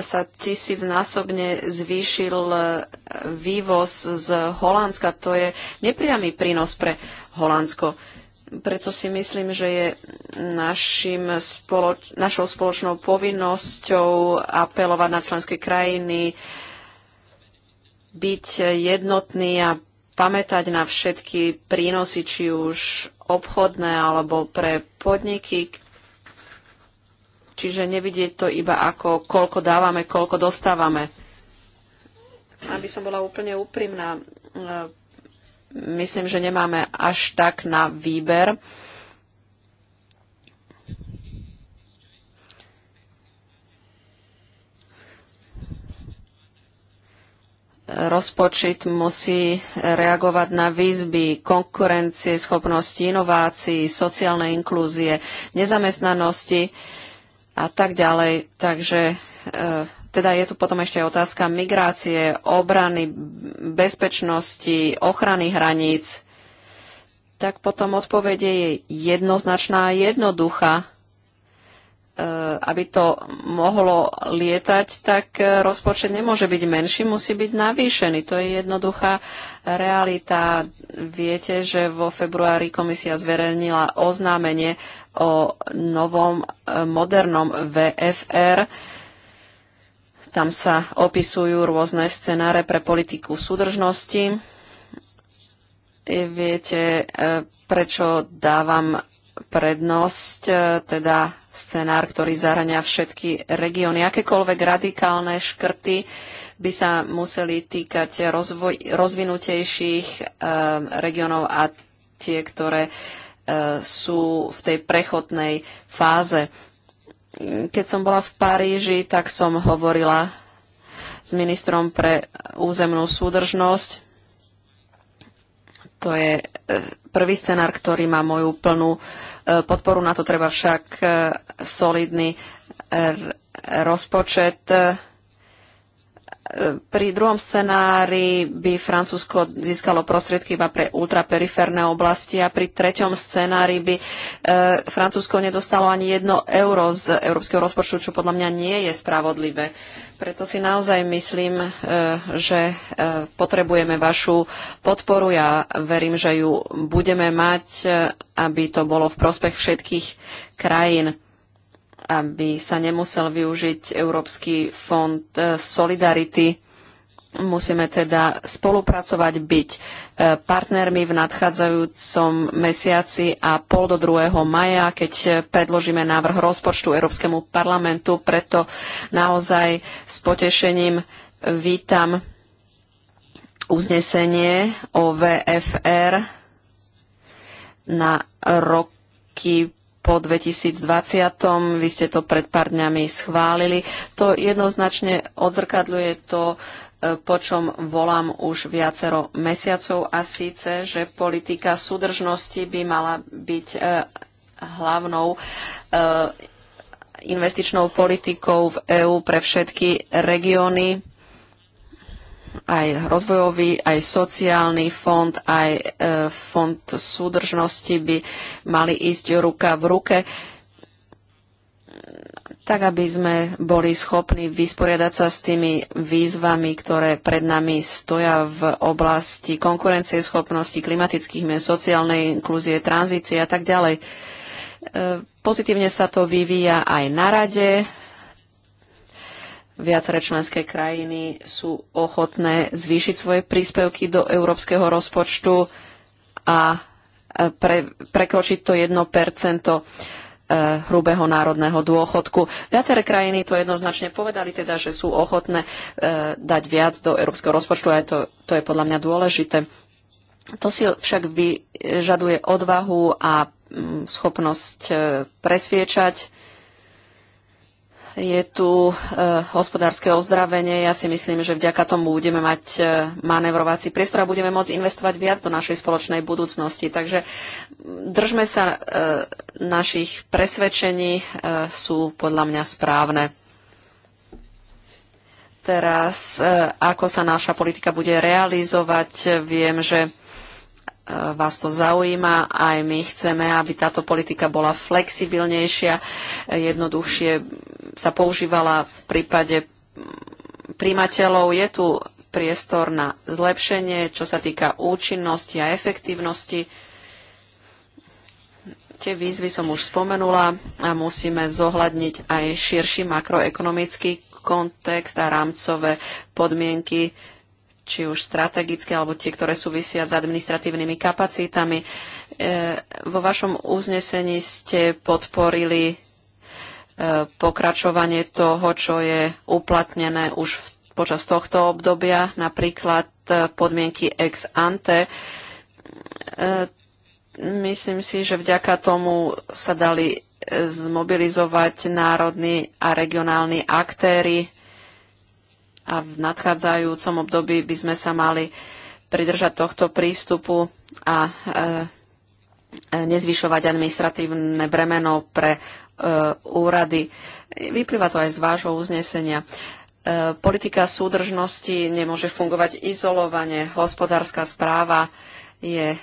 Speaker 4: sa tisícnásobne zvýšil vývoz z Holandska. To je nepriamy prínos pre Holandsko. Preto si myslím, že je našim spoloč- našou spoločnou povinnosťou apelovať na členské krajiny, byť jednotný a pamätať na všetky prínosy, či už obchodné alebo pre podniky. Čiže nevidieť to iba ako koľko dávame, koľko dostávame. Aby som bola úplne úprimná, e, myslím, že nemáme až tak na výber. Rozpočet musí reagovať na výzby konkurencie, schopnosti inovácií, sociálnej inklúzie, nezamestnanosti a tak ďalej. Takže e, teda je tu potom ešte otázka migrácie, obrany, bezpečnosti, ochrany hraníc. Tak potom odpovede je jednoznačná a jednoduchá. E, aby to mohlo lietať, tak e, rozpočet nemôže byť menší, musí byť navýšený. To je jednoduchá realita. Viete, že vo februári komisia zverejnila oznámenie o novom e, modernom VFR tam sa opisujú rôzne scenáre pre politiku súdržnosti. Viete, e, prečo dávam prednosť, e, teda scenár, ktorý zahrania všetky regióny. Akékoľvek radikálne škrty by sa museli týkať rozvoj, rozvinutejších e, regiónov a tie, ktoré e, sú v tej prechodnej fáze. Keď som bola v Paríži, tak som hovorila s ministrom pre územnú súdržnosť. To je e, prvý scenár, ktorý má moju plnú e, podporu. Na to treba však e, solidný rozpočet pri druhom scenári by Francúzsko získalo prostriedky iba pre ultraperiférne oblasti a pri treťom scenári by e, Francúzsko nedostalo ani jedno euro z európskeho rozpočtu, čo podľa mňa nie je spravodlivé. Preto si naozaj myslím, e, že e, potrebujeme vašu podporu. Ja verím, že ju budeme mať, aby to bolo v prospech všetkých krajín aby sa nemusel využiť Európsky fond e, Solidarity. Musíme teda spolupracovať, byť e, partnermi v nadchádzajúcom mesiaci a pol do 2. maja, keď e, predložíme návrh rozpočtu Európskemu parlamentu. Preto naozaj s potešením vítam uznesenie o VFR na roky po 2020. Vy ste to pred pár dňami schválili. To jednoznačne odzrkadľuje to, e, po čom volám už viacero mesiacov a síce, že politika súdržnosti by mala byť e, hlavnou e, investičnou politikou v EÚ pre všetky regióny aj rozvojový, aj sociálny fond, aj e, fond súdržnosti by mali ísť ruka v ruke, tak aby sme boli schopní vysporiadať sa s tými výzvami, ktoré pred nami stoja v oblasti konkurencieschopnosti, klimatických mien, sociálnej inklúzie, tranzície a tak ďalej. E, pozitívne sa to vyvíja aj na rade, Viaceré členské krajiny sú ochotné zvýšiť svoje príspevky do európskeho rozpočtu a e, pre, prekročiť to 1 e, hrubého národného dôchodku. Viaceré krajiny to jednoznačne povedali, teda, že sú ochotné e, dať viac do európskeho rozpočtu a to, to je podľa mňa dôležité. To si však vyžaduje odvahu a mm, schopnosť presviečať je tu e, hospodárske ozdravenie. Ja si myslím, že vďaka tomu budeme mať e, manevrovací priestor a budeme môcť investovať viac do našej spoločnej budúcnosti. Takže držme sa e, našich presvedčení, e, sú podľa mňa správne. Teraz, e, ako sa naša politika bude realizovať, viem, že e, vás to zaujíma. Aj my chceme, aby táto politika bola flexibilnejšia, jednoduchšie sa používala v prípade príjmateľov. Je tu priestor na zlepšenie, čo sa týka účinnosti a efektívnosti. Tie výzvy som už spomenula a musíme zohľadniť aj širší makroekonomický kontext a rámcové podmienky, či už strategické, alebo tie, ktoré súvisia s administratívnymi kapacitami. E, vo vašom uznesení ste podporili E, pokračovanie toho, čo je uplatnené už v, počas tohto obdobia, napríklad e, podmienky ex ante. E, myslím si, že vďaka tomu sa dali zmobilizovať národní a regionálni aktéry a v nadchádzajúcom období by sme sa mali pridržať tohto prístupu a nezvyšovať administratívne bremeno pre E, úrady. Vyplýva to aj z vášho uznesenia. E, politika súdržnosti nemôže fungovať izolovane. Hospodárska správa je e,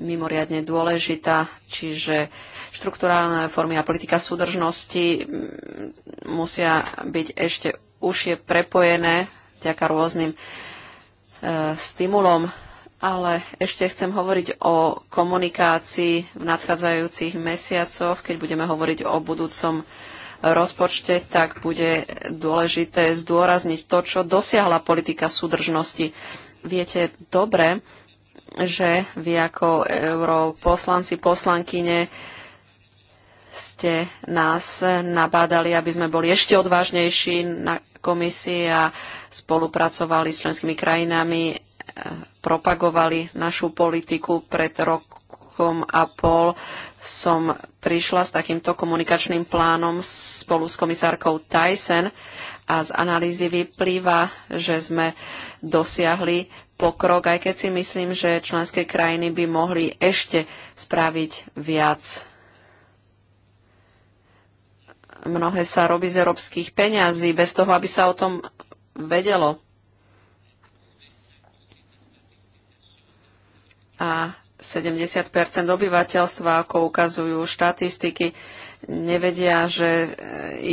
Speaker 4: mimoriadne dôležitá, čiže štruktúrálne reformy a politika súdržnosti mm, musia byť ešte užšie prepojené ďaká rôznym stimulom ale ešte chcem hovoriť o komunikácii v nadchádzajúcich mesiacoch. Keď budeme hovoriť o budúcom rozpočte, tak bude dôležité zdôrazniť to, čo dosiahla politika súdržnosti. Viete dobre, že vy ako europoslanci, poslankyne ste nás nabádali, aby sme boli ešte odvážnejší na komisii a spolupracovali s členskými krajinami propagovali našu politiku pred rokom a pol. Som prišla s takýmto komunikačným plánom spolu s komisárkou Tyson a z analýzy vyplýva, že sme dosiahli pokrok, aj keď si myslím, že členské krajiny by mohli ešte spraviť viac mnohé sa robí z európskych peňazí, bez toho, aby sa o tom vedelo. a 70 obyvateľstva, ako ukazujú štatistiky, nevedia, že e,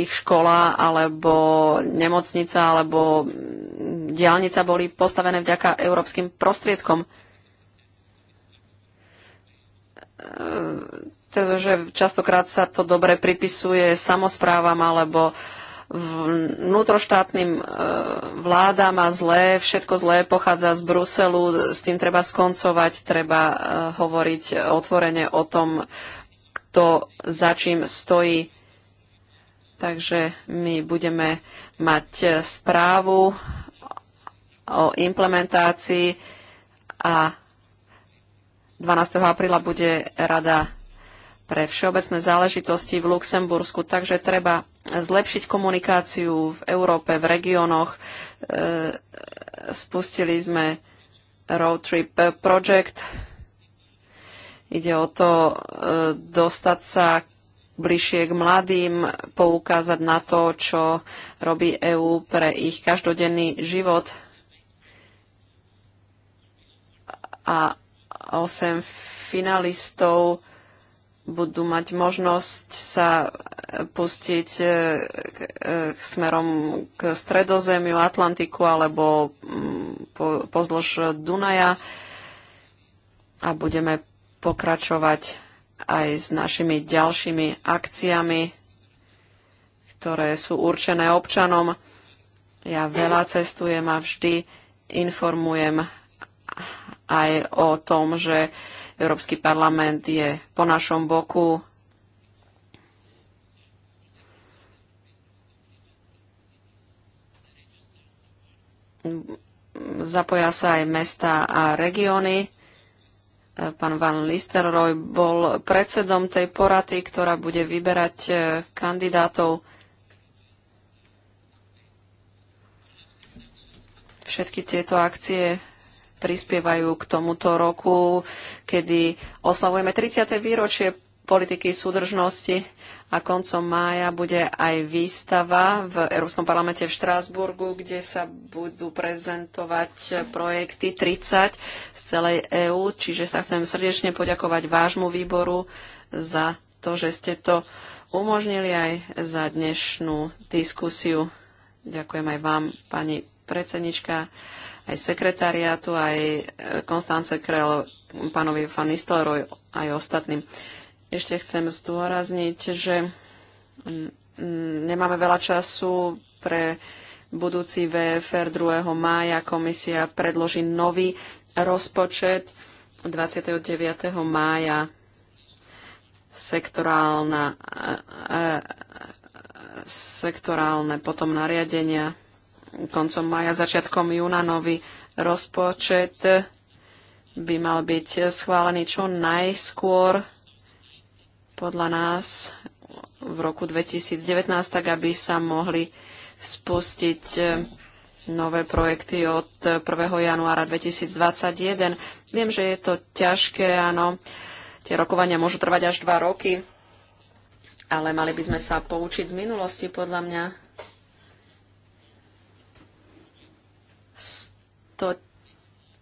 Speaker 4: ich škola alebo nemocnica alebo mm, diálnica boli postavené vďaka európskym prostriedkom. E, že častokrát sa to dobre pripisuje samozprávam alebo vnútroštátnym e, vládam a zlé, všetko zlé pochádza z Bruselu, s tým treba skoncovať, treba e, hovoriť otvorene o tom, kto za čím stojí. Takže my budeme mať e, správu o implementácii a 12. apríla bude rada pre všeobecné záležitosti v Luxembursku, takže treba zlepšiť komunikáciu v Európe, v regiónoch. E, spustili sme Road Trip Project. Ide o to e, dostať sa bližšie k mladým, poukázať na to, čo robí EÚ pre ich každodenný život. A osem finalistov budú mať možnosť sa e, pustiť e, e, k smerom k stredozemiu, Atlantiku alebo mm, po, pozdĺž Dunaja a budeme pokračovať aj s našimi ďalšími akciami, ktoré sú určené občanom. Ja veľa cestujem a vždy informujem aj o tom, že uh, Európsky parlament je po našom boku. Zapoja sa aj mesta a regióny. Pán Van Listerroy bol predsedom tej porady, ktorá bude vyberať e, kandidátov. Všetky tieto akcie prispievajú k tomuto roku, kedy oslavujeme 30. výročie politiky súdržnosti a koncom mája bude aj výstava v Európskom parlamente v Štrásburgu, kde sa budú prezentovať projekty 30 z celej EÚ, čiže sa chcem srdečne poďakovať vášmu výboru za to, že ste to umožnili aj za dnešnú diskusiu. Ďakujem aj vám, pani predsednička aj sekretariátu, aj e, Konstance Krell, pánovi Van Nistelrooy, aj ostatným. Ešte chcem zdôrazniť, že mm, mm, nemáme veľa času pre budúci VFR 2. mája. Komisia predloží nový rozpočet 29. mája sektorálna, e, e, sektorálne potom nariadenia koncom maja, začiatkom júna nový rozpočet by mal byť schválený čo najskôr podľa nás v roku 2019, tak aby sa mohli spustiť eh, nové projekty od 1. januára 2021. Viem, že je to ťažké, áno. Tie rokovania môžu trvať až dva roky, ale mali by sme sa poučiť z minulosti, podľa mňa.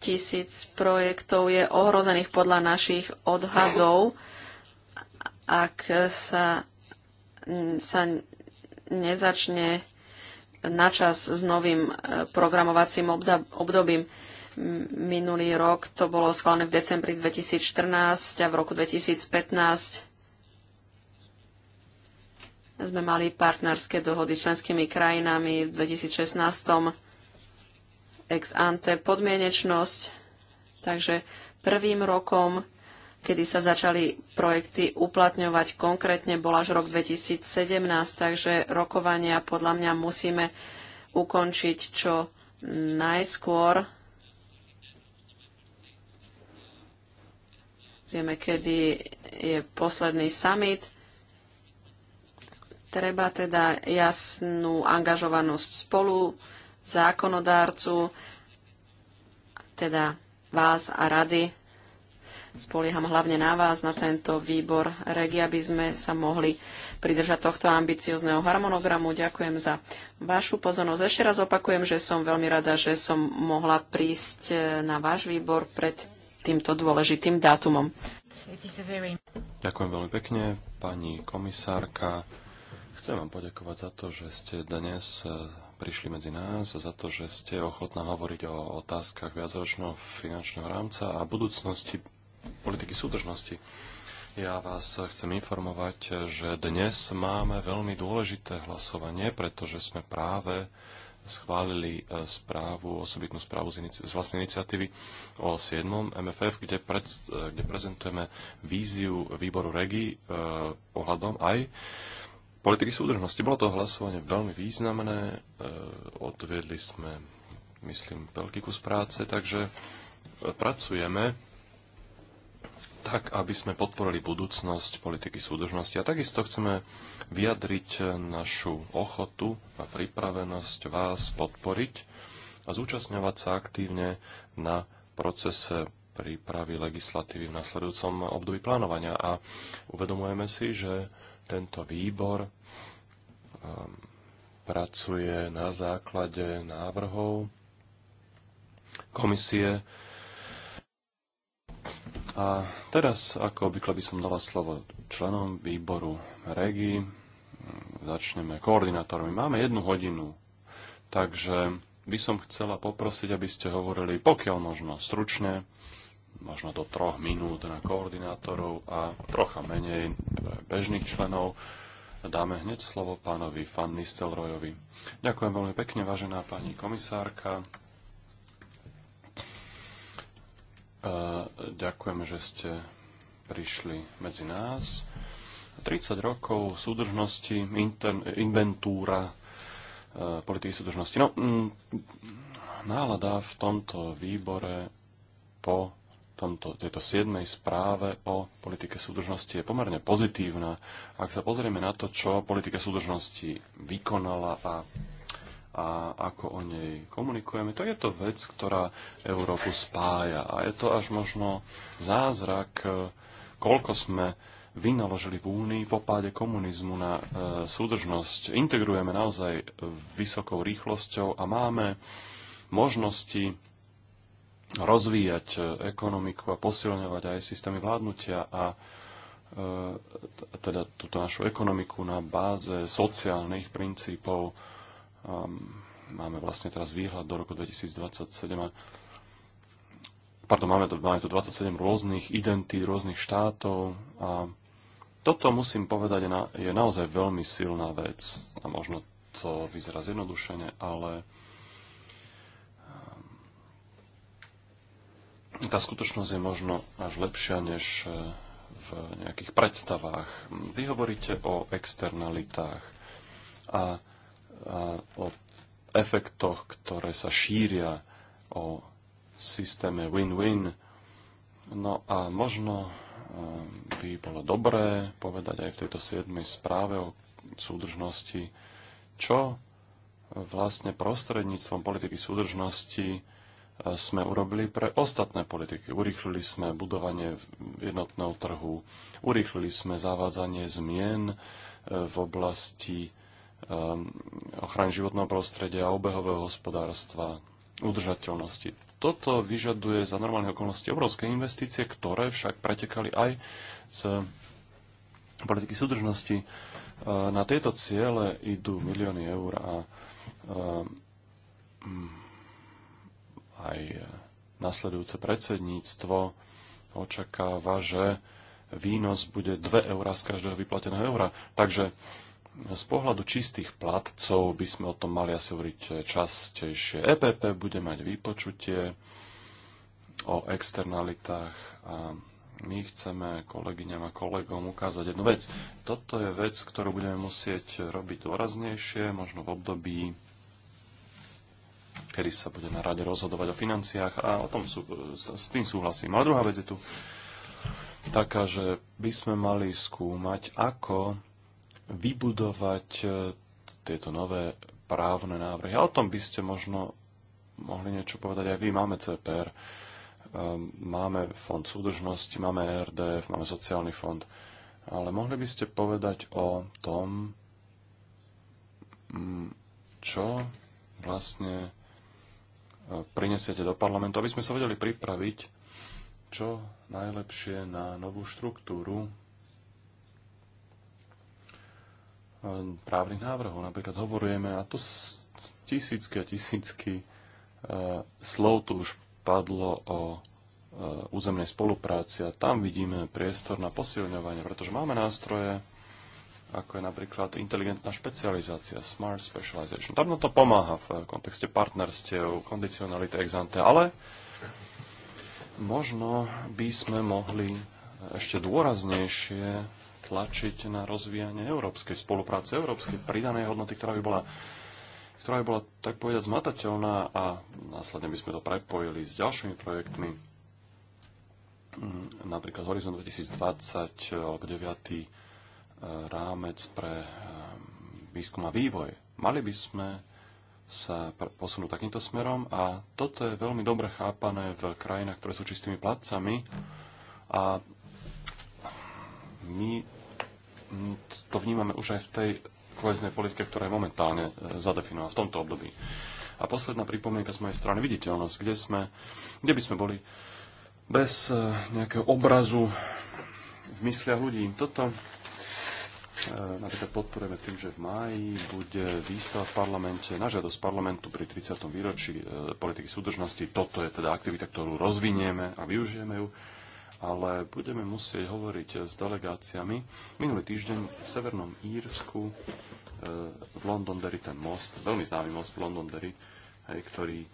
Speaker 4: tisíc projektov je ohrozených podľa našich odhadov, ak sa, sa nezačne načas s novým e, programovacím obdobím. Minulý rok to bolo schválené v decembri 2014 a v roku 2015 sme mali partnerské dohody s členskými krajinami v 2016 ex ante podmienečnosť. Takže prvým rokom, kedy sa začali projekty uplatňovať konkrétne, bol až rok 2017, takže rokovania podľa mňa musíme ukončiť čo najskôr. Vieme, kedy je posledný summit. Treba teda jasnú angažovanosť spolu zákonodárcu, teda vás a rady. Spolieham hlavne na vás, na tento výbor regi, aby sme sa mohli pridržať tohto ambiciozného harmonogramu. Ďakujem za vašu pozornosť. Ešte raz opakujem, že som veľmi rada, že som mohla prísť na váš výbor pred týmto dôležitým dátumom.
Speaker 5: Ďakujem veľmi pekne, pani komisárka. Chcem vám poďakovať za to, že ste dnes eh, prišli medzi nás, za to, že ste ochotná hovoriť o otázkach viacročného finančného rámca a budúcnosti politiky súdržnosti. Ja vás chcem informovať, že dnes máme veľmi dôležité hlasovanie, pretože sme práve schválili e, správu, osobitnú správu z, inici- z vlastnej iniciatívy o 7. MFF, kde, pred, e, kde prezentujeme víziu výboru REGI eh, ohľadom aj eh, politiky súdržnosti. Bolo to hlasovanie veľmi významné, e, odvedli sme, myslím, veľký kus práce, takže e, pracujeme tak, aby sme podporili budúcnosť politiky súdržnosti. A takisto chceme vyjadriť našu ochotu a pripravenosť vás podporiť a zúčastňovať sa aktívne na procese prípravy legislatívy v nasledujúcom období plánovania. A uvedomujeme si, že tento výbor um, pracuje na základe návrhov komisie. A teraz, ako obvykle, by som dala slovo členom výboru REGI. Začneme koordinátormi. Máme jednu hodinu, takže by som chcela poprosiť, aby ste hovorili pokiaľ možno stručne možno do troch minút na koordinátorov a trocha menej pre bežných členov. Dáme hneď slovo pánovi Fan Nistelrojovi. Ďakujem veľmi pekne, vážená pani komisárka. E, ďakujem, že ste prišli medzi nás. 30 rokov súdržnosti, inter, inventúra e, politiky súdržnosti. No, nálada v tomto výbore po tomto, tejto siedmej správe o politike súdržnosti je pomerne pozitívna. Ak sa pozrieme na to, čo politika súdržnosti vykonala a, a ako o nej komunikujeme, to je to vec, ktorá Európu spája. A je to až možno zázrak, e, koľko sme vynaložili v Únii po páde komunizmu na e, súdržnosť. Integrujeme naozaj vysokou rýchlosťou a máme možnosti rozvíjať e, ekonomiku a posilňovať aj systémy vládnutia a e, teda túto našu ekonomiku na báze sociálnych princípov. Máme vlastne teraz výhľad do roku 2027 pardon, máme tu, máme tu 27 rôznych identít, rôznych štátov a toto musím povedať je naozaj veľmi silná vec a možno to vyzerá zjednodušene, ale tá skutočnosť je možno až lepšia než e, v nejakých predstavách. Vy hovoríte o externalitách a, a o efektoch, ktoré sa šíria o systéme win-win. No a možno e, by bolo dobré povedať aj v tejto 7. správe o súdržnosti, čo vlastne prostredníctvom politiky súdržnosti sme urobili pre ostatné politiky. Urychlili sme budovanie jednotného trhu, urychlili sme zavádzanie zmien e, v oblasti e, ochrany životného prostredia, obehového hospodárstva, udržateľnosti. Toto vyžaduje za normálne okolnosti obrovské investície, ktoré však pretekali aj z politiky súdržnosti. E, na tieto ciele idú milióny eur a aj e, nasledujúce predsedníctvo očakáva, že výnos bude 2 eur z každého vyplateného eura. Takže e, z pohľadu čistých platcov by sme o tom mali asi hovoriť e, častejšie. EPP bude mať výpočutie o externalitách a my chceme kolegyňam a kolegom ukázať jednu vec. Toto je vec, ktorú budeme musieť robiť dôraznejšie, možno v období kedy sa bude na rade rozhodovať o financiách a o tom sú, s, s tým súhlasím. A druhá vec je tu taká, že by sme mali skúmať, ako vybudovať e, tieto nové právne návrhy. A o tom by ste možno mohli niečo povedať aj vy. Máme CPR, e, máme fond súdržnosti, máme e RDF, máme sociálny fond. Ale mohli by ste povedať o tom, mm, čo vlastne prinesiete do parlamentu, aby sme sa vedeli pripraviť čo najlepšie na novú štruktúru eh, právnych návrhov. Napríklad hovoríme, a to tisícky a tisícky eh, slov tu už padlo o eh, územnej spolupráci a tam vidíme priestor na posilňovanie, pretože máme nástroje, ako je napríklad inteligentná špecializácia, smart specialization. Tam to pomáha v kontexte partnerstiev, kondicionality ex ante, ale možno by sme mohli ešte dôraznejšie tlačiť na rozvíjanie európskej spolupráce, európskej pridanej hodnoty, ktorá by bola ktorá by bola, tak povedať, zmatateľná a následne by sme to prepojili s ďalšími projektmi, mm, napríklad Horizon 2020 alebo 9 rámec pre ehm, výskum a vývoj. Mali by sme sa posunúť takýmto smerom a toto je veľmi dobre chápané v krajinách, ktoré sú čistými placami a my to vnímame už aj v tej koheznej politike, ktorá je momentálne e, zadefinovaná v tomto období. A posledná pripomienka z mojej strany, viditeľnosť, kde, sme, kde by sme boli bez e, nejakého obrazu v mysliach ľudí. Toto E, napríklad podporujeme tým, že v máji bude výstava v parlamente, na žiadosť parlamentu pri 30. výročí e, politiky súdržnosti. Toto je teda aktivita, ktorú rozvinieme a využijeme ju, ale budeme musieť hovoriť s delegáciami. Minulý týždeň v Severnom Írsku e, v Londonderry ten most, veľmi známy most v Londonderry, ktorý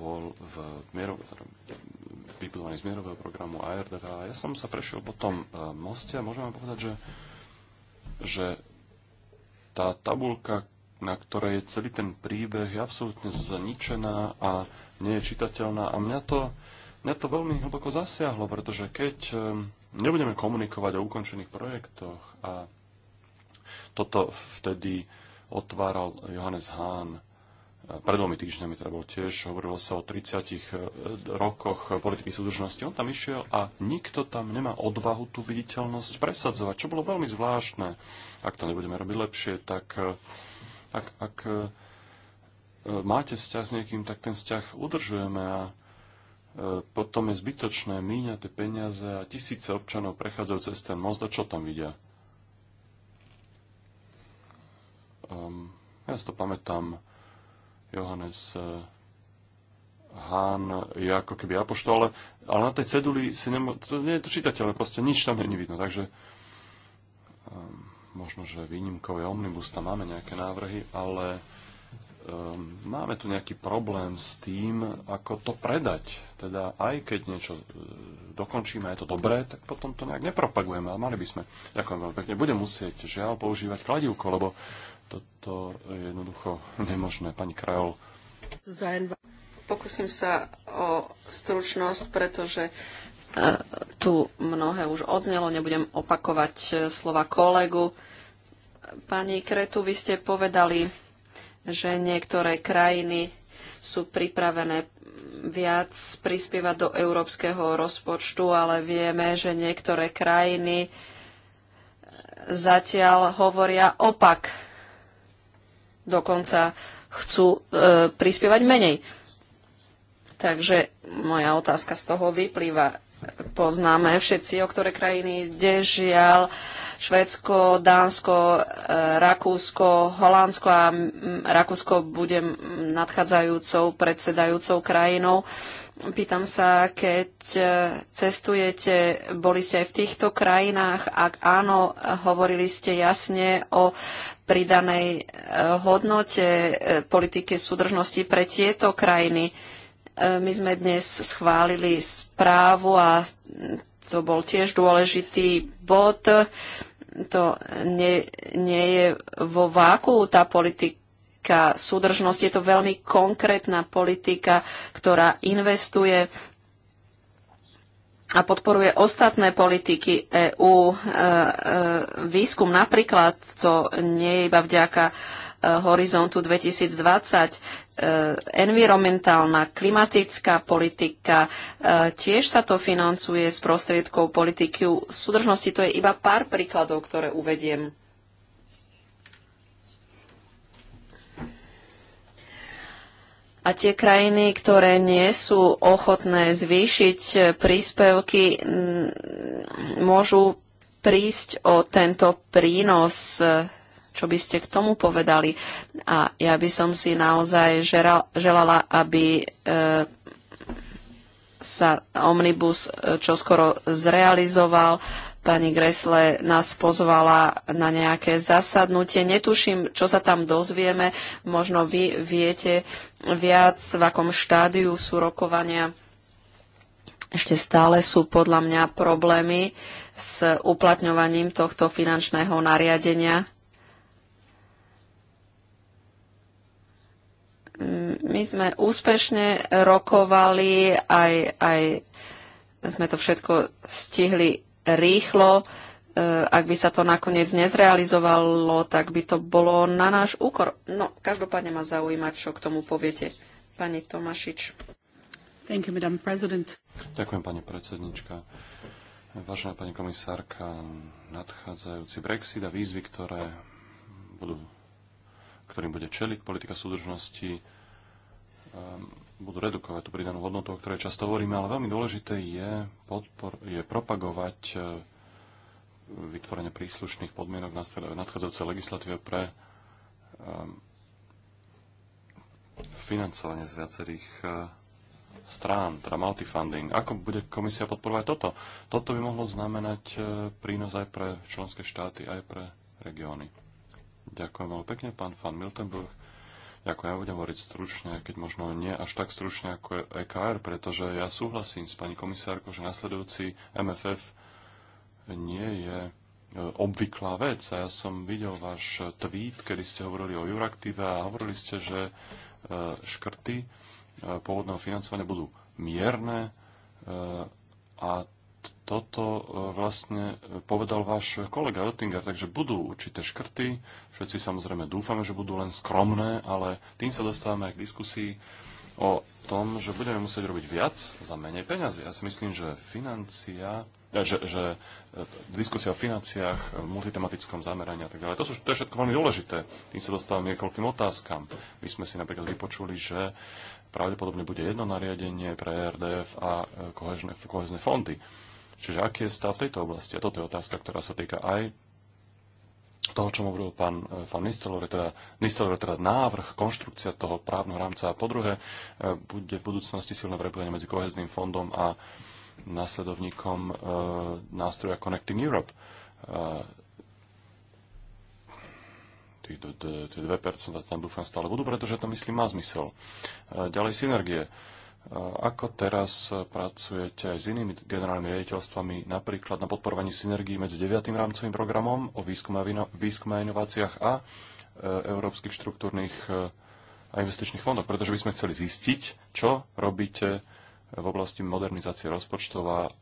Speaker 5: bol v mierov, teda vybudovaný z mierového programu ARDV. Ja som sa prešiel po tom moste a môžem vám povedať, že že tá tabulka, na ktorej je celý ten príbeh, je absolútne zničená a nie je čitateľná. A mňa to, mňa to veľmi hlboko zasiahlo, pretože keď ehm, nebudeme komunikovať o ukončených projektoch a toto vtedy otváral Johannes Hahn, pred dvomi týždňami teda bol tiež, hovorilo sa o 30 e, rokoch politiky súdržnosti. On tam išiel a nikto tam nemá odvahu tú viditeľnosť presadzovať, čo bolo veľmi zvláštne. Ak to nebudeme robiť lepšie, tak e, ak, ak e, máte vzťah s niekým, tak ten vzťah udržujeme a potom je zbytočné míňať tie peniaze a tisíce občanov prechádzajú cez ten most a čo tam vidia? Um, ja si to pamätám, Johannes eh, Hán je ako keby apoštol, ale, ale na tej ceduli si nemo, to nie je to čitateľné, proste nič tam není vidno. Takže um, možno, že výnimkové je omnibus, tam máme nejaké návrhy, ale um, máme tu nejaký problém s tým, ako to predať. Teda aj keď niečo eh, dokončíme, je to dobré, tak potom to nejak nepropagujeme, ale mali by sme. Ďakujem veľmi pekne. Budem musieť žiaľ používať kladivko, lebo toto je jednoducho nemožné. Pani Krajol.
Speaker 4: Pokúsim sa o stručnosť, pretože e, tu mnohé už odznelo, nebudem opakovať e, slova kolegu. Pani Kretu, vy ste povedali, že niektoré krajiny sú pripravené viac prispievať do európskeho rozpočtu, ale vieme, že niektoré krajiny e, zatiaľ hovoria opak dokonca chcú e, prispievať menej. Takže moja otázka z toho vyplýva. Poznáme všetci, o ktoré krajiny ide, žiaľ, Švedsko, Dánsko, e, Rakúsko, Holandsko a m, Rakúsko bude nadchádzajúcou predsedajúcou krajinou. E, Pýtam sa, keď e, cestujete, boli ste aj v týchto krajinách? Ak áno, hovorili ste jasne o pridanej e, hodnote e, politike súdržnosti pre tieto krajiny. My sme dnes schválili správu a to bol tiež dôležitý bod. To nie, nie je vo váku tá politika politika súdržnosti. Je to veľmi konkrétna politika, ktorá investuje a podporuje ostatné politiky EÚ. E, e, výskum napríklad, to nie je iba vďaka e, horizontu 2020, environmentálna, klimatická politika, tiež sa to financuje z prostriedkov politiky súdržnosti. To je iba pár príkladov, ktoré uvediem. A tie krajiny, ktoré nie sú ochotné zvýšiť e, príspevky, môžu prísť o tento prínos. E, čo by ste k tomu povedali? A ja by som si naozaj želala, aby e, sa Omnibus čoskoro zrealizoval pani Gresle nás pozvala na nejaké zasadnutie. Netuším, čo sa tam dozvieme. Možno vy viete viac, v akom štádiu sú rokovania. Ešte stále sú podľa mňa problémy s uplatňovaním tohto finančného nariadenia. My sme úspešne rokovali, aj, aj sme to všetko stihli rýchlo. E, ak by sa to nakoniec nezrealizovalo, tak by to bolo na náš úkor. No, každopádne ma zaujíma, čo k tomu poviete. Pani Tomašič. Thank you, Madam President.
Speaker 5: Ďakujem, pani predsednička. Vážená pani komisárka, nadchádzajúci Brexit a výzvy, ktoré budú, ktorým bude čeliť politika súdržnosti, um, budú redukovať tú pridanú hodnotu, o ktorej často hovoríme, ale veľmi dôležité je, podpor, je propagovať e, vytvorenie príslušných podmienok na nadchádzajúcej legislatíve pre e, financovanie z viacerých e, strán, teda multifunding. Ako bude komisia podporovať toto? Toto by mohlo znamenať prínos aj pre členské štáty, aj pre regióny. Ďakujem veľmi pekne, pán Fan Miltenburg ako ja budem hovoriť stručne, keď možno nie až tak stručne ako EKR, pretože ja súhlasím s pani komisárkou, že nasledujúci MFF nie je e, obvyklá vec. A ja som videl váš tweet, kedy ste hovorili o Euraktive a hovorili ste, že e, škrty e, pôvodného financovania budú mierne a toto e, vlastne e, povedal váš kolega Oettinger, takže budú určité škrty, všetci samozrejme dúfame, že budú len skromné, ale tým sa dostávame aj k diskusii o tom, že budeme musieť robiť viac za menej peňazí. Ja si myslím, že financia že, že e, diskusia o financiách, e, multitematickom zameraní a tak ďalej. To, sú, to je všetko veľmi dôležité. Tým sa dostávam niekoľkým otázkam. My sme si napríklad vypočuli, že pravdepodobne bude jedno nariadenie pre e RDF a kohezné, kohezné fondy. Čiže aký je stav v tejto oblasti? A toto je otázka, ktorá sa týka aj toho, čo hovoril pán, pán Nistelor, teda, Nistelor, teda návrh, konštrukcia toho právneho rámca a po druhé, bude v budúcnosti silné prepojenie medzi kohezným fondom a následovníkom e, nástroja Connecting Europe. E, tie 2% tam dúfam stále budú, pretože to myslím má zmysel. E, ďalej synergie. Ako teraz pracujete aj s inými generálnymi riaditeľstvami, napríklad na podporovaní synergií medzi 9. rámcovým programom o výskume a, výskume a inováciách a európskych štruktúrnych a investičných fondoch, pretože by sme chceli zistiť, čo robíte v oblasti modernizácie rozpočtov a e,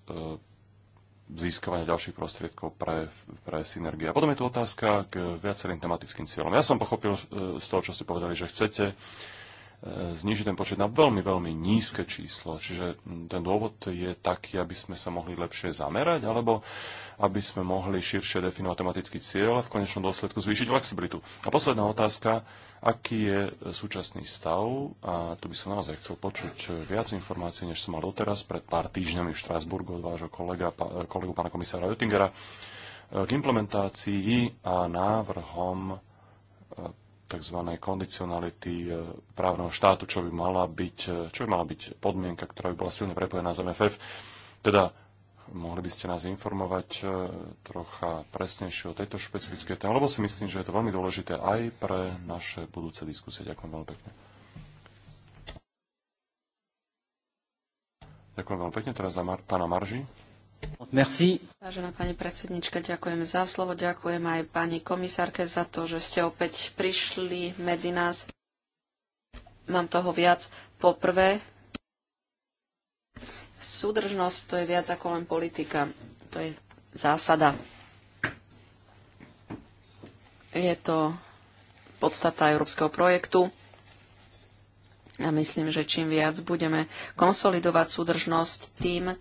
Speaker 5: získavania ďalších prostriedkov pre, pre synergie. A potom je tu otázka k viacerým tematickým cieľom. Ja som pochopil e, z toho, čo ste povedali, že chcete e, znižiť ten počet na veľmi, veľmi nízke číslo. Čiže ten dôvod je taký, aby sme sa mohli lepšie zamerať, alebo aby sme mohli širšie definovať tematický cieľ a v konečnom dôsledku zvýšiť flexibilitu. A posledná otázka aký je súčasný stav a tu by som naozaj chcel počuť viac informácií, než som mal doteraz pred pár týždňami v Štrásburgu od vášho kolega, kolegu pána komisára Oettingera e, k implementácii a návrhom e, tzv. kondicionality e, právneho štátu, čo by mala byť, čo by mala byť podmienka, ktorá by bola silne prepojená s MFF. Teda mohli by ste nás informovať e, trocha presnejšie o tejto špecifickej téme, lebo si myslím, že je to veľmi dôležité aj pre naše budúce diskusie. Ďakujem veľmi pekne. Ďakujem veľmi pekne teraz za Mar- pána Marži. Merci.
Speaker 4: Vážená pani predsednička, ďakujem za slovo, ďakujem aj pani komisárke za to, že ste opäť prišli medzi nás. Mám toho viac. Poprvé, Súdržnosť to je viac ako len politika. To je zásada. Je to podstata európskeho projektu. Ja myslím, že čím viac budeme konsolidovať súdržnosť, tým e,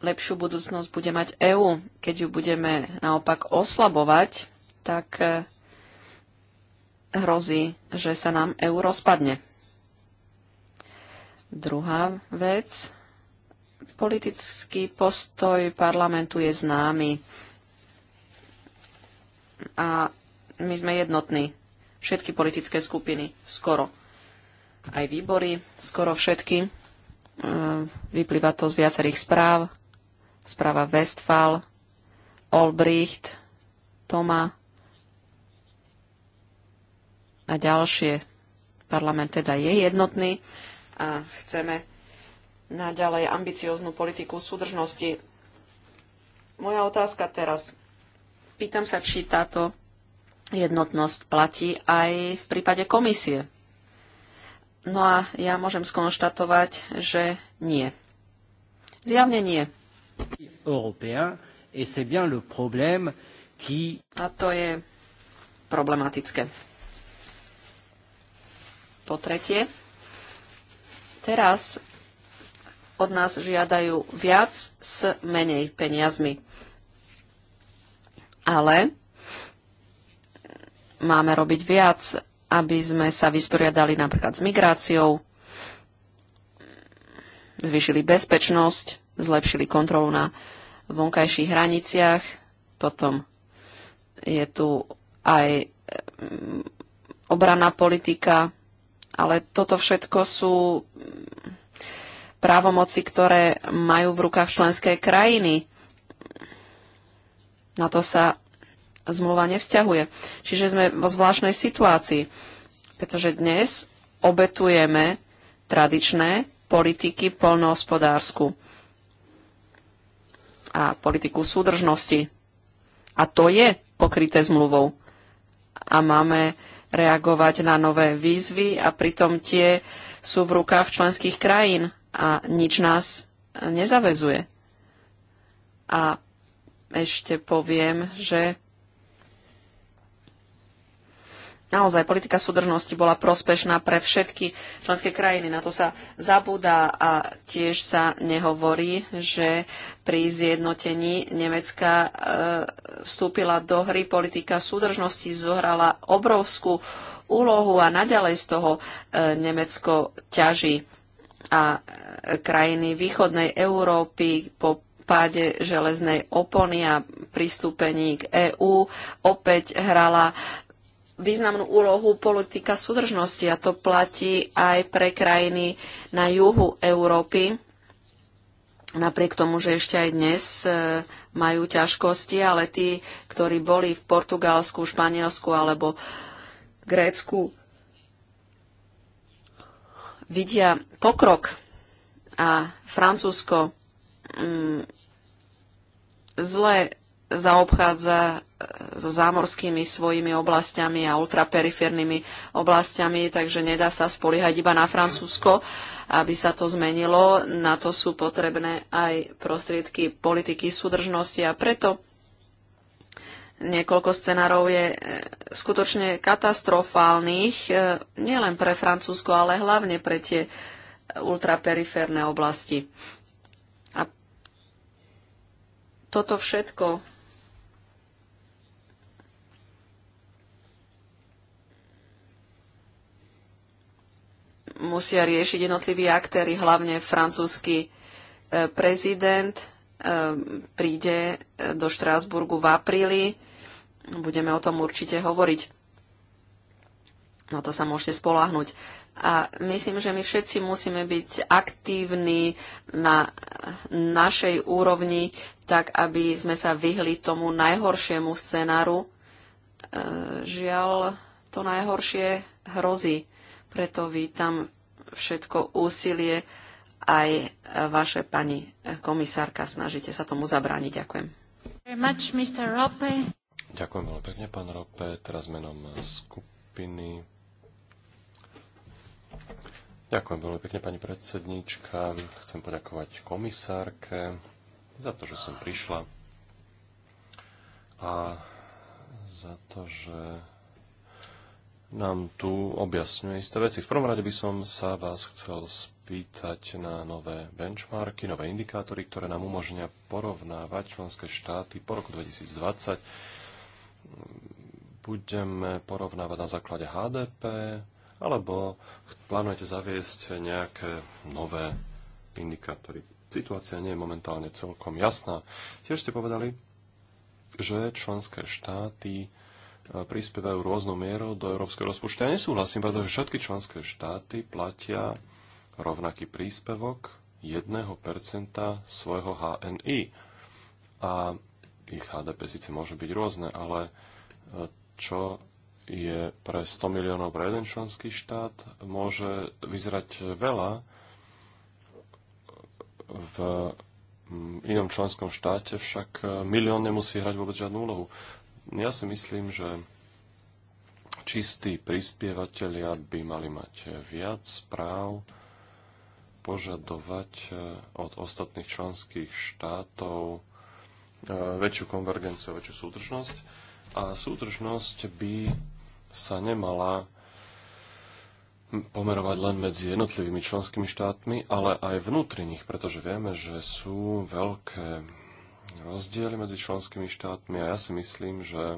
Speaker 4: lepšiu budúcnosť bude mať EÚ. Keď ju budeme naopak oslabovať, tak e, hrozí, že sa nám EÚ rozpadne. Druhá vec. Politický postoj parlamentu je známy. A my sme jednotní. Všetky politické skupiny, skoro. Aj výbory, skoro všetky. E, vyplýva to z viacerých správ. Správa Westfal, Olbricht, Toma a ďalšie. Parlament teda je jednotný a chceme naďalej ambicióznu politiku súdržnosti. Moja otázka teraz. Pýtam sa, či táto jednotnosť platí aj v prípade komisie. No a ja môžem skonštatovať, že nie. Zjavne nie. A to je problematické. Po tretie, Teraz od nás žiadajú viac s menej peniazmi. Ale máme robiť viac, aby sme sa vysporiadali napríklad s migráciou, zvýšili bezpečnosť, zlepšili kontrolu na vonkajších hraniciach, potom je tu aj mm, obranná politika, ale toto všetko sú právomoci, ktoré majú v rukách členské krajiny. Na to sa zmluva nevzťahuje. Čiže sme vo zvláštnej situácii, pretože dnes obetujeme tradičné politiky polnohospodársku a politiku súdržnosti. A to je pokryté zmluvou. A máme reagovať na nové výzvy a pritom tie sú v rukách členských krajín a nič nás nezavezuje. A ešte poviem, že Naozaj, politika súdržnosti bola prospešná pre všetky členské krajiny. Na to sa zabúda a tiež sa nehovorí, že pri zjednotení Nemecka e, vstúpila do hry politika súdržnosti, zohrala obrovskú úlohu a naďalej z toho e, Nemecko ťaží a e, krajiny východnej Európy po páde železnej opony a pristúpení k EÚ opäť hrala významnú úlohu politika súdržnosti a to platí aj pre krajiny na juhu Európy. Napriek tomu, že ešte aj dnes e, majú ťažkosti, ale tí, ktorí boli v Portugalsku, Španielsku alebo Grécku, vidia pokrok a Francúzsko mm, zle zaobchádza e, so zámorskými svojimi oblastiami a ultraperiférnymi oblastiami, takže nedá sa spoliehať iba na Francúzsko, aby sa to zmenilo. Na to sú potrebné aj prostriedky politiky súdržnosti a preto Niekoľko scenárov je e, skutočne katastrofálnych, e, nielen pre Francúzsko, ale hlavne pre tie ultraperiférne oblasti. A toto všetko musia riešiť jednotliví aktéry, hlavne francúzsky e, prezident príde do Štrásburgu v apríli budeme o tom určite hovoriť. Na no to sa môžete spoláhnuť. A myslím, že my všetci musíme byť aktívni na našej úrovni, tak aby sme sa vyhli tomu najhoršiemu scenáru. E, žiaľ, to najhoršie hrozí. Preto vítam všetko úsilie aj vaše pani komisárka. Snažite sa tomu zabrániť. Ďakujem. Much,
Speaker 5: Ďakujem veľmi pekne, pán Rope. Teraz menom skupiny. Ďakujem veľmi pekne, pani predsedníčka. Chcem poďakovať komisárke za to, že som prišla a za to, že nám tu objasňuje isté veci. V prvom rade by som sa vás chcel spýtať na nové benchmarky, nové indikátory, ktoré nám umožňa porovnávať členské štáty po roku 2020 budeme porovnávať na základe HDP, alebo plánujete zaviesť nejaké nové indikátory. Situácia nie je momentálne celkom jasná. Tiež ste povedali, že členské štáty e, prispievajú rôznou mierou do európskeho rozpočtu. Ja nesúhlasím, pretože všetky členské štáty platia rovnaký príspevok 1% svojho HNI. A ich HDP síce môže byť rôzne, ale e, čo je pre 100 miliónov pre jeden členský štát, môže vyzerať veľa v inom členskom štáte, však e, milión nemusí hrať vôbec žiadnu úlohu. Ja si myslím, že čistí prispievateľia by mali mať viac práv, požadovať e, od ostatných členských štátov E, väčšiu konvergenciu, väčšiu súdržnosť. A súdržnosť by sa nemala pomerovať len medzi jednotlivými členskými štátmi, ale aj vnútri nich, pretože vieme, že sú veľké rozdiely medzi členskými štátmi a ja si myslím, že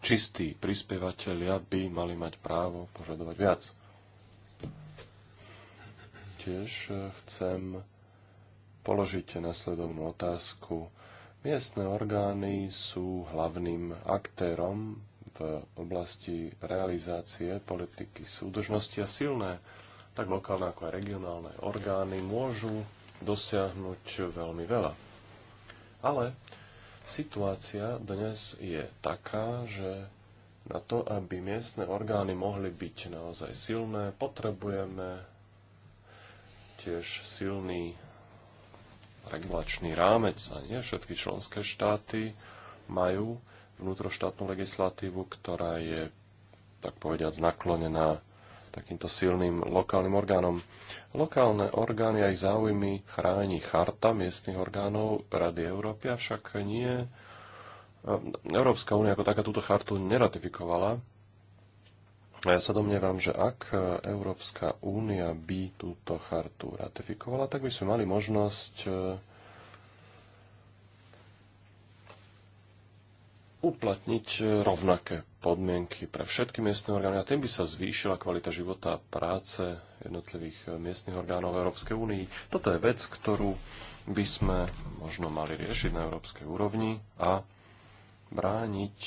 Speaker 5: čistí prispievateľia by mali mať právo požadovať viac. Tiež chcem položíte nasledovnú otázku. Miestne orgány sú hlavným aktérom v oblasti realizácie politiky súdržnosti a silné, tak lokálne ako aj regionálne orgány môžu dosiahnuť veľmi veľa. Ale situácia dnes je taká, že na to, aby miestne orgány mohli byť naozaj silné, potrebujeme tiež silný regulačný rámec a nie všetky členské štáty majú vnútroštátnu legislatívu, ktorá je, tak povediať, naklonená takýmto silným lokálnym orgánom. Lokálne orgány aj záujmy chráni charta miestnych orgánov Rady Európy, avšak nie. Európska únia ako taká túto chartu neratifikovala, a Ja sa domnievam, že ak Európska únia by túto chartu ratifikovala, tak by sme mali možnosť e, uplatniť e, rovnaké podmienky pre všetky miestne orgány a tým by sa zvýšila kvalita života a práce jednotlivých e, miestnych orgánov v Európskej únii. Toto je vec, ktorú by sme možno mali riešiť na európskej úrovni a brániť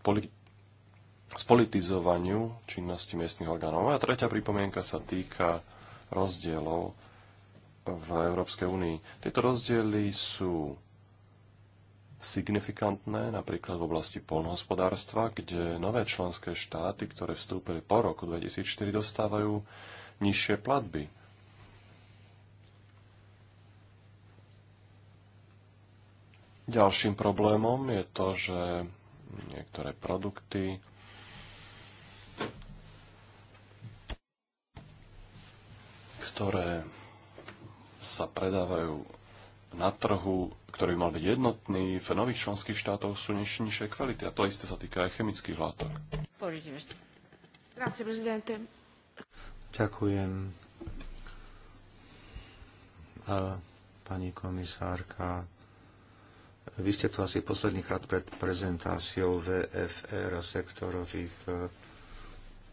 Speaker 5: politi- spolitizovaniu činnosti miestnych orgánov. A tretia pripomienka sa týka rozdielov v Európskej únii. Tieto rozdiely sú signifikantné napríklad v oblasti polnohospodárstva, kde nové členské štáty, ktoré vstúpili po roku 2004, dostávajú nižšie platby. Ďalším problémom je to, že niektoré produkty ktoré sa predávajú na trhu, ktorý mal byť jednotný, v nových členských štátoch sú niž, nižšej kvality. A to isté sa týka aj chemických látok. Ďakujem.
Speaker 2: A pani komisárka, vy ste tu asi posledný krát pred prezentáciou VFR a sektorových eh,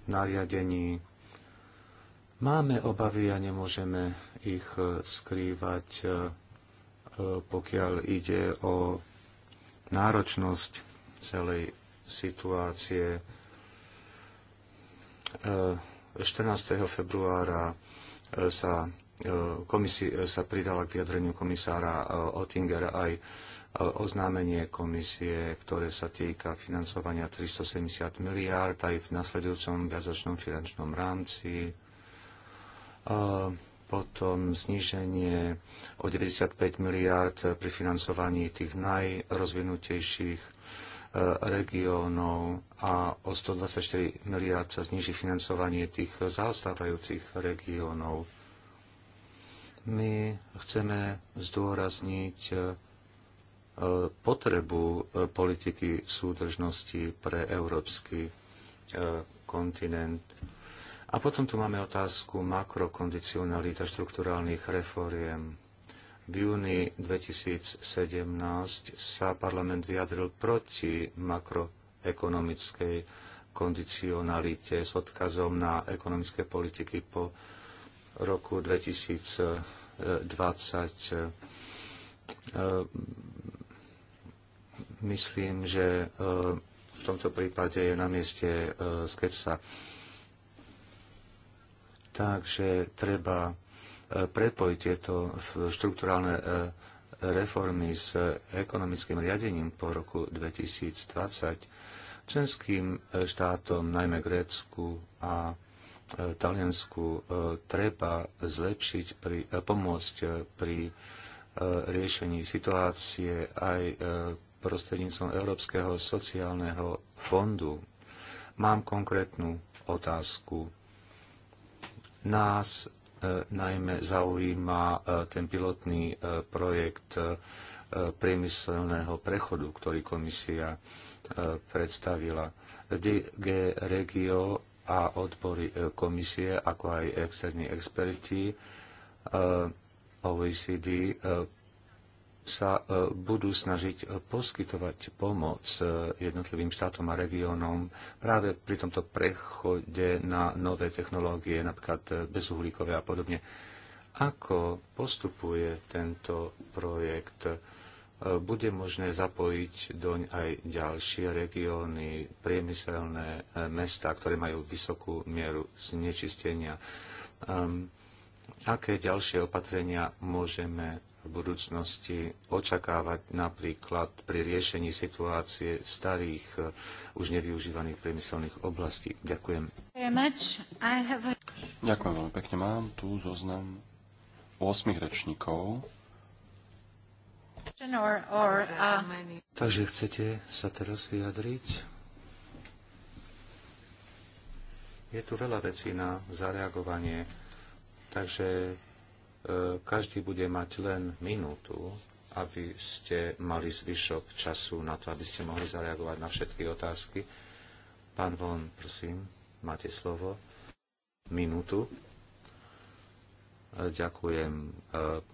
Speaker 2: nariadení Máme obavy a nemôžeme ich e, skrývať, e, e, pokiaľ ide o náročnosť celej situácie. 14. februára sa, komisi- sa pridala k vyjadreniu komisára Ottinger aj oznámenie komisie, ktoré sa týka financovania 370 miliárd aj v nasledujúcom viazočnom finančnom rámci potom zníženie o 95 miliard pri financovaní tých najrozvinutejších e, regiónov a o 124 miliard sa zniží financovanie tých zaostávajúcich regiónov. My chceme zdôrazniť e, potrebu e, politiky súdržnosti pre európsky kontinent a potom tu máme otázku makrokondicionalita štruktúrálnych reforiem. V júni 2017 sa parlament vyjadril proti makroekonomickej kondicionalite s odkazom na ekonomické politiky po roku 2020 ehm, myslím, že ehm, v tomto prípade je na mieste ehm, skepsa. Takže treba e, prepojiť tieto štruktúrálne e, reformy s e, ekonomickým riadením po roku 2020 členským štátom, najmä Grécku a Taliansku, treba zlepšiť, pri, pomôcť pri riešení situácie aj prostredníctvom Európskeho sociálneho fondu. Mám konkrétnu otázku nás e, najmä zaujíma e, ten pilotný e, projekt priemyselného prechodu, ktorý komisia predstavila. DG Regio a odbory komisie, ako aj externí experti, OECD sa e, budú snažiť e, poskytovať pomoc e, jednotlivým štátom a regiónom práve pri tomto prechode na nové technológie, napríklad bezuhlíkové a podobne. Ako postupuje tento projekt? Bude možné zapojiť doň aj ďalšie regióny, priemyselné mesta, ktoré majú vysokú mieru znečistenia. Ehm, aké ďalšie opatrenia môžeme v budúcnosti očakávať napríklad pri riešení situácie starých, eh, už nevyužívaných priemyselných oblastí. Ďakujem.
Speaker 5: Ďakujem veľmi pekne. Mám tu zoznam 8 rečníkov.
Speaker 4: Uh,
Speaker 2: takže chcete sa teraz vyjadriť? Je tu veľa vecí na zareagovanie, takže E, každý bude mať len minútu, aby ste mali zvyšok času na to, aby ste mohli zareagovať na všetky otázky. Pán Von, prosím, máte slovo. Minútu. E, ďakujem e,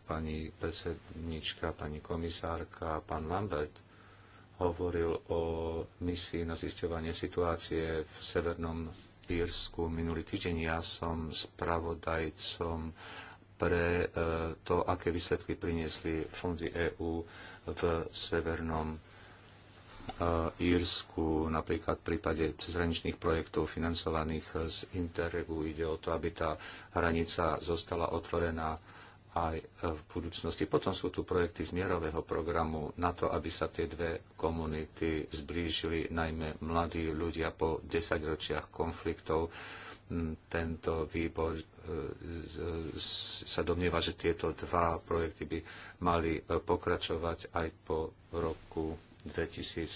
Speaker 2: pani predsednička, pani komisárka, pán Lambert hovoril o misii na zisťovanie situácie v Severnom Írsku minulý týždeň. Ja som spravodajcom pre eh, to, aké výsledky priniesli fondy EÚ v Severnom eh, Írsku, napríklad v prípade cezhraničných projektov financovaných eh, z Interregu. Ide o to, aby tá hranica zostala otvorená aj v budúcnosti. Potom sú tu projekty z mierového programu na to, aby sa tie dve komunity zblížili, najmä mladí ľudia po desaťročiach konfliktov Mm, tento výbor e, sa domnieva, že tieto dva projekty by mali e, pokračovať aj po roku 2020,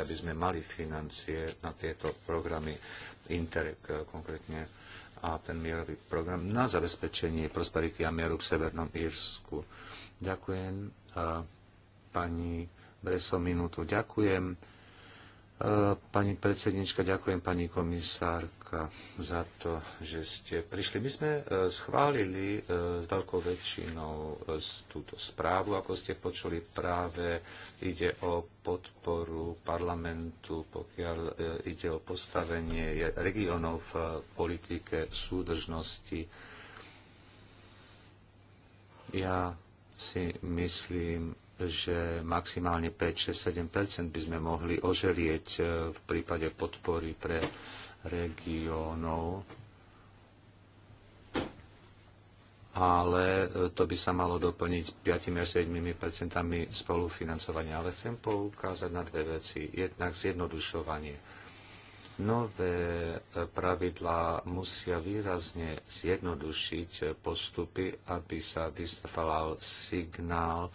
Speaker 2: aby sme mali financie na tieto programy Interreg e, konkrétne a ten mierový program na zabezpečenie prosperity a mieru v Severnom Írsku. Ďakujem. Pani Breso minútu. Ďakujem Pani predsednička, ďakujem pani komisárka za to, že ste prišli. My sme e, schválili e, s veľkou väčšinou e, túto správu, ako ste počuli práve. Ide o podporu parlamentu, pokiaľ ide o postavenie regionov v politike súdržnosti. Ja si myslím, že maximálne 5-6-7 by sme mohli oželieť e, v prípade podpory pre regiónov. Ale e, to by sa malo doplniť 5 až 7 percentami spolufinancovania. Ale chcem poukázať na dve veci. Jednak zjednodušovanie. Nové e, pravidlá musia výrazne zjednodušiť postupy, aby sa vyslal signál,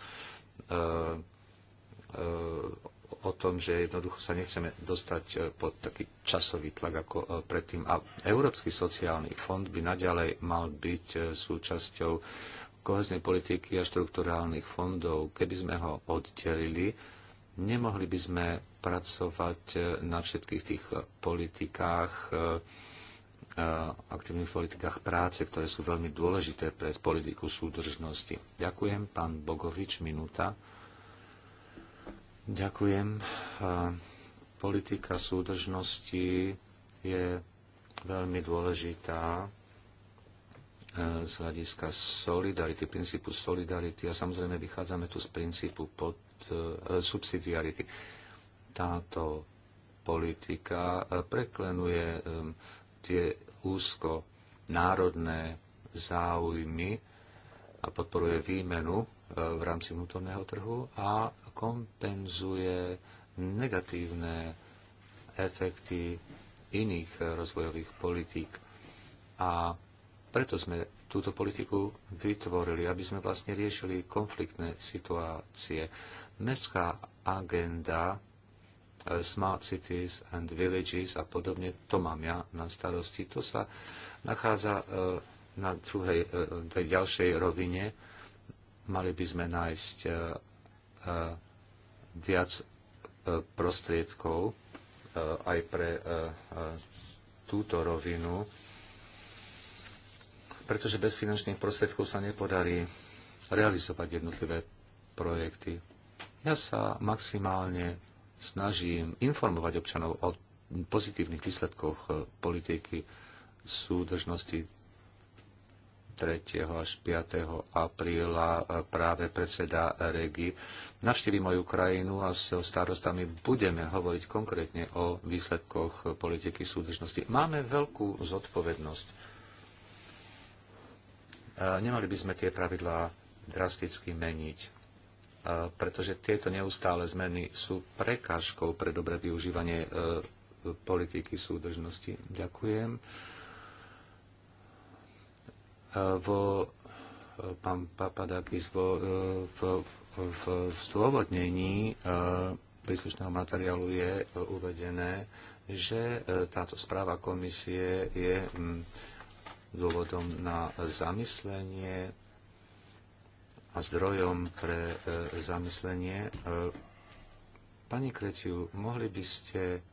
Speaker 2: o tom, že jednoducho sa nechceme dostať eh, pod taký časový tlak ako eh, predtým. A Európsky sociálny fond by naďalej mal byť eh, súčasťou koheznej politiky a štrukturálnych fondov. Keby sme ho oddelili, nemohli by sme pracovať na všetkých tých politikách, aktívnych politikách práce, ktoré sú veľmi dôležité pre politiku súdržnosti. Ďakujem, pán Bogovič, minúta. Ďakujem. Politika súdržnosti je veľmi dôležitá e, z hľadiska solidarity, princípu solidarity a samozrejme vychádzame tu z princípu pod, e, subsidiarity. Táto politika e, preklenuje e, tie úzko národné záujmy a podporuje výmenu e, v rámci vnútorného trhu a kompenzuje negatívne efekty iných rozvojových politík. A preto sme túto politiku vytvorili, aby sme vlastne riešili konfliktné situácie. Mestská agenda Eh, smart Cities and Villages a podobne, to mám ja na starosti. To sa nachádza eh, na druhej, eh, tej ďalšej rovine. Mali by sme nájsť viac prostriedkov aj pre túto rovinu, pretože bez finančných prostriedkov sa nepodarí realizovať jednotlivé projekty. Ja sa maximálne snažím informovať občanov o pozitívnych výsledkoch e, politiky súdržnosti 3. až 5. apríla e, práve predseda Regi navštívi moju krajinu a s starostami budeme hovoriť konkrétne o výsledkoch politiky súdržnosti. Máme veľkú zodpovednosť. E, nemali by sme tie pravidlá drasticky meniť pretože tieto neustále zmeny sú prekážkou pre dobré využívanie e, politiky súdržnosti. Ďakujem. E, vo e, pán Papadakis vo, v, v, v zdôvodnení príslušného materiálu je uvedené, že táto správa komisie je mm, dôvodom na zamyslenie a zdrojom pre e, zamyslenie. E, pani Kreciu, mohli by ste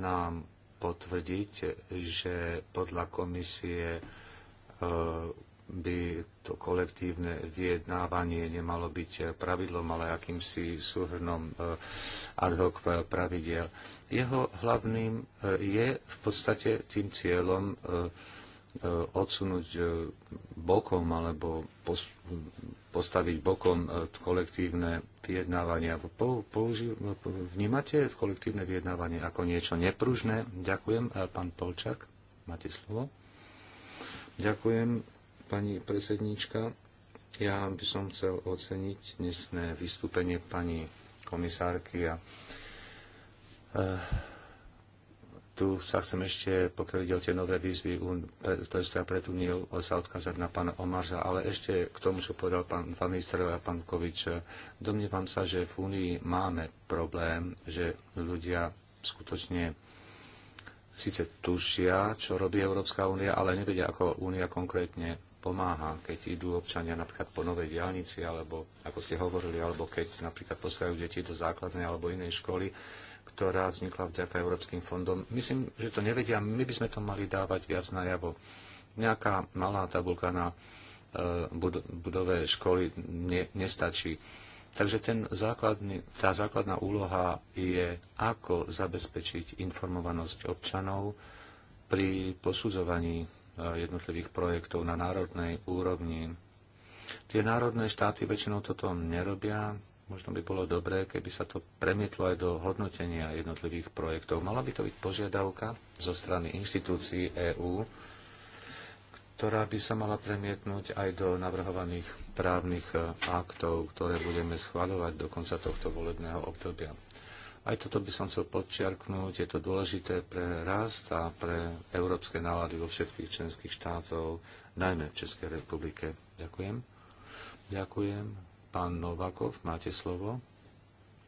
Speaker 2: nám potvrdiť, že podľa komisie e, by to kolektívne vyjednávanie nemalo byť pravidlom, ale akýmsi súhrnom ad hoc pravidiel. Jeho hlavným je v podstate tým cieľom E, odsunúť e, bokom alebo postaviť bokom e, kolektívne vyjednávania. No, vnímate kolektívne vyjednávanie ako niečo nepružné? Ďakujem. Pán Polčak, máte slovo. Ďakujem, pani predsedníčka. Ja by som chcel oceniť dnesné vystúpenie pani komisárky a tu sa chcem ešte, pokiaľ ide o tie nové výzvy, ktoré stoja pred Uniou, sa odkázať na pána Omarža, ale ešte k tomu, čo povedal pán, pán minister a pán Kovič. Domnievam sa, že v Únii máme problém, že ľudia skutočne síce tušia, čo robí Európska únia, ale nevedia, ako únia konkrétne pomáha, keď idú občania napríklad po novej diálnici, alebo ako ste hovorili, alebo keď napríklad poslajú deti do základnej alebo inej školy ktorá vznikla vďaka európskym fondom. Myslím, že to nevedia, my by sme to mali dávať viac najavo. Nejaká malá tabulka na e, budove školy ne, nestačí. Takže ten základný, tá základná úloha je, ako zabezpečiť informovanosť občanov pri posudzovaní e, jednotlivých projektov na národnej úrovni. Tie národné štáty väčšinou toto nerobia, možno by bolo dobré, keby sa to premietlo aj do hodnotenia jednotlivých projektov. Mala by to byť požiadavka zo strany inštitúcií EÚ, ktorá by sa mala premietnúť aj do navrhovaných právnych e, aktov, ktoré budeme schváľovať do konca tohto volebného obdobia. Aj toto by som chcel podčiarknúť, je to dôležité pre rast a pre európske nálady vo všetkých členských štátov, najmä v Českej republike. Ďakujem. Ďakujem. Pán Novakov, máte slovo.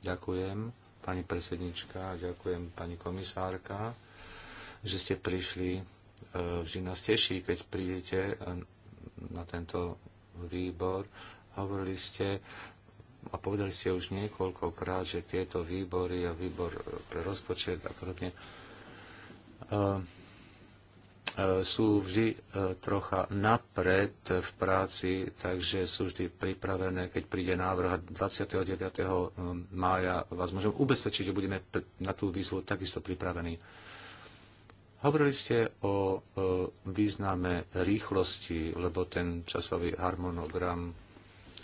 Speaker 2: Ďakujem, pani predsednička, ďakujem, pani komisárka, že ste prišli. E, vždy nás teší, keď prídete na tento výbor. Hovorili ste a povedali ste už niekoľkokrát, že tieto výbory a výbor pre rozpočet a podobne e, E, sú vždy e, trocha napred v práci, takže sú vždy pripravené, keď príde návrh 29. Um, mája. Vás môžem ubezpečiť, že budeme na tú výzvu takisto pripravení. Hovorili ste o e, význame rýchlosti, lebo ten časový harmonogram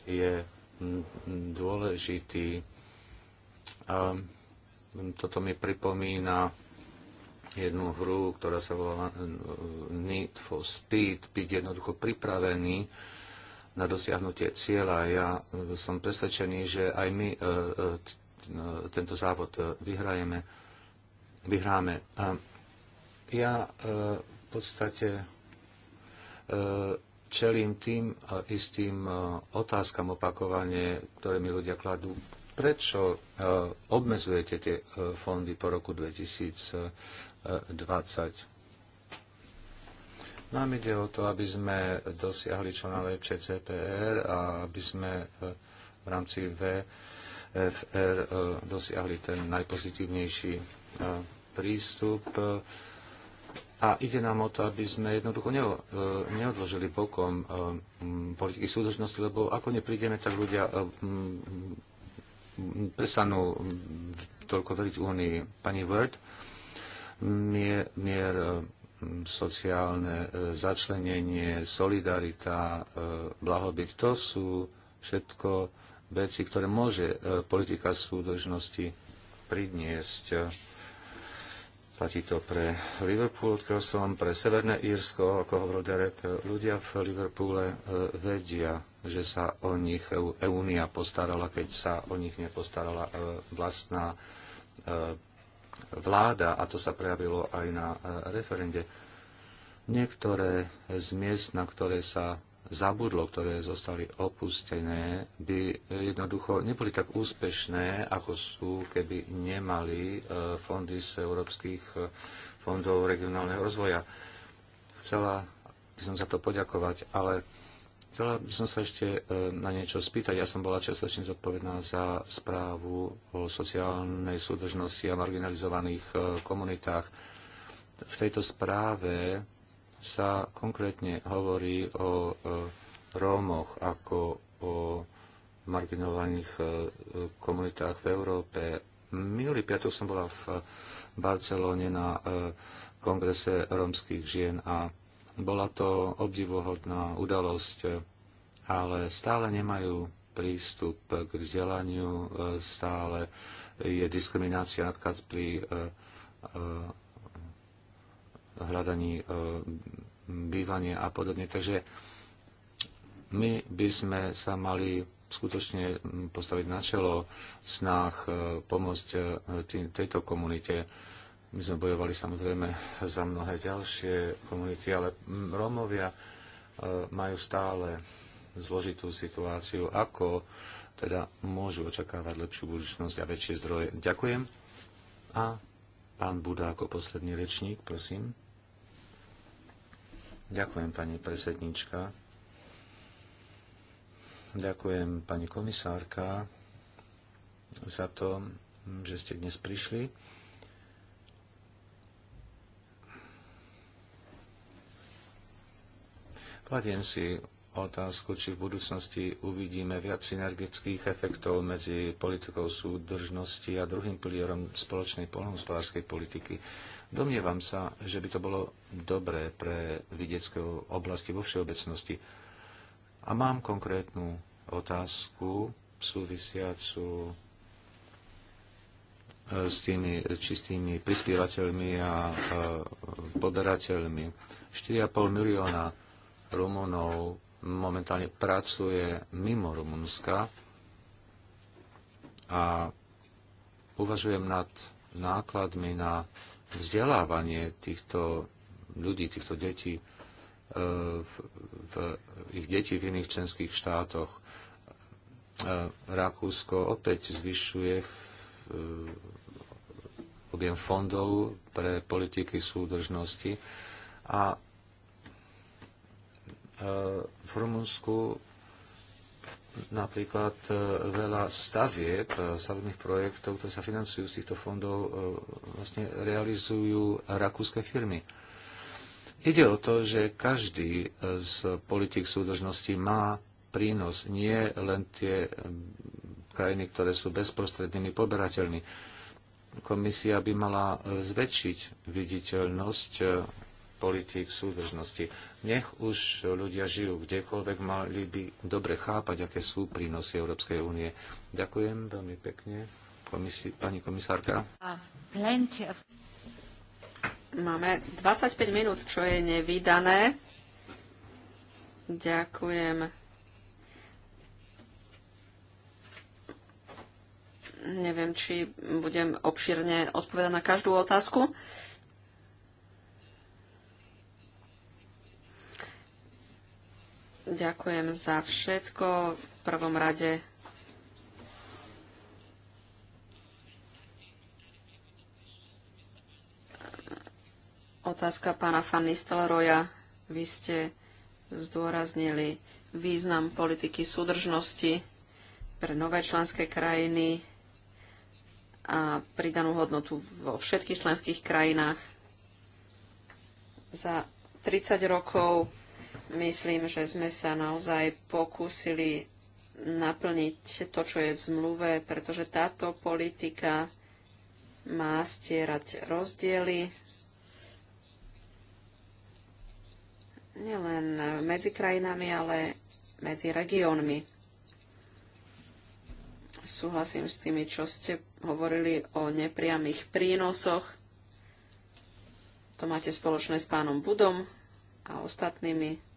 Speaker 2: je dôležitý. A toto mi pripomína jednu hru, ktorá sa volá eh, Need for Speed, byť jednoducho pripravený na dosiahnutie cieľa. Ja eh, som presvedčený, že aj my eh, tento závod vyhrajeme, vyhráme. A ja v podstate čelím tým istým otázkam opakovanie, ktoré mi ľudia kladú. Prečo obmezujete tie fondy po roku 2020? 2020. Nám ide o to, aby sme dosiahli čo najlepšie CPR a aby sme eh, v rámci VFR eh, dosiahli ten najpozitívnejší eh, prístup. A ide nám o to, aby sme jednoducho neodložili bokom politiky súdržnosti, lebo ako neprídeme, tak ľudia prestanú toľko veriť Únii. Pani Word, mier, mier e, sociálne e, začlenenie, solidarita, e, blahobyt. To sú všetko veci, ktoré môže politika súdržnosti pridniesť. Platí to pre Liverpool, odkiaľ som, pre Severné Írsko, ako hovoril Derek. Ľudia v Liverpoole vedia, že sa o nich Únia postarala, keď sa o nich nepostarala vlastná vláda, a to sa prejavilo aj na e, referende, niektoré z miest, na ktoré sa zabudlo, ktoré zostali opustené, by jednoducho neboli tak úspešné, ako sú, keby nemali e, fondy z európskych e, fondov regionálneho rozvoja. Chcela by som za to poďakovať, ale Chcela by som sa ešte e, na niečo spýtať. Ja som bola častočne zodpovedná za správu o sociálnej súdržnosti a marginalizovaných e, komunitách. V tejto správe sa konkrétne hovorí o e, Rómoch ako o marginovaných komunitách v Európe. Minulý piatok som bola v Barcelóne na kongrese rómskych žien a bola to obdivuhodná udalosť, ale stále nemajú prístup k vzdelaniu, e, stále je diskriminácia napríklad pri e, e, hľadaní bývania a podobne. Takže my by sme sa mali skutočne postaviť na čelo snách pomôcť tejto komunite my sme bojovali samozrejme za mnohé ďalšie komunity, ale Rómovia e, majú stále zložitú situáciu, ako teda môžu očakávať lepšiu budúcnosť a väčšie zdroje. Ďakujem. A pán Buda ako posledný rečník, prosím. Ďakujem, pani presednička. Ďakujem, pani komisárka, za to, že ste dnes prišli Kladiem si otázku, či v budúcnosti uvidíme viac synergických efektov medzi politikou súdržnosti a druhým pilierom spoločnej polnohospodárskej politiky. Domnievam sa, že by to bolo dobré pre vidiecké oblasti vo všeobecnosti. A mám konkrétnu otázku súvisiacu e, s tými čistými prispievateľmi a e, e, poberateľmi. 4,5 milióna Rumunov momentálne pracuje mimo Rumunska a uvažujem nad nákladmi na vzdelávanie týchto ľudí, týchto detí, e, v, v, ich detí v iných členských štátoch. E, Rakúsko opäť zvyšuje e, objem fondov pre politiky súdržnosti a v Rumunsku napríklad e, veľa stavieb, e, stavebných projektov, ktoré sa financujú z týchto fondov, e, vlastne realizujú rakúske firmy. Ide o to, že každý z politik súdržnosti má prínos, nie len tie krajiny, ktoré sú bezprostrednými poberateľmi. Komisia by mala zväčšiť viditeľnosť politík súdržnosti. Nech už ľudia žijú kdekoľvek, mali by dobre chápať, aké sú prínosy Európskej únie. Ďakujem veľmi pekne, komisi- pani komisárka.
Speaker 4: Máme 25 minút, čo je nevydané. Ďakujem. Neviem, či budem obšírne odpovedať na každú otázku. Ďakujem za všetko. V prvom rade otázka pána Van Nistelroja. Vy ste zdôraznili význam politiky súdržnosti pre nové členské krajiny a pridanú hodnotu vo všetkých členských krajinách. Za 30 rokov Myslím, že sme sa naozaj pokúsili naplniť to, čo je v zmluve, pretože táto politika má stierať rozdiely nielen medzi krajinami, ale medzi regiónmi. Súhlasím s tými, čo ste hovorili o nepriamých prínosoch. To máte spoločné s pánom Budom a ostatnými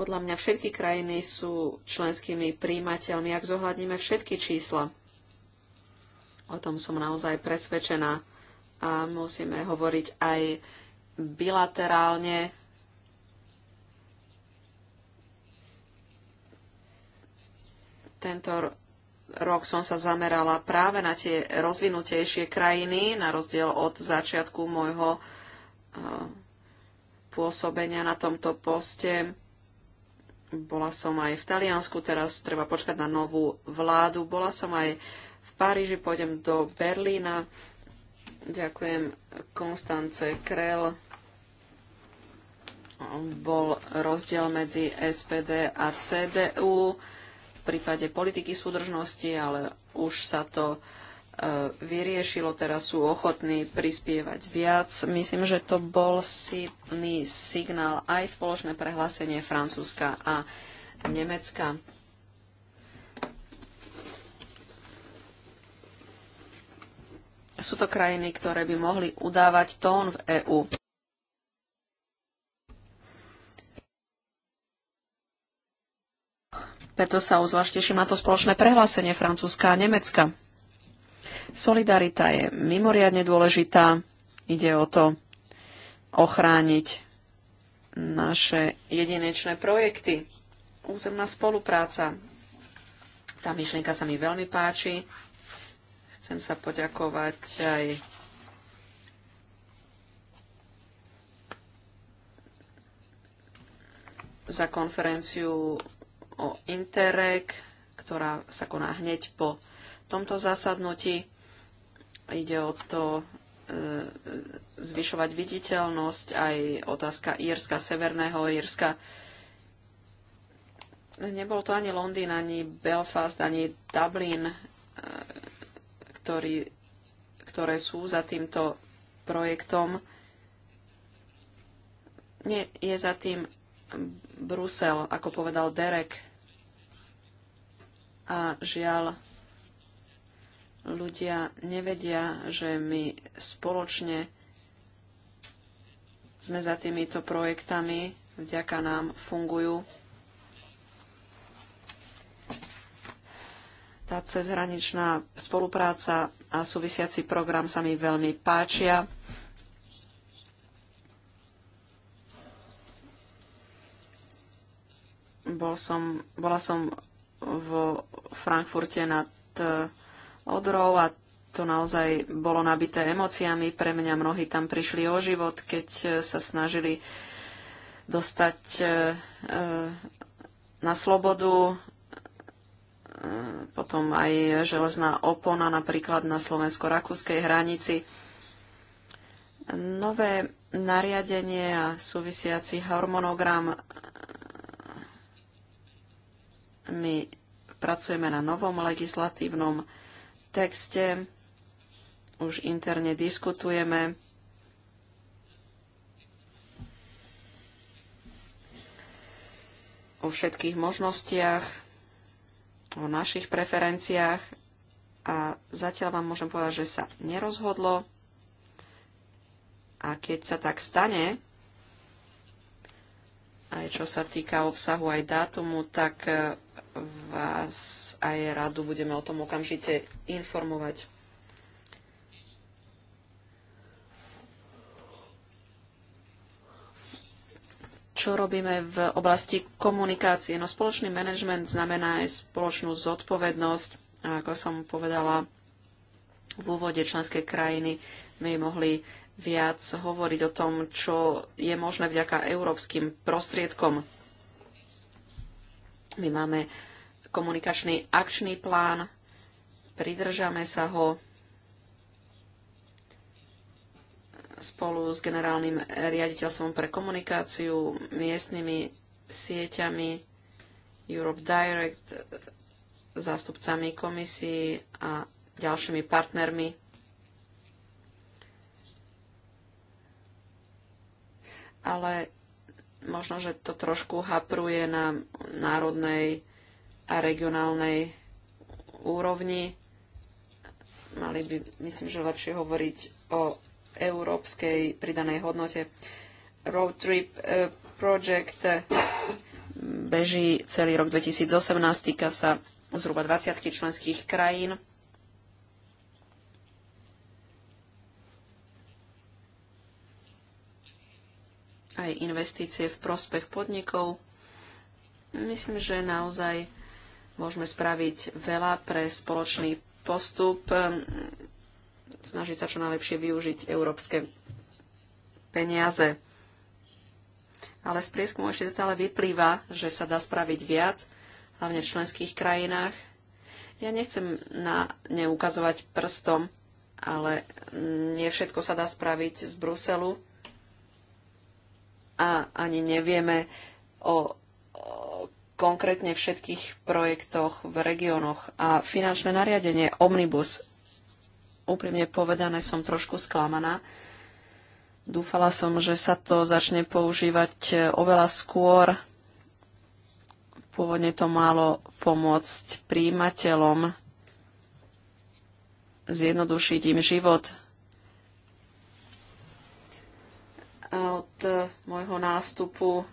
Speaker 4: Podľa mňa všetky krajiny sú členskými príjimateľmi, ak zohľadníme všetky čísla. O tom som naozaj presvedčená a musíme hovoriť aj bilaterálne. Tento rok som sa zamerala práve na tie rozvinutejšie krajiny, na rozdiel od začiatku môjho eh, pôsobenia na tomto poste. Bola som aj v Taliansku, teraz treba počkať na novú vládu. Bola som aj v Paríži, pôjdem do Berlína. Ďakujem Konstance Krell. Bol rozdiel medzi SPD a CDU v prípade politiky súdržnosti, ale už sa to E, vyriešilo, teraz sú ochotní prispievať viac. Myslím, že to bol silný signál aj spoločné prehlásenie Francúzska a Nemecka. Sú to krajiny, ktoré by mohli udávať tón v EÚ. Preto sa uzvlášť teším na to spoločné prehlásenie Francúzska a Nemecka. Solidarita je mimoriadne dôležitá. Ide o to ochrániť naše jedinečné projekty. Územná spolupráca. Tá myšlienka sa mi veľmi páči. Chcem sa poďakovať aj za konferenciu o Interreg, ktorá sa koná hneď po tomto zasadnutí. Ide o to e, zvyšovať viditeľnosť, aj otázka Írska, Severného Írska. Nebol to ani Londýn, ani Belfast, ani Dublin, e, ktorý, ktoré sú za týmto projektom. Nie, je za tým Brusel, ako povedal Derek. A žiaľ, ľudia nevedia, že my spoločne sme za týmito projektami, vďaka nám fungujú. Tá cezhraničná spolupráca a súvisiaci program sa mi veľmi páčia. Bol som, bola som vo Frankfurte nad odrov a to naozaj bolo nabité emóciami. Pre mňa mnohí tam prišli o život, keď e, sa snažili dostať e, e, na slobodu. Potom aj železná opona napríklad na slovensko-rakúskej hranici. Nové nariadenie a súvisiaci harmonogram my pracujeme na novom legislatívnom texte. Už interne diskutujeme. o všetkých možnostiach, o našich preferenciách a zatiaľ vám môžem povedať, že sa nerozhodlo. A keď sa tak stane, aj čo sa týka obsahu, aj dátumu, tak vás aj radu budeme o tom okamžite informovať. Čo robíme v oblasti komunikácie? No spoločný manažment znamená aj spoločnú zodpovednosť. A ako som povedala v úvode, členské krajiny my mohli viac hovoriť o tom, čo je možné vďaka európskym prostriedkom my máme komunikačný akčný plán, pridržame sa ho spolu s generálnym riaditeľstvom pre komunikáciu, miestnymi sieťami Europe Direct, zástupcami komisí a ďalšími partnermi. Ale Možno, že to trošku hapruje na národnej a regionálnej úrovni. Mali by, myslím, že lepšie hovoriť o európskej pridanej hodnote. Road Trip e, Project e, beží celý rok 2018, týka sa zhruba 20 členských krajín. aj investície v prospech podnikov. Myslím, že naozaj môžeme spraviť veľa pre spoločný postup, um, snažiť sa čo najlepšie využiť európske peniaze. Ale z prieskumu ešte stále vyplýva, že sa dá spraviť viac, hlavne v členských krajinách. Ja nechcem na neukazovať prstom, ale nie všetko sa dá spraviť z Bruselu a ani nevieme o, o konkrétne všetkých projektoch v regiónoch a finančné nariadenie Omnibus. Úprimne povedané som trošku sklamaná. Dúfala som, že sa to začne používať e, oveľa skôr. Pôvodne to malo pomôcť príjimateľom, zjednodušiť im život, Od môjho nástupu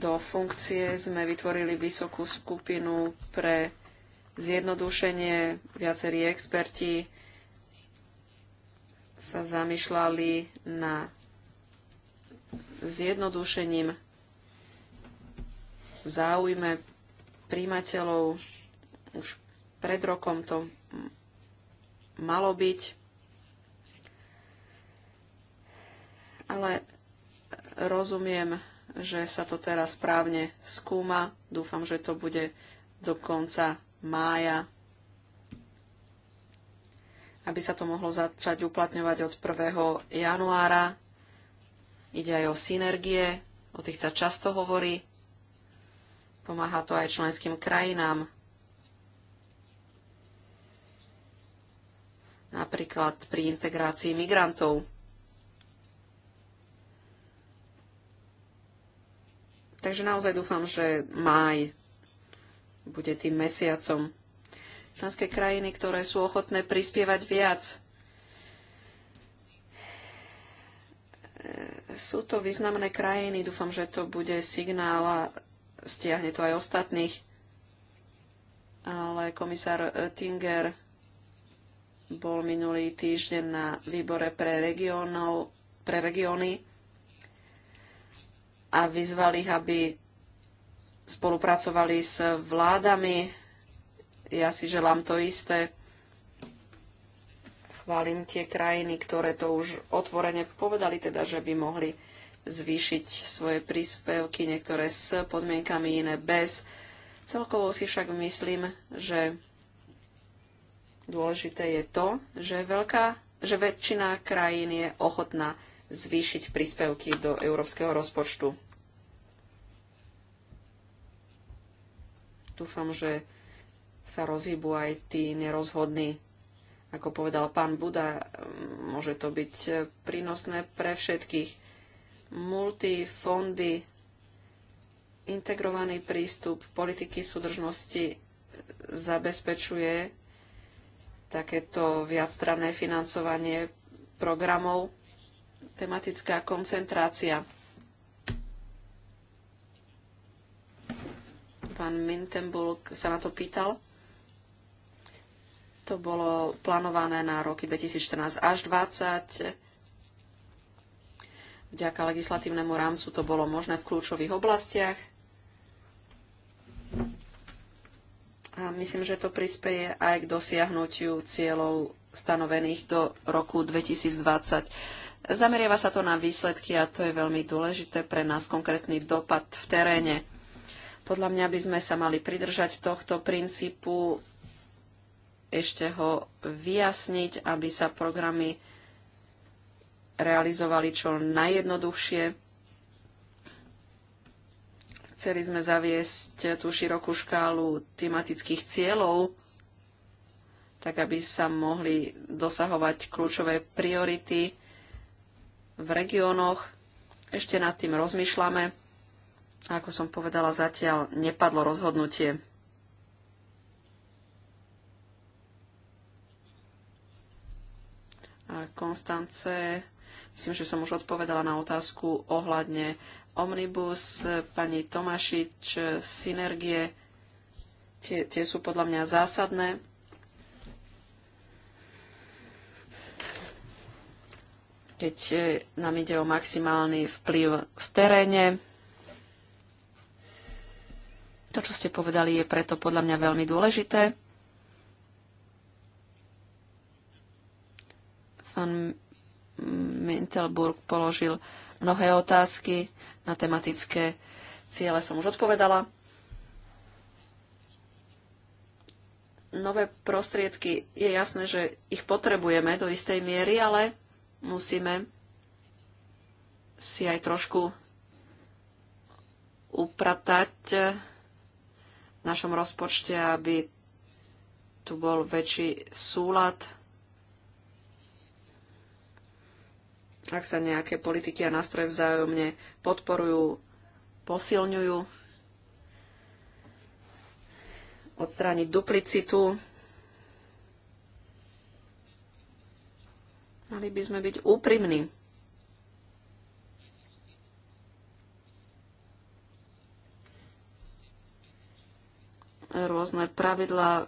Speaker 4: do funkcie sme vytvorili vysokú skupinu pre zjednodušenie. Viacerí experti sa zamýšľali na zjednodušením záujme príjmateľov. Už pred rokom to malo byť. Ale Rozumiem, že sa to teraz správne skúma. Dúfam, že to bude do konca mája, aby sa to mohlo začať uplatňovať od 1. januára. Ide aj o synergie, o tých sa často hovorí. Pomáha to aj členským krajinám. Napríklad pri integrácii migrantov. Takže naozaj dúfam, že máj bude tým mesiacom. Členské krajiny, ktoré sú ochotné prispievať viac, sú to významné krajiny. Dúfam, že to bude signál a stiahne to aj ostatných. Ale komisár Oettinger bol minulý týždeň na výbore pre, regiónov, pre regióny a vyzval ich, aby spolupracovali s vládami. Ja si želám to isté. Chválim tie krajiny, ktoré to už otvorene povedali, teda, že by mohli zvýšiť svoje príspevky, niektoré s podmienkami, iné bez. Celkovo si však myslím, že dôležité je to, že, veľká, že väčšina krajín je ochotná zvýšiť príspevky do európskeho rozpočtu. Dúfam, že sa rozhýbu aj tí nerozhodní. Ako povedal pán Buda, môže to byť prínosné pre všetkých. Multifondy, integrovaný prístup politiky súdržnosti zabezpečuje takéto viacstranné financovanie programov tematická koncentrácia. Pán Mintenburg sa na to pýtal. To bolo plánované na roky 2014 až 2020. Vďaka legislatívnemu rámcu to bolo možné v kľúčových oblastiach. A myslím, že to prispieje aj k dosiahnutiu cieľov stanovených do roku 2020 Zameriava sa to na výsledky a to je veľmi dôležité pre nás konkrétny dopad v teréne. Podľa mňa by sme sa mali pridržať tohto princípu, ešte ho vyjasniť, aby sa programy realizovali čo najjednoduchšie. Chceli sme zaviesť tú širokú škálu tematických cieľov, tak aby sa mohli dosahovať kľúčové priority v regiónoch. Ešte nad tým rozmýšľame. A ako som povedala, zatiaľ nepadlo rozhodnutie. Konstance, myslím, že som už odpovedala na otázku ohľadne Omnibus, pani Tomašič, synergie, tie, tie sú podľa mňa zásadné. keď e, nám ide o maximálny vplyv v teréne. To, čo ste povedali, je preto podľa mňa veľmi dôležité. Pán Mintelburg položil mnohé otázky na tematické ciele, som už odpovedala. Nové prostriedky, je jasné, že ich potrebujeme do istej miery, ale musíme si aj trošku upratať v našom rozpočte, aby tu bol väčší súlad. Ak sa nejaké politiky a nástroje vzájomne podporujú, posilňujú, odstrániť duplicitu, mali by sme byť úprimní. Rôzne pravidlá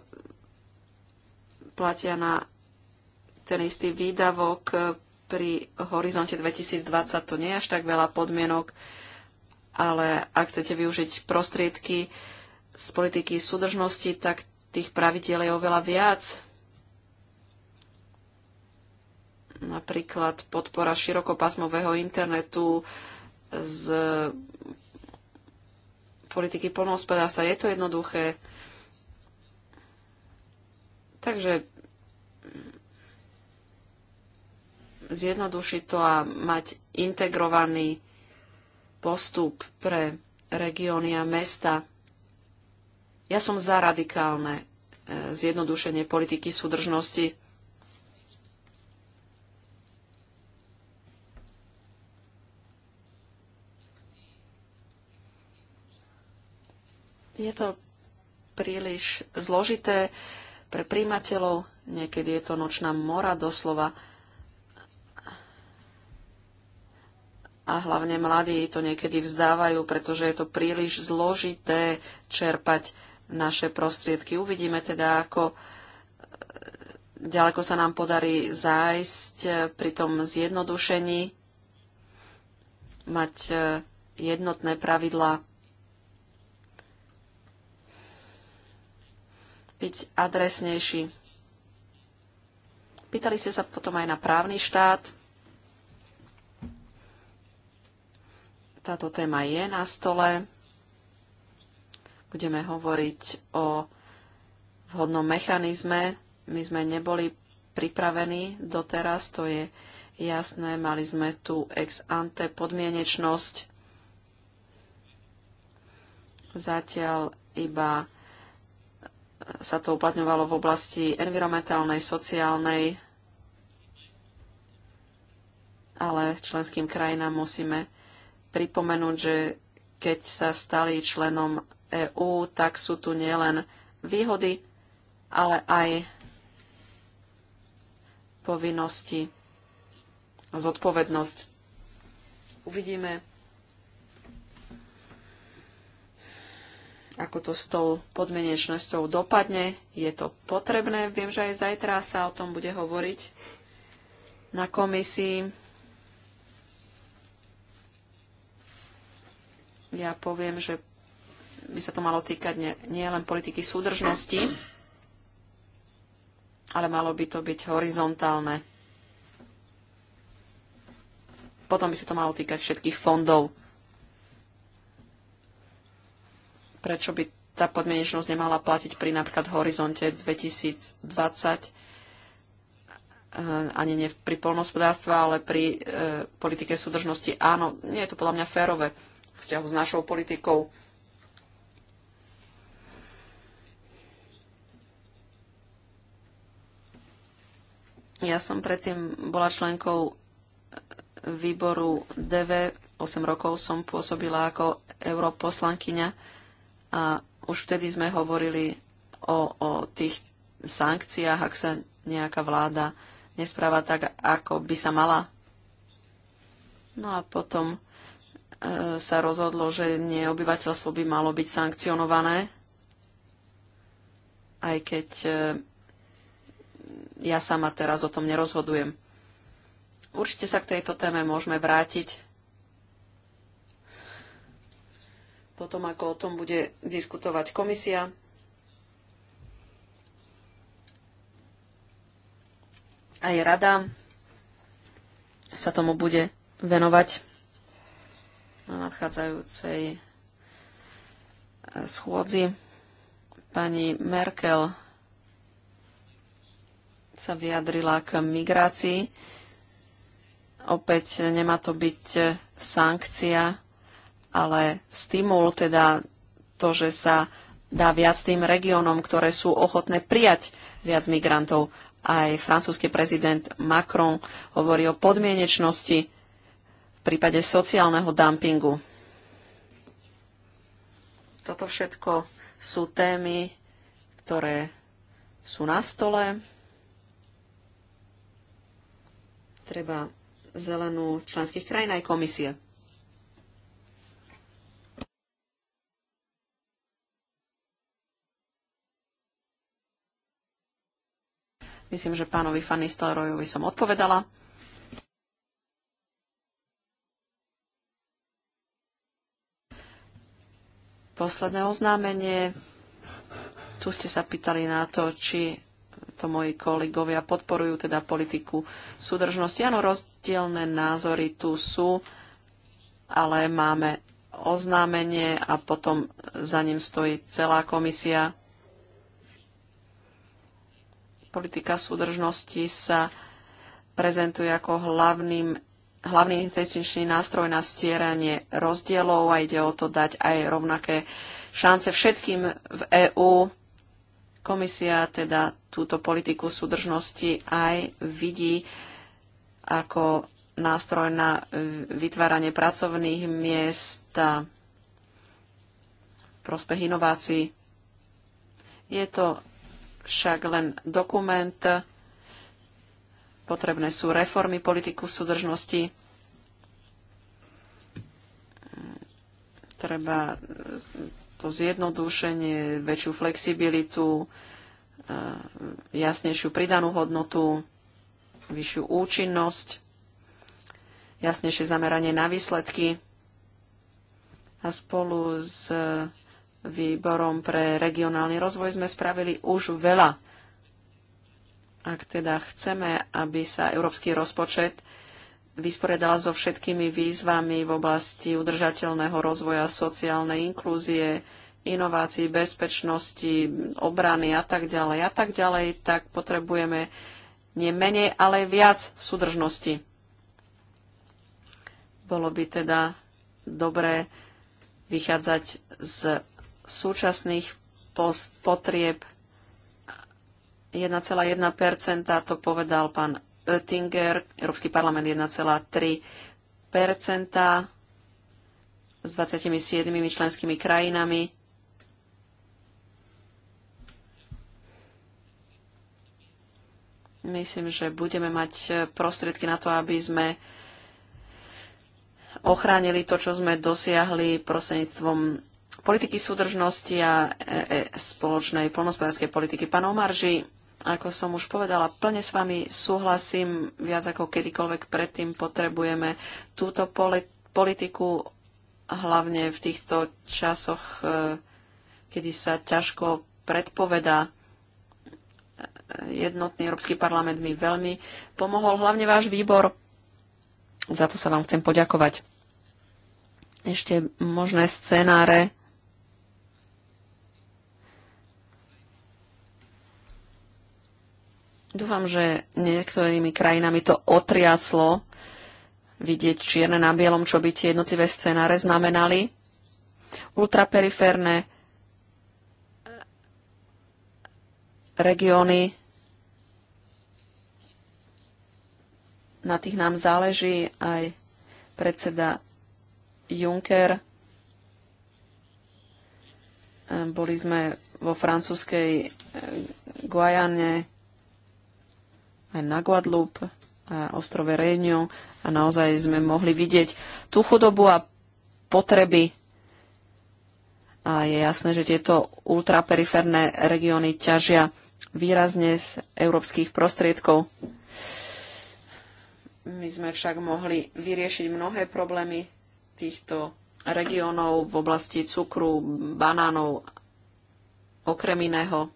Speaker 4: platia na ten istý výdavok pri horizonte 2020. To nie je až tak veľa podmienok, ale ak chcete využiť prostriedky z politiky súdržnosti, tak tých pravidiel je oveľa viac. Napríklad podpora širokopásmového internetu z politiky sa Je to jednoduché. Takže zjednodušiť to a mať integrovaný postup pre regióny a mesta. Ja som za radikálne eh, zjednodušenie politiky súdržnosti. Je to príliš zložité pre príjimateľov, niekedy je to nočná mora doslova. A hlavne mladí to niekedy vzdávajú, pretože je to príliš zložité čerpať naše prostriedky. Uvidíme teda, ako e, ďaleko sa nám podarí zájsť e, pri tom zjednodušení, mať e, jednotné pravidlá byť adresnejší. Pýtali ste sa potom aj na právny štát. Táto téma je na stole. Budeme hovoriť o vhodnom mechanizme. My sme neboli pripravení doteraz, to je jasné. Mali sme tu ex ante podmienečnosť. Zatiaľ iba sa to uplatňovalo v oblasti environmentálnej, sociálnej, ale členským krajinám musíme pripomenúť, že keď sa stali členom EÚ, tak sú tu nielen výhody, ale aj povinnosti, zodpovednosť. Uvidíme, ako to s tou podmenečnosťou dopadne. Je to potrebné. Viem, že aj zajtra sa o tom bude hovoriť na komisii. Ja poviem, že by sa to malo týkať nielen nie politiky súdržnosti, ale malo by to byť horizontálne. Potom by sa to malo týkať všetkých fondov. Prečo by tá podmienečnosť nemala platiť pri napríklad horizonte 2020 eh, ani nie pri polnospodárstve, ale pri e, politike súdržnosti. Áno, nie je to podľa mňa férové v vzťahu s našou politikou. Ja som predtým bola členkou eh, výboru DV, 8 rokov som pôsobila ako europoslankyňa a už vtedy sme hovorili o, o tých sankciách, ak sa nejaká vláda nespráva tak, ako by sa mala. No a potom e, sa rozhodlo, že neobyvateľstvo by malo byť sankcionované, aj keď e, ja sama teraz o tom nerozhodujem. Určite sa k tejto téme môžeme vrátiť potom ako o tom bude diskutovať komisia. Aj rada sa tomu bude venovať na nadchádzajúcej eh, schôdzi. Pani Merkel sa vyjadrila k migrácii. Opäť eh, nemá to byť eh, sankcia ale stimul, teda to, že sa dá viac tým regiónom, ktoré sú ochotné prijať viac migrantov. Aj francúzsky prezident Macron hovorí o podmienečnosti v prípade sociálneho dumpingu. Toto všetko sú témy, ktoré sú na stole. Treba zelenú členských krajín aj komisie. Myslím, že pánovi Fanistlerojovi som odpovedala. Posledné oznámenie. Tu ste sa pýtali na to, či to moji kolegovia podporujú teda politiku súdržnosti. Áno, rozdielne názory tu sú, ale máme oznámenie a potom za ním stojí celá komisia politika súdržnosti sa prezentuje ako hlavným, hlavný investičný nástroj na stieranie rozdielov a ide o to dať aj rovnaké šance všetkým v EÚ. Komisia teda túto politiku súdržnosti aj vidí ako nástroj na vytváranie pracovných miest a prospech inovácií. Je to však len dokument. Potrebné sú reformy politiku súdržnosti. Treba to zjednodušenie, väčšiu flexibilitu, jasnejšiu pridanú hodnotu, vyššiu účinnosť, jasnejšie zameranie na výsledky a spolu s výborom pre regionálny rozvoj sme spravili už veľa. Ak teda chceme, aby sa európsky rozpočet vysporiadala so všetkými výzvami v oblasti udržateľného rozvoja, sociálnej inklúzie, inovácií, bezpečnosti, obrany a tak ďalej a tak ďalej, tak potrebujeme nie menej, ale viac súdržnosti. Bolo by teda dobré vychádzať z súčasných potrieb 1,1 to povedal pán Oettinger, Európsky parlament 1,3 s 27 členskými krajinami. Myslím, že budeme mať prostriedky na to, aby sme ochránili to, čo sme dosiahli prostredníctvom politiky súdržnosti a e, e, spoločnej polnospodárskej politiky. Pán Omarži, ako som už povedala, plne s vami súhlasím, viac ako kedykoľvek predtým potrebujeme túto politiku, hlavne v týchto časoch, e, kedy sa ťažko predpovedá. Jednotný Európsky parlament mi veľmi pomohol, hlavne váš výbor. Za to sa vám chcem poďakovať. Ešte možné scenáre Dúfam, že niektorými krajinami to otriaslo vidieť čierne na bielom, čo by tie jednotlivé scenáre znamenali. Ultraperiférne regióny, na tých nám záleží aj predseda Juncker. Boli sme vo francúzskej eh, Guajane, aj na Guadlup, a ostrove Réunion a naozaj sme mohli vidieť tú chudobu a potreby. A je jasné, že tieto ultraperiférne regióny ťažia výrazne z európskych prostriedkov. My sme však mohli vyriešiť mnohé problémy týchto regiónov v oblasti cukru, banánov, okrem iného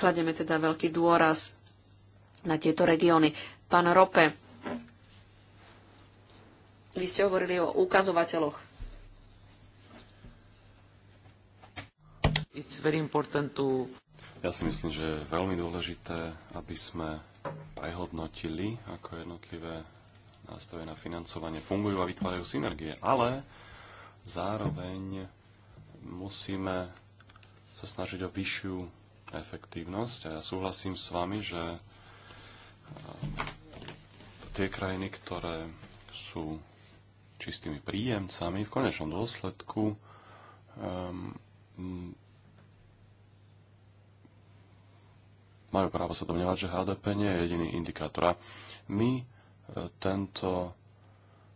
Speaker 4: Klademe teda veľký dôraz na tieto regióny. Pán Rope, vy ste hovorili o ukazovateľoch. It's very
Speaker 5: important to... Ja si myslím, že je veľmi dôležité, aby sme prehodnotili, ako jednotlivé nástroje na financovanie fungujú a vytvárajú synergie. Ale zároveň musíme sa snažiť o vyššiu efektívnosť. A ja súhlasím s vami, že tie krajiny, ktoré sú čistými príjemcami, v konečnom dôsledku um, majú právo sa domnievať, že HDP nie je jediný indikátor. A my e, tento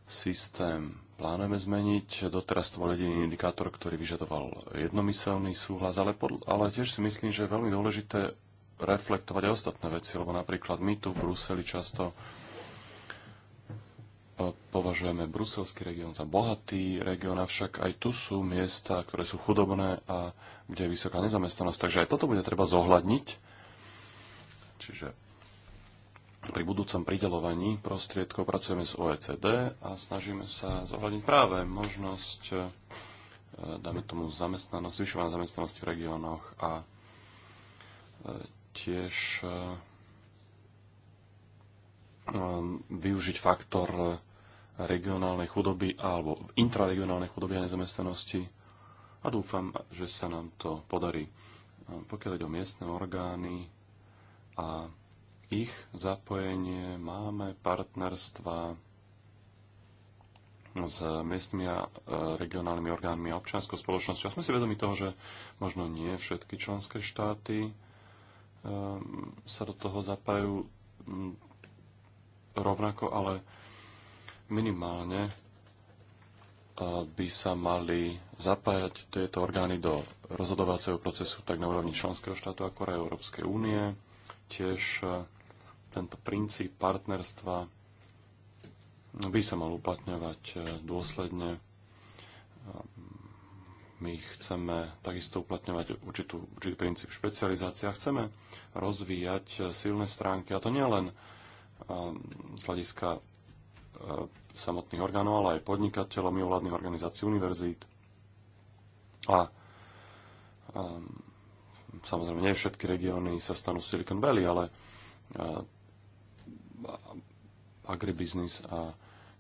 Speaker 5: systém plánujeme zmeniť. Doteraz to bol jediný indikátor, ktorý vyžadoval jednomyselný súhlas, ale, pod, ale tiež si myslím, že je veľmi dôležité reflektovať aj ostatné veci, lebo napríklad my tu v Bruseli často e, považujeme bruselský región za bohatý región, avšak aj tu sú miesta, ktoré sú chudobné a kde je vysoká nezamestnanosť. Takže aj toto bude treba zohľadniť. Čiže pri budúcom pridelovaní prostriedkov pracujeme s OECD a snažíme sa zohľadniť práve možnosť, e, dáme tomu, zamestnanosť, zvyšovaná zamestnanosti v regiónoch a e, tiež e, využiť faktor regionálnej chudoby alebo intraregionálnej chudoby a nezamestnanosti a dúfam, že sa nám to podarí. Pokiaľ ide o miestne orgány a ich zapojenie, máme partnerstva s miestnymi a e, regionálnymi orgánmi a občianskou spoločnosťou. A sme si vedomi toho, že možno nie všetky členské štáty e, sa do toho zapájajú rovnako, ale minimálne e, by sa mali zapájať tieto orgány do rozhodovacieho procesu tak na úrovni členského štátu, ako aj Európskej únie. Tiež tento princíp partnerstva by sa mal uplatňovať e, dôsledne. E, my chceme takisto uplatňovať určitú, určitý princíp špecializácie a chceme rozvíjať e, silné stránky, a to nie len z hľadiska samotných orgánov, ale aj podnikateľov, mimovládnych organizácií, univerzít. A, a samozrejme, nie všetky regióny sa stanú Silicon Valley, ale agribiznis a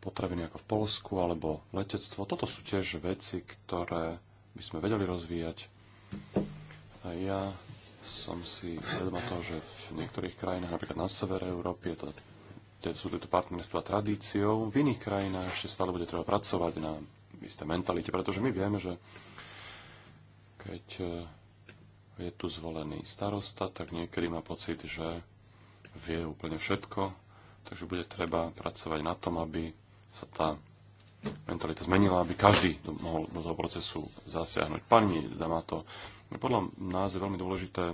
Speaker 5: potraviny ako v Polsku alebo letectvo. Toto sú tiež veci, ktoré by sme vedeli rozvíjať. A ja som si vedoma toho, že v niektorých krajinách, napríklad na severe Európy, je to, sú tieto partnerstva tradíciou, v iných krajinách ešte stále bude treba pracovať na isté mentalite, pretože my vieme, že keď e, je tu zvolený starosta, tak niekedy má pocit, že vie úplne všetko Takže bude treba pracovať na tom, aby sa tá mentalita zmenila, aby každý mohol do toho procesu zasiahnuť. Pani Damato, podľa nás je veľmi dôležité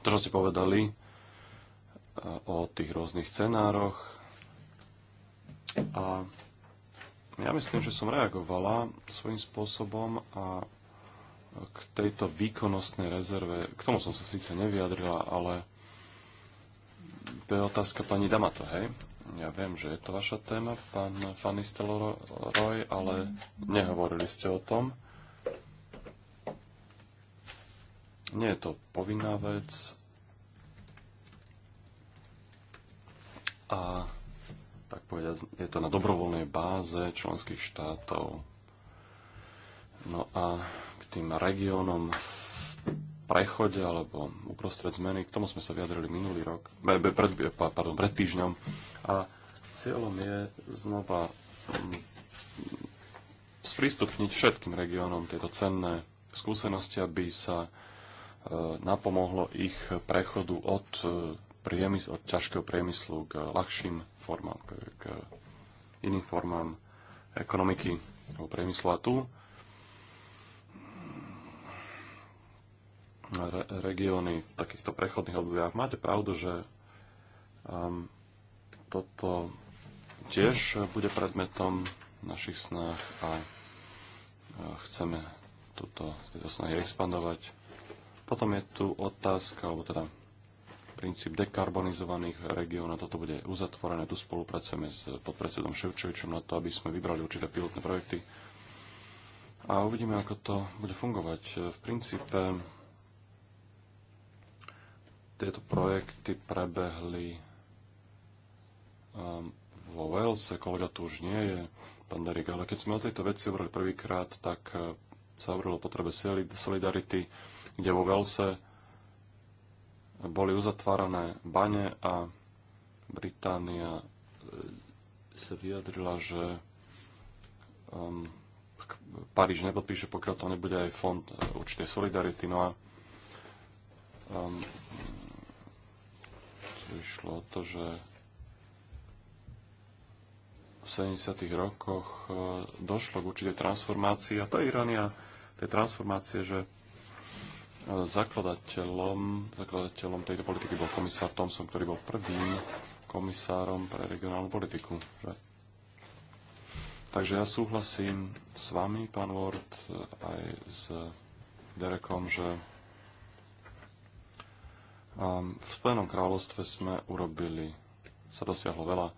Speaker 5: to, čo ste povedali e, o tých rôznych scenároch. A ja myslím, že som reagovala svojím spôsobom a k tejto výkonnostnej rezerve, k tomu som sa síce nevyjadrila, ale to je otázka pani Damato, hej? Ja viem, že je to vaša téma, pán Fanistel, Roy, ale nehovorili ste o tom. Nie je to povinná vec. A tak povedať, je to na dobrovoľnej báze členských štátov. No a k tým regiónom prechode alebo uprostred zmeny. K tomu sme sa vyjadrili minulý rok, pred, pardon, pred týždňom. A cieľom je znova mm, sprístupniť všetkým regiónom tieto cenné skúsenosti, aby sa e, napomohlo ich prechodu od, e, priemysl, od ťažkého priemyslu k ľahším formám, k, k iným formám ekonomiky alebo priemyslu. A tu re, regióny v takýchto prechodných obdobiach. Máte pravdu, že um, toto tiež bude predmetom našich snách a uh, chceme túto, tieto snahy expandovať. Potom je tu otázka, alebo teda princíp dekarbonizovaných regiónov. Toto bude uzatvorené. Tu spolupracujeme s podpredsedom Ševčovičom na to, aby sme vybrali určité pilotné projekty. A uvidíme, ako to bude fungovať. V princípe tieto projekty prebehli um, vo Walese, kolega tu už nie je, pán Derik, ale keď sme o tejto veci hovorili prvýkrát, tak uh, sa hovorilo o potrebe solidarity, kde vo Walese boli uzatvárané bane a Británia uh, sa vyjadrila, že um, Paríž nepodpíše, pokiaľ to nebude aj fond uh, určitej solidarity. No a um, išlo o to, že v 70. rokoch e, došlo k určitej transformácii a to je ironia tej transformácie, že e, zakladateľom, zakladateľom tejto politiky bol komisár Thompson, ktorý bol prvým komisárom pre regionálnu politiku. Že? Takže ja súhlasím s vami, pán Ward, e, aj s Derekom, že v Spojenom kráľovstve sme urobili, sa dosiahlo veľa,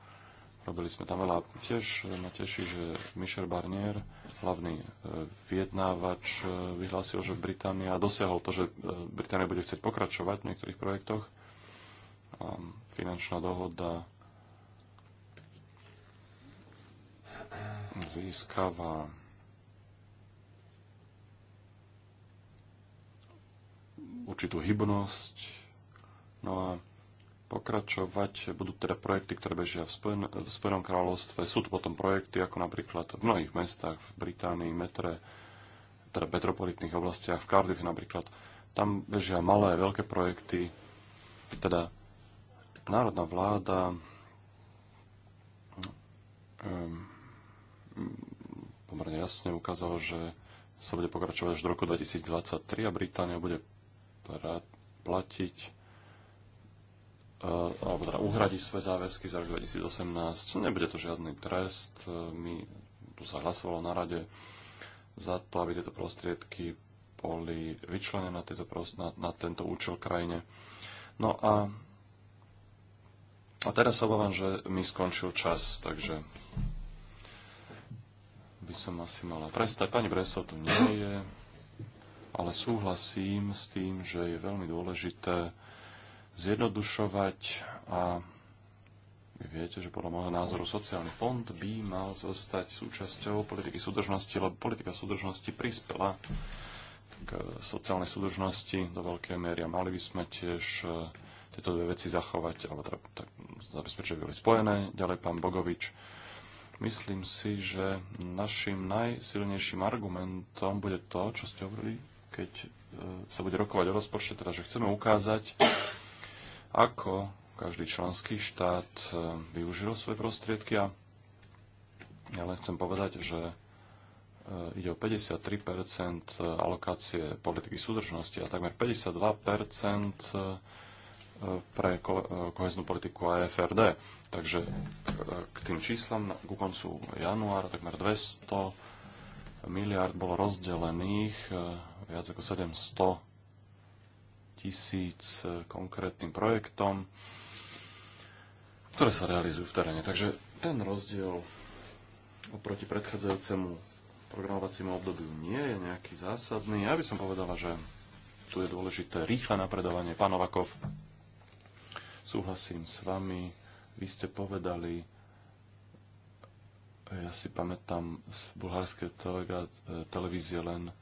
Speaker 5: robili sme tam veľa. Tiež ma teší, že Michel Barnier, hlavný e, vyjednávač, e, vyhlásil, že Británia dosiahol to, že e, Británia bude chcieť pokračovať v niektorých projektoch. Finančná dohoda získava určitú hybnosť No a pokračovať budú teda projekty, ktoré bežia v, Spojen- v Spojenom kráľovstve. Sú tu potom projekty ako napríklad v mnohých mestách v Británii, metre, teda metropolitných oblastiach, v Cardiff napríklad. Tam bežia malé, veľké projekty, teda národná vláda um, pomerne jasne ukázala, že sa bude pokračovať až do roku 2023 a Británia bude platiť E, alebo teda uhradí svoje záväzky za rok 2018. Nebude to žiadny trest. E, my, tu sa hlasovalo na rade za to, aby tieto prostriedky boli vyčlenené na, tieto, na, na tento účel krajine. No a, a teraz sa obávam, že mi skončil čas, takže by som asi mala prestať. Pani Bresov tu nie je, ale súhlasím s tým, že je veľmi dôležité zjednodušovať a vy viete, že podľa môjho názoru sociálny fond by mal zostať súčasťou politiky súdržnosti, lebo politika súdržnosti prispela k sociálnej súdržnosti do veľkej miery a mali by sme tiež e, tieto dve veci zachovať, alebo tak, teda, tak zabezpečiť, boli spojené. Ďalej pán Bogovič. Myslím si, že našim najsilnejším argumentom bude to, čo ste hovorili, keď e, sa bude rokovať o rozpočte, teda že chceme ukázať, ako každý členský štát eh, využil svoje prostriedky a ja len chcem povedať, že eh, ide o 53% eh, alokácie politiky súdržnosti a takmer 52% pre koheznú politiku a e FRD. Takže k tým číslam ku koncu januára takmer 200 miliard bolo rozdelených, viac ako 700 tisíc e, konkrétnym projektom, ktoré sa realizujú v teréne. Takže ten rozdiel oproti predchádzajúcemu programovaciemu obdobiu nie je nejaký zásadný. Ja by som povedala, že tu je dôležité rýchle napredovanie. Pán Novakov, súhlasím s vami. Vy ste povedali, ja si pamätám z bulharskej e, televízie len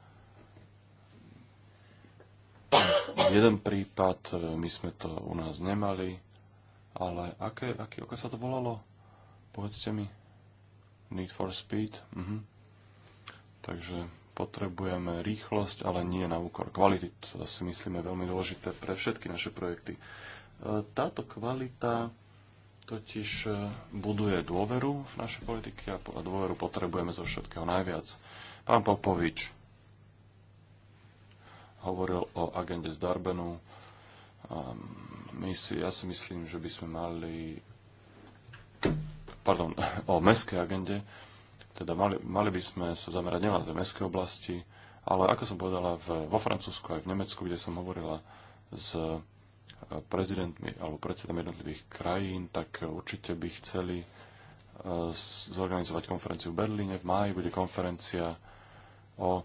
Speaker 5: jeden prípad, e, my sme to u nás nemali, ale aké, aké, ako sa to volalo? Povedzte mi. Need for speed. Mhm. Takže potrebujeme rýchlosť, ale nie na úkor kvality. To si myslíme veľmi dôležité pre všetky naše projekty. E, táto kvalita totiž e, buduje dôveru v našej politiky a dôveru potrebujeme zo všetkého najviac. Pán Popovič, hovoril o agende z Darbenu. Ehm, my si, ja si myslím, že by sme mali pardon, o meskej agende, teda mali, mali by sme sa zamerať nielen na mestské oblasti, ale ako som povedala v, vo Francúzsku aj v Nemecku, kde som hovorila s e, prezidentmi alebo predsedami jednotlivých krajín, tak určite by chceli e, zorganizovať konferenciu v Berlíne. V máji bude konferencia o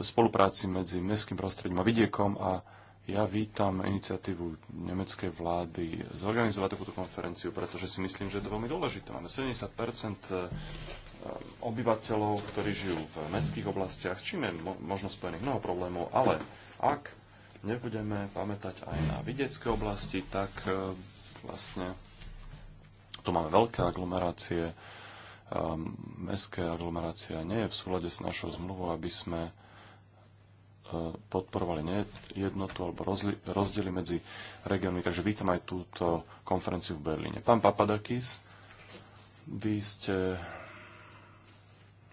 Speaker 5: spolupráci medzi mestským prostredím a vidiekom a ja vítam iniciatívu nemeckej vlády zorganizovať takúto konferenciu, pretože si myslím, že je to veľmi dôležité. Máme 70 e, obyvateľov, ktorí žijú v mestských oblastiach, s čím je možno spojených mnoho problémov, ale ak nebudeme pamätať aj na vidiecké oblasti, tak e, vlastne tu máme veľké aglomerácie, e, mestská aglomerácia nie je v súlade s našou zmluvou, aby sme E, podporovali jednotu alebo rozdiely medzi regiónmi. Takže vítam aj túto konferenciu v Berlíne. Pán Papadakis, vy ste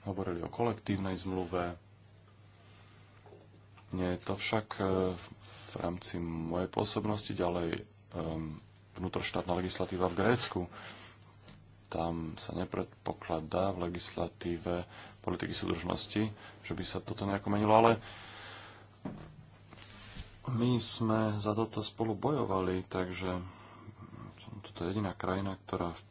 Speaker 5: hovorili o kolektívnej zmluve. Nie je to však e, v rámci mojej pôsobnosti ďalej e, vnútroštátna legislatíva v Grécku. Tam sa nepredpokladá v legislatíve politiky súdržnosti, že by sa toto nejako menilo, ale my sme za toto spolu bojovali, takže toto je jediná krajina, ktorá v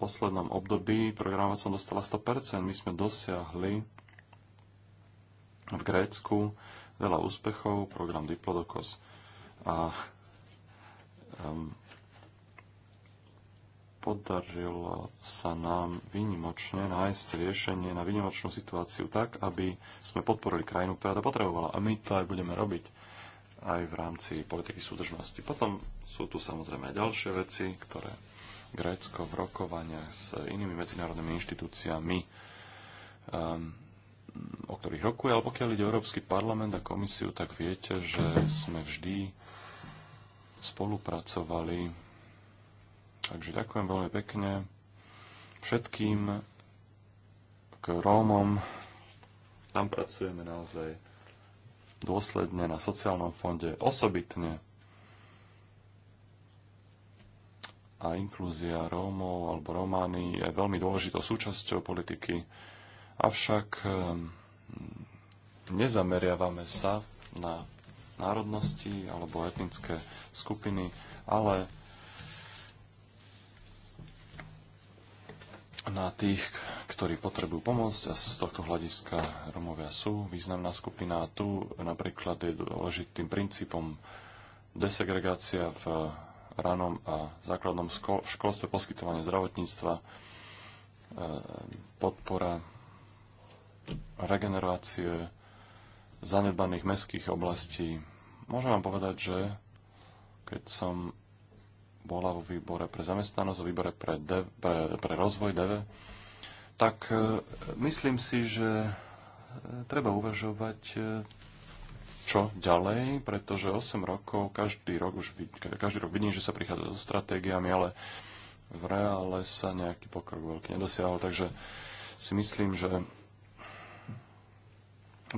Speaker 5: poslednom období programovacom dostala 100%. My sme dosiahli v Grécku veľa úspechov, program Diplodocus. A um, podarilo sa nám výnimočne nájsť riešenie na výnimočnú situáciu tak, aby sme podporili krajinu, ktorá to potrebovala. A my to aj budeme robiť aj v rámci politiky súdržnosti. Potom sú tu samozrejme aj ďalšie veci, ktoré Grécko v rokovaniach s inými medzinárodnými inštitúciami, um, o ktorých rokuje, ale pokiaľ ide o Európsky parlament a komisiu, tak viete, že sme vždy spolupracovali Takže ďakujem veľmi pekne všetkým k Rómom. Tam pracujeme naozaj dôsledne na sociálnom fonde, osobitne. A inklúzia Rómov alebo Romány je veľmi dôležitou súčasťou politiky. Avšak ehm, nezameriavame sa na národnosti alebo etnické skupiny, ale na tých, ktorí potrebujú pomôcť a z tohto hľadiska Romovia sú významná skupina. A tu napríklad je dôležitým princípom desegregácia v ranom a základnom školstve, poskytovanie zdravotníctva, e, podpora regenerácie zanedbaných mestských oblastí. Môžem vám povedať, že keď som bola vo výbore pre zamestnanosť, vo výbore pre, dev, pre, pre rozvoj DV, tak e, myslím si, že e, treba uvažovať e, čo ďalej, pretože 8 rokov, každý rok, už, každý rok vidím, že sa prichádza so stratégiami, ale v reále sa nejaký pokrok veľký nedosiahol, takže si myslím, že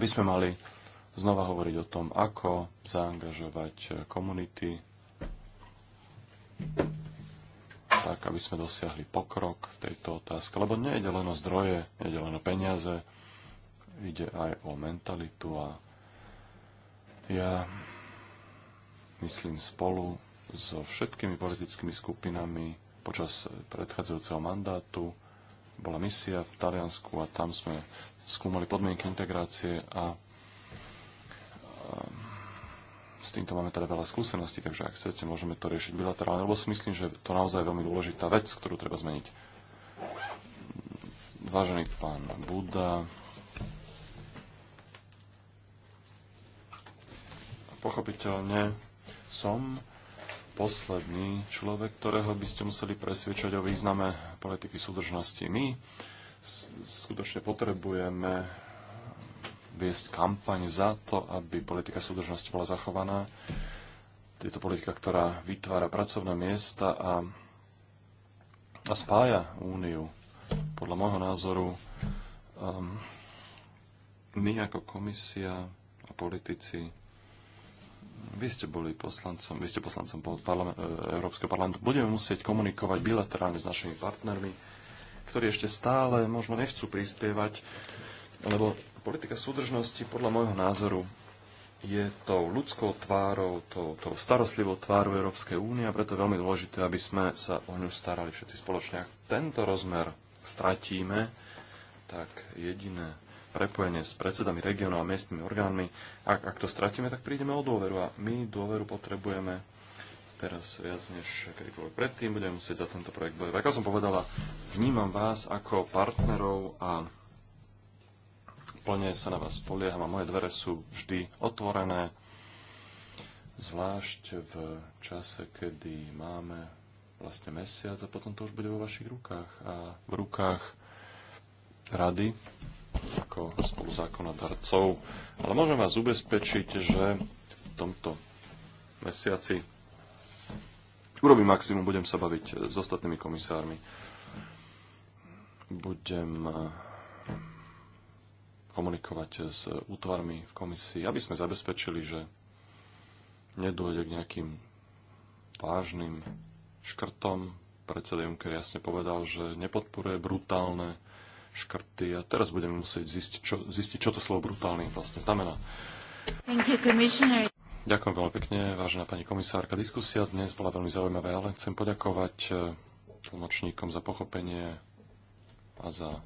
Speaker 5: by sme mali znova hovoriť o tom, ako zaangažovať komunity tak aby sme dosiahli pokrok v tejto otázke. Lebo nejde len o zdroje, je len o peniaze, ide aj o mentalitu a ja myslím spolu so všetkými politickými skupinami počas predchádzajúceho mandátu bola misia v Taliansku a tam sme skúmali podmienky integrácie a, a s týmto máme teda veľa skúseností, takže ak chcete, môžeme to riešiť bilaterálne, lebo si myslím, že to naozaj je veľmi dôležitá vec, ktorú treba zmeniť. Vážený pán Buda, pochopiteľne som posledný človek, ktorého by ste museli presviečať o význame politiky súdržnosti. My skutočne potrebujeme viesť kampaň za to, aby politika súdržnosti bola zachovaná. Je to politika, ktorá vytvára pracovné miesta a, a spája úniu. Podľa môjho názoru um, my ako komisia a politici vy ste boli poslancom, vy ste poslancom parlament, e, Európskeho parlamentu. Budeme musieť komunikovať bilaterálne s našimi partnermi, ktorí ešte stále možno nechcú prispievať, lebo politika súdržnosti podľa môjho názoru je tou ľudskou tvárou, tou, tou starostlivou tvárou Európskej únie a preto je veľmi dôležité, aby sme sa o ňu starali všetci spoločne. Ak tento rozmer stratíme, tak jediné prepojenie s predsedami regionov a miestnymi orgánmi, ak, ak to stratíme, tak prídeme o dôveru a my dôveru potrebujeme teraz viac než kedykoľvek predtým, budeme musieť za tento projekt bojovať. Ako som povedala, vnímam vás ako partnerov a plne sa na vás spolieham a moje dvere sú vždy otvorené, zvlášť v čase, kedy máme vlastne mesiac a potom to už bude vo vašich rukách a v rukách rady ako spoluzákonodarcov. Ale môžem vás ubezpečiť, že v tomto mesiaci urobím maximum, budem sa baviť s ostatnými komisármi. Budem komunikovať s útvarmi v komisii, aby sme zabezpečili, že nedôjde k nejakým vážnym škrtom. Predseda Juncker jasne povedal, že nepodporuje brutálne škrty a teraz budeme musieť zistiť, čo, zistiť, čo to slovo brutálny vlastne znamená. Thank you, Ďakujem veľmi pekne, vážená pani komisárka. Diskusia dnes bola veľmi zaujímavá, ale chcem poďakovať eh, tlmočníkom za pochopenie a za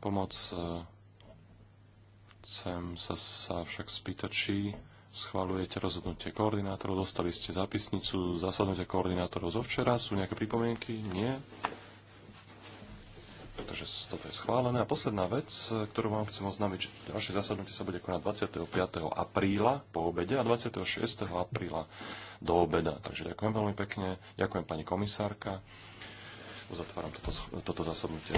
Speaker 5: pomoc. Eh, Chcem sa, sa však spýtať, či schvalujete rozhodnutie koordinátorov. Dostali ste zapisnicu zasadnutia koordinátorov zo včera. Sú nejaké pripomienky? Nie. Pretože toto je schválené. A posledná vec, ktorú vám chcem oznámiť, že ďalšie zasadnutie sa bude konať 25. apríla po obede a 26. apríla do obeda. Takže ďakujem veľmi pekne. Ďakujem pani komisárka uzatváram toto, toto zasadnutie.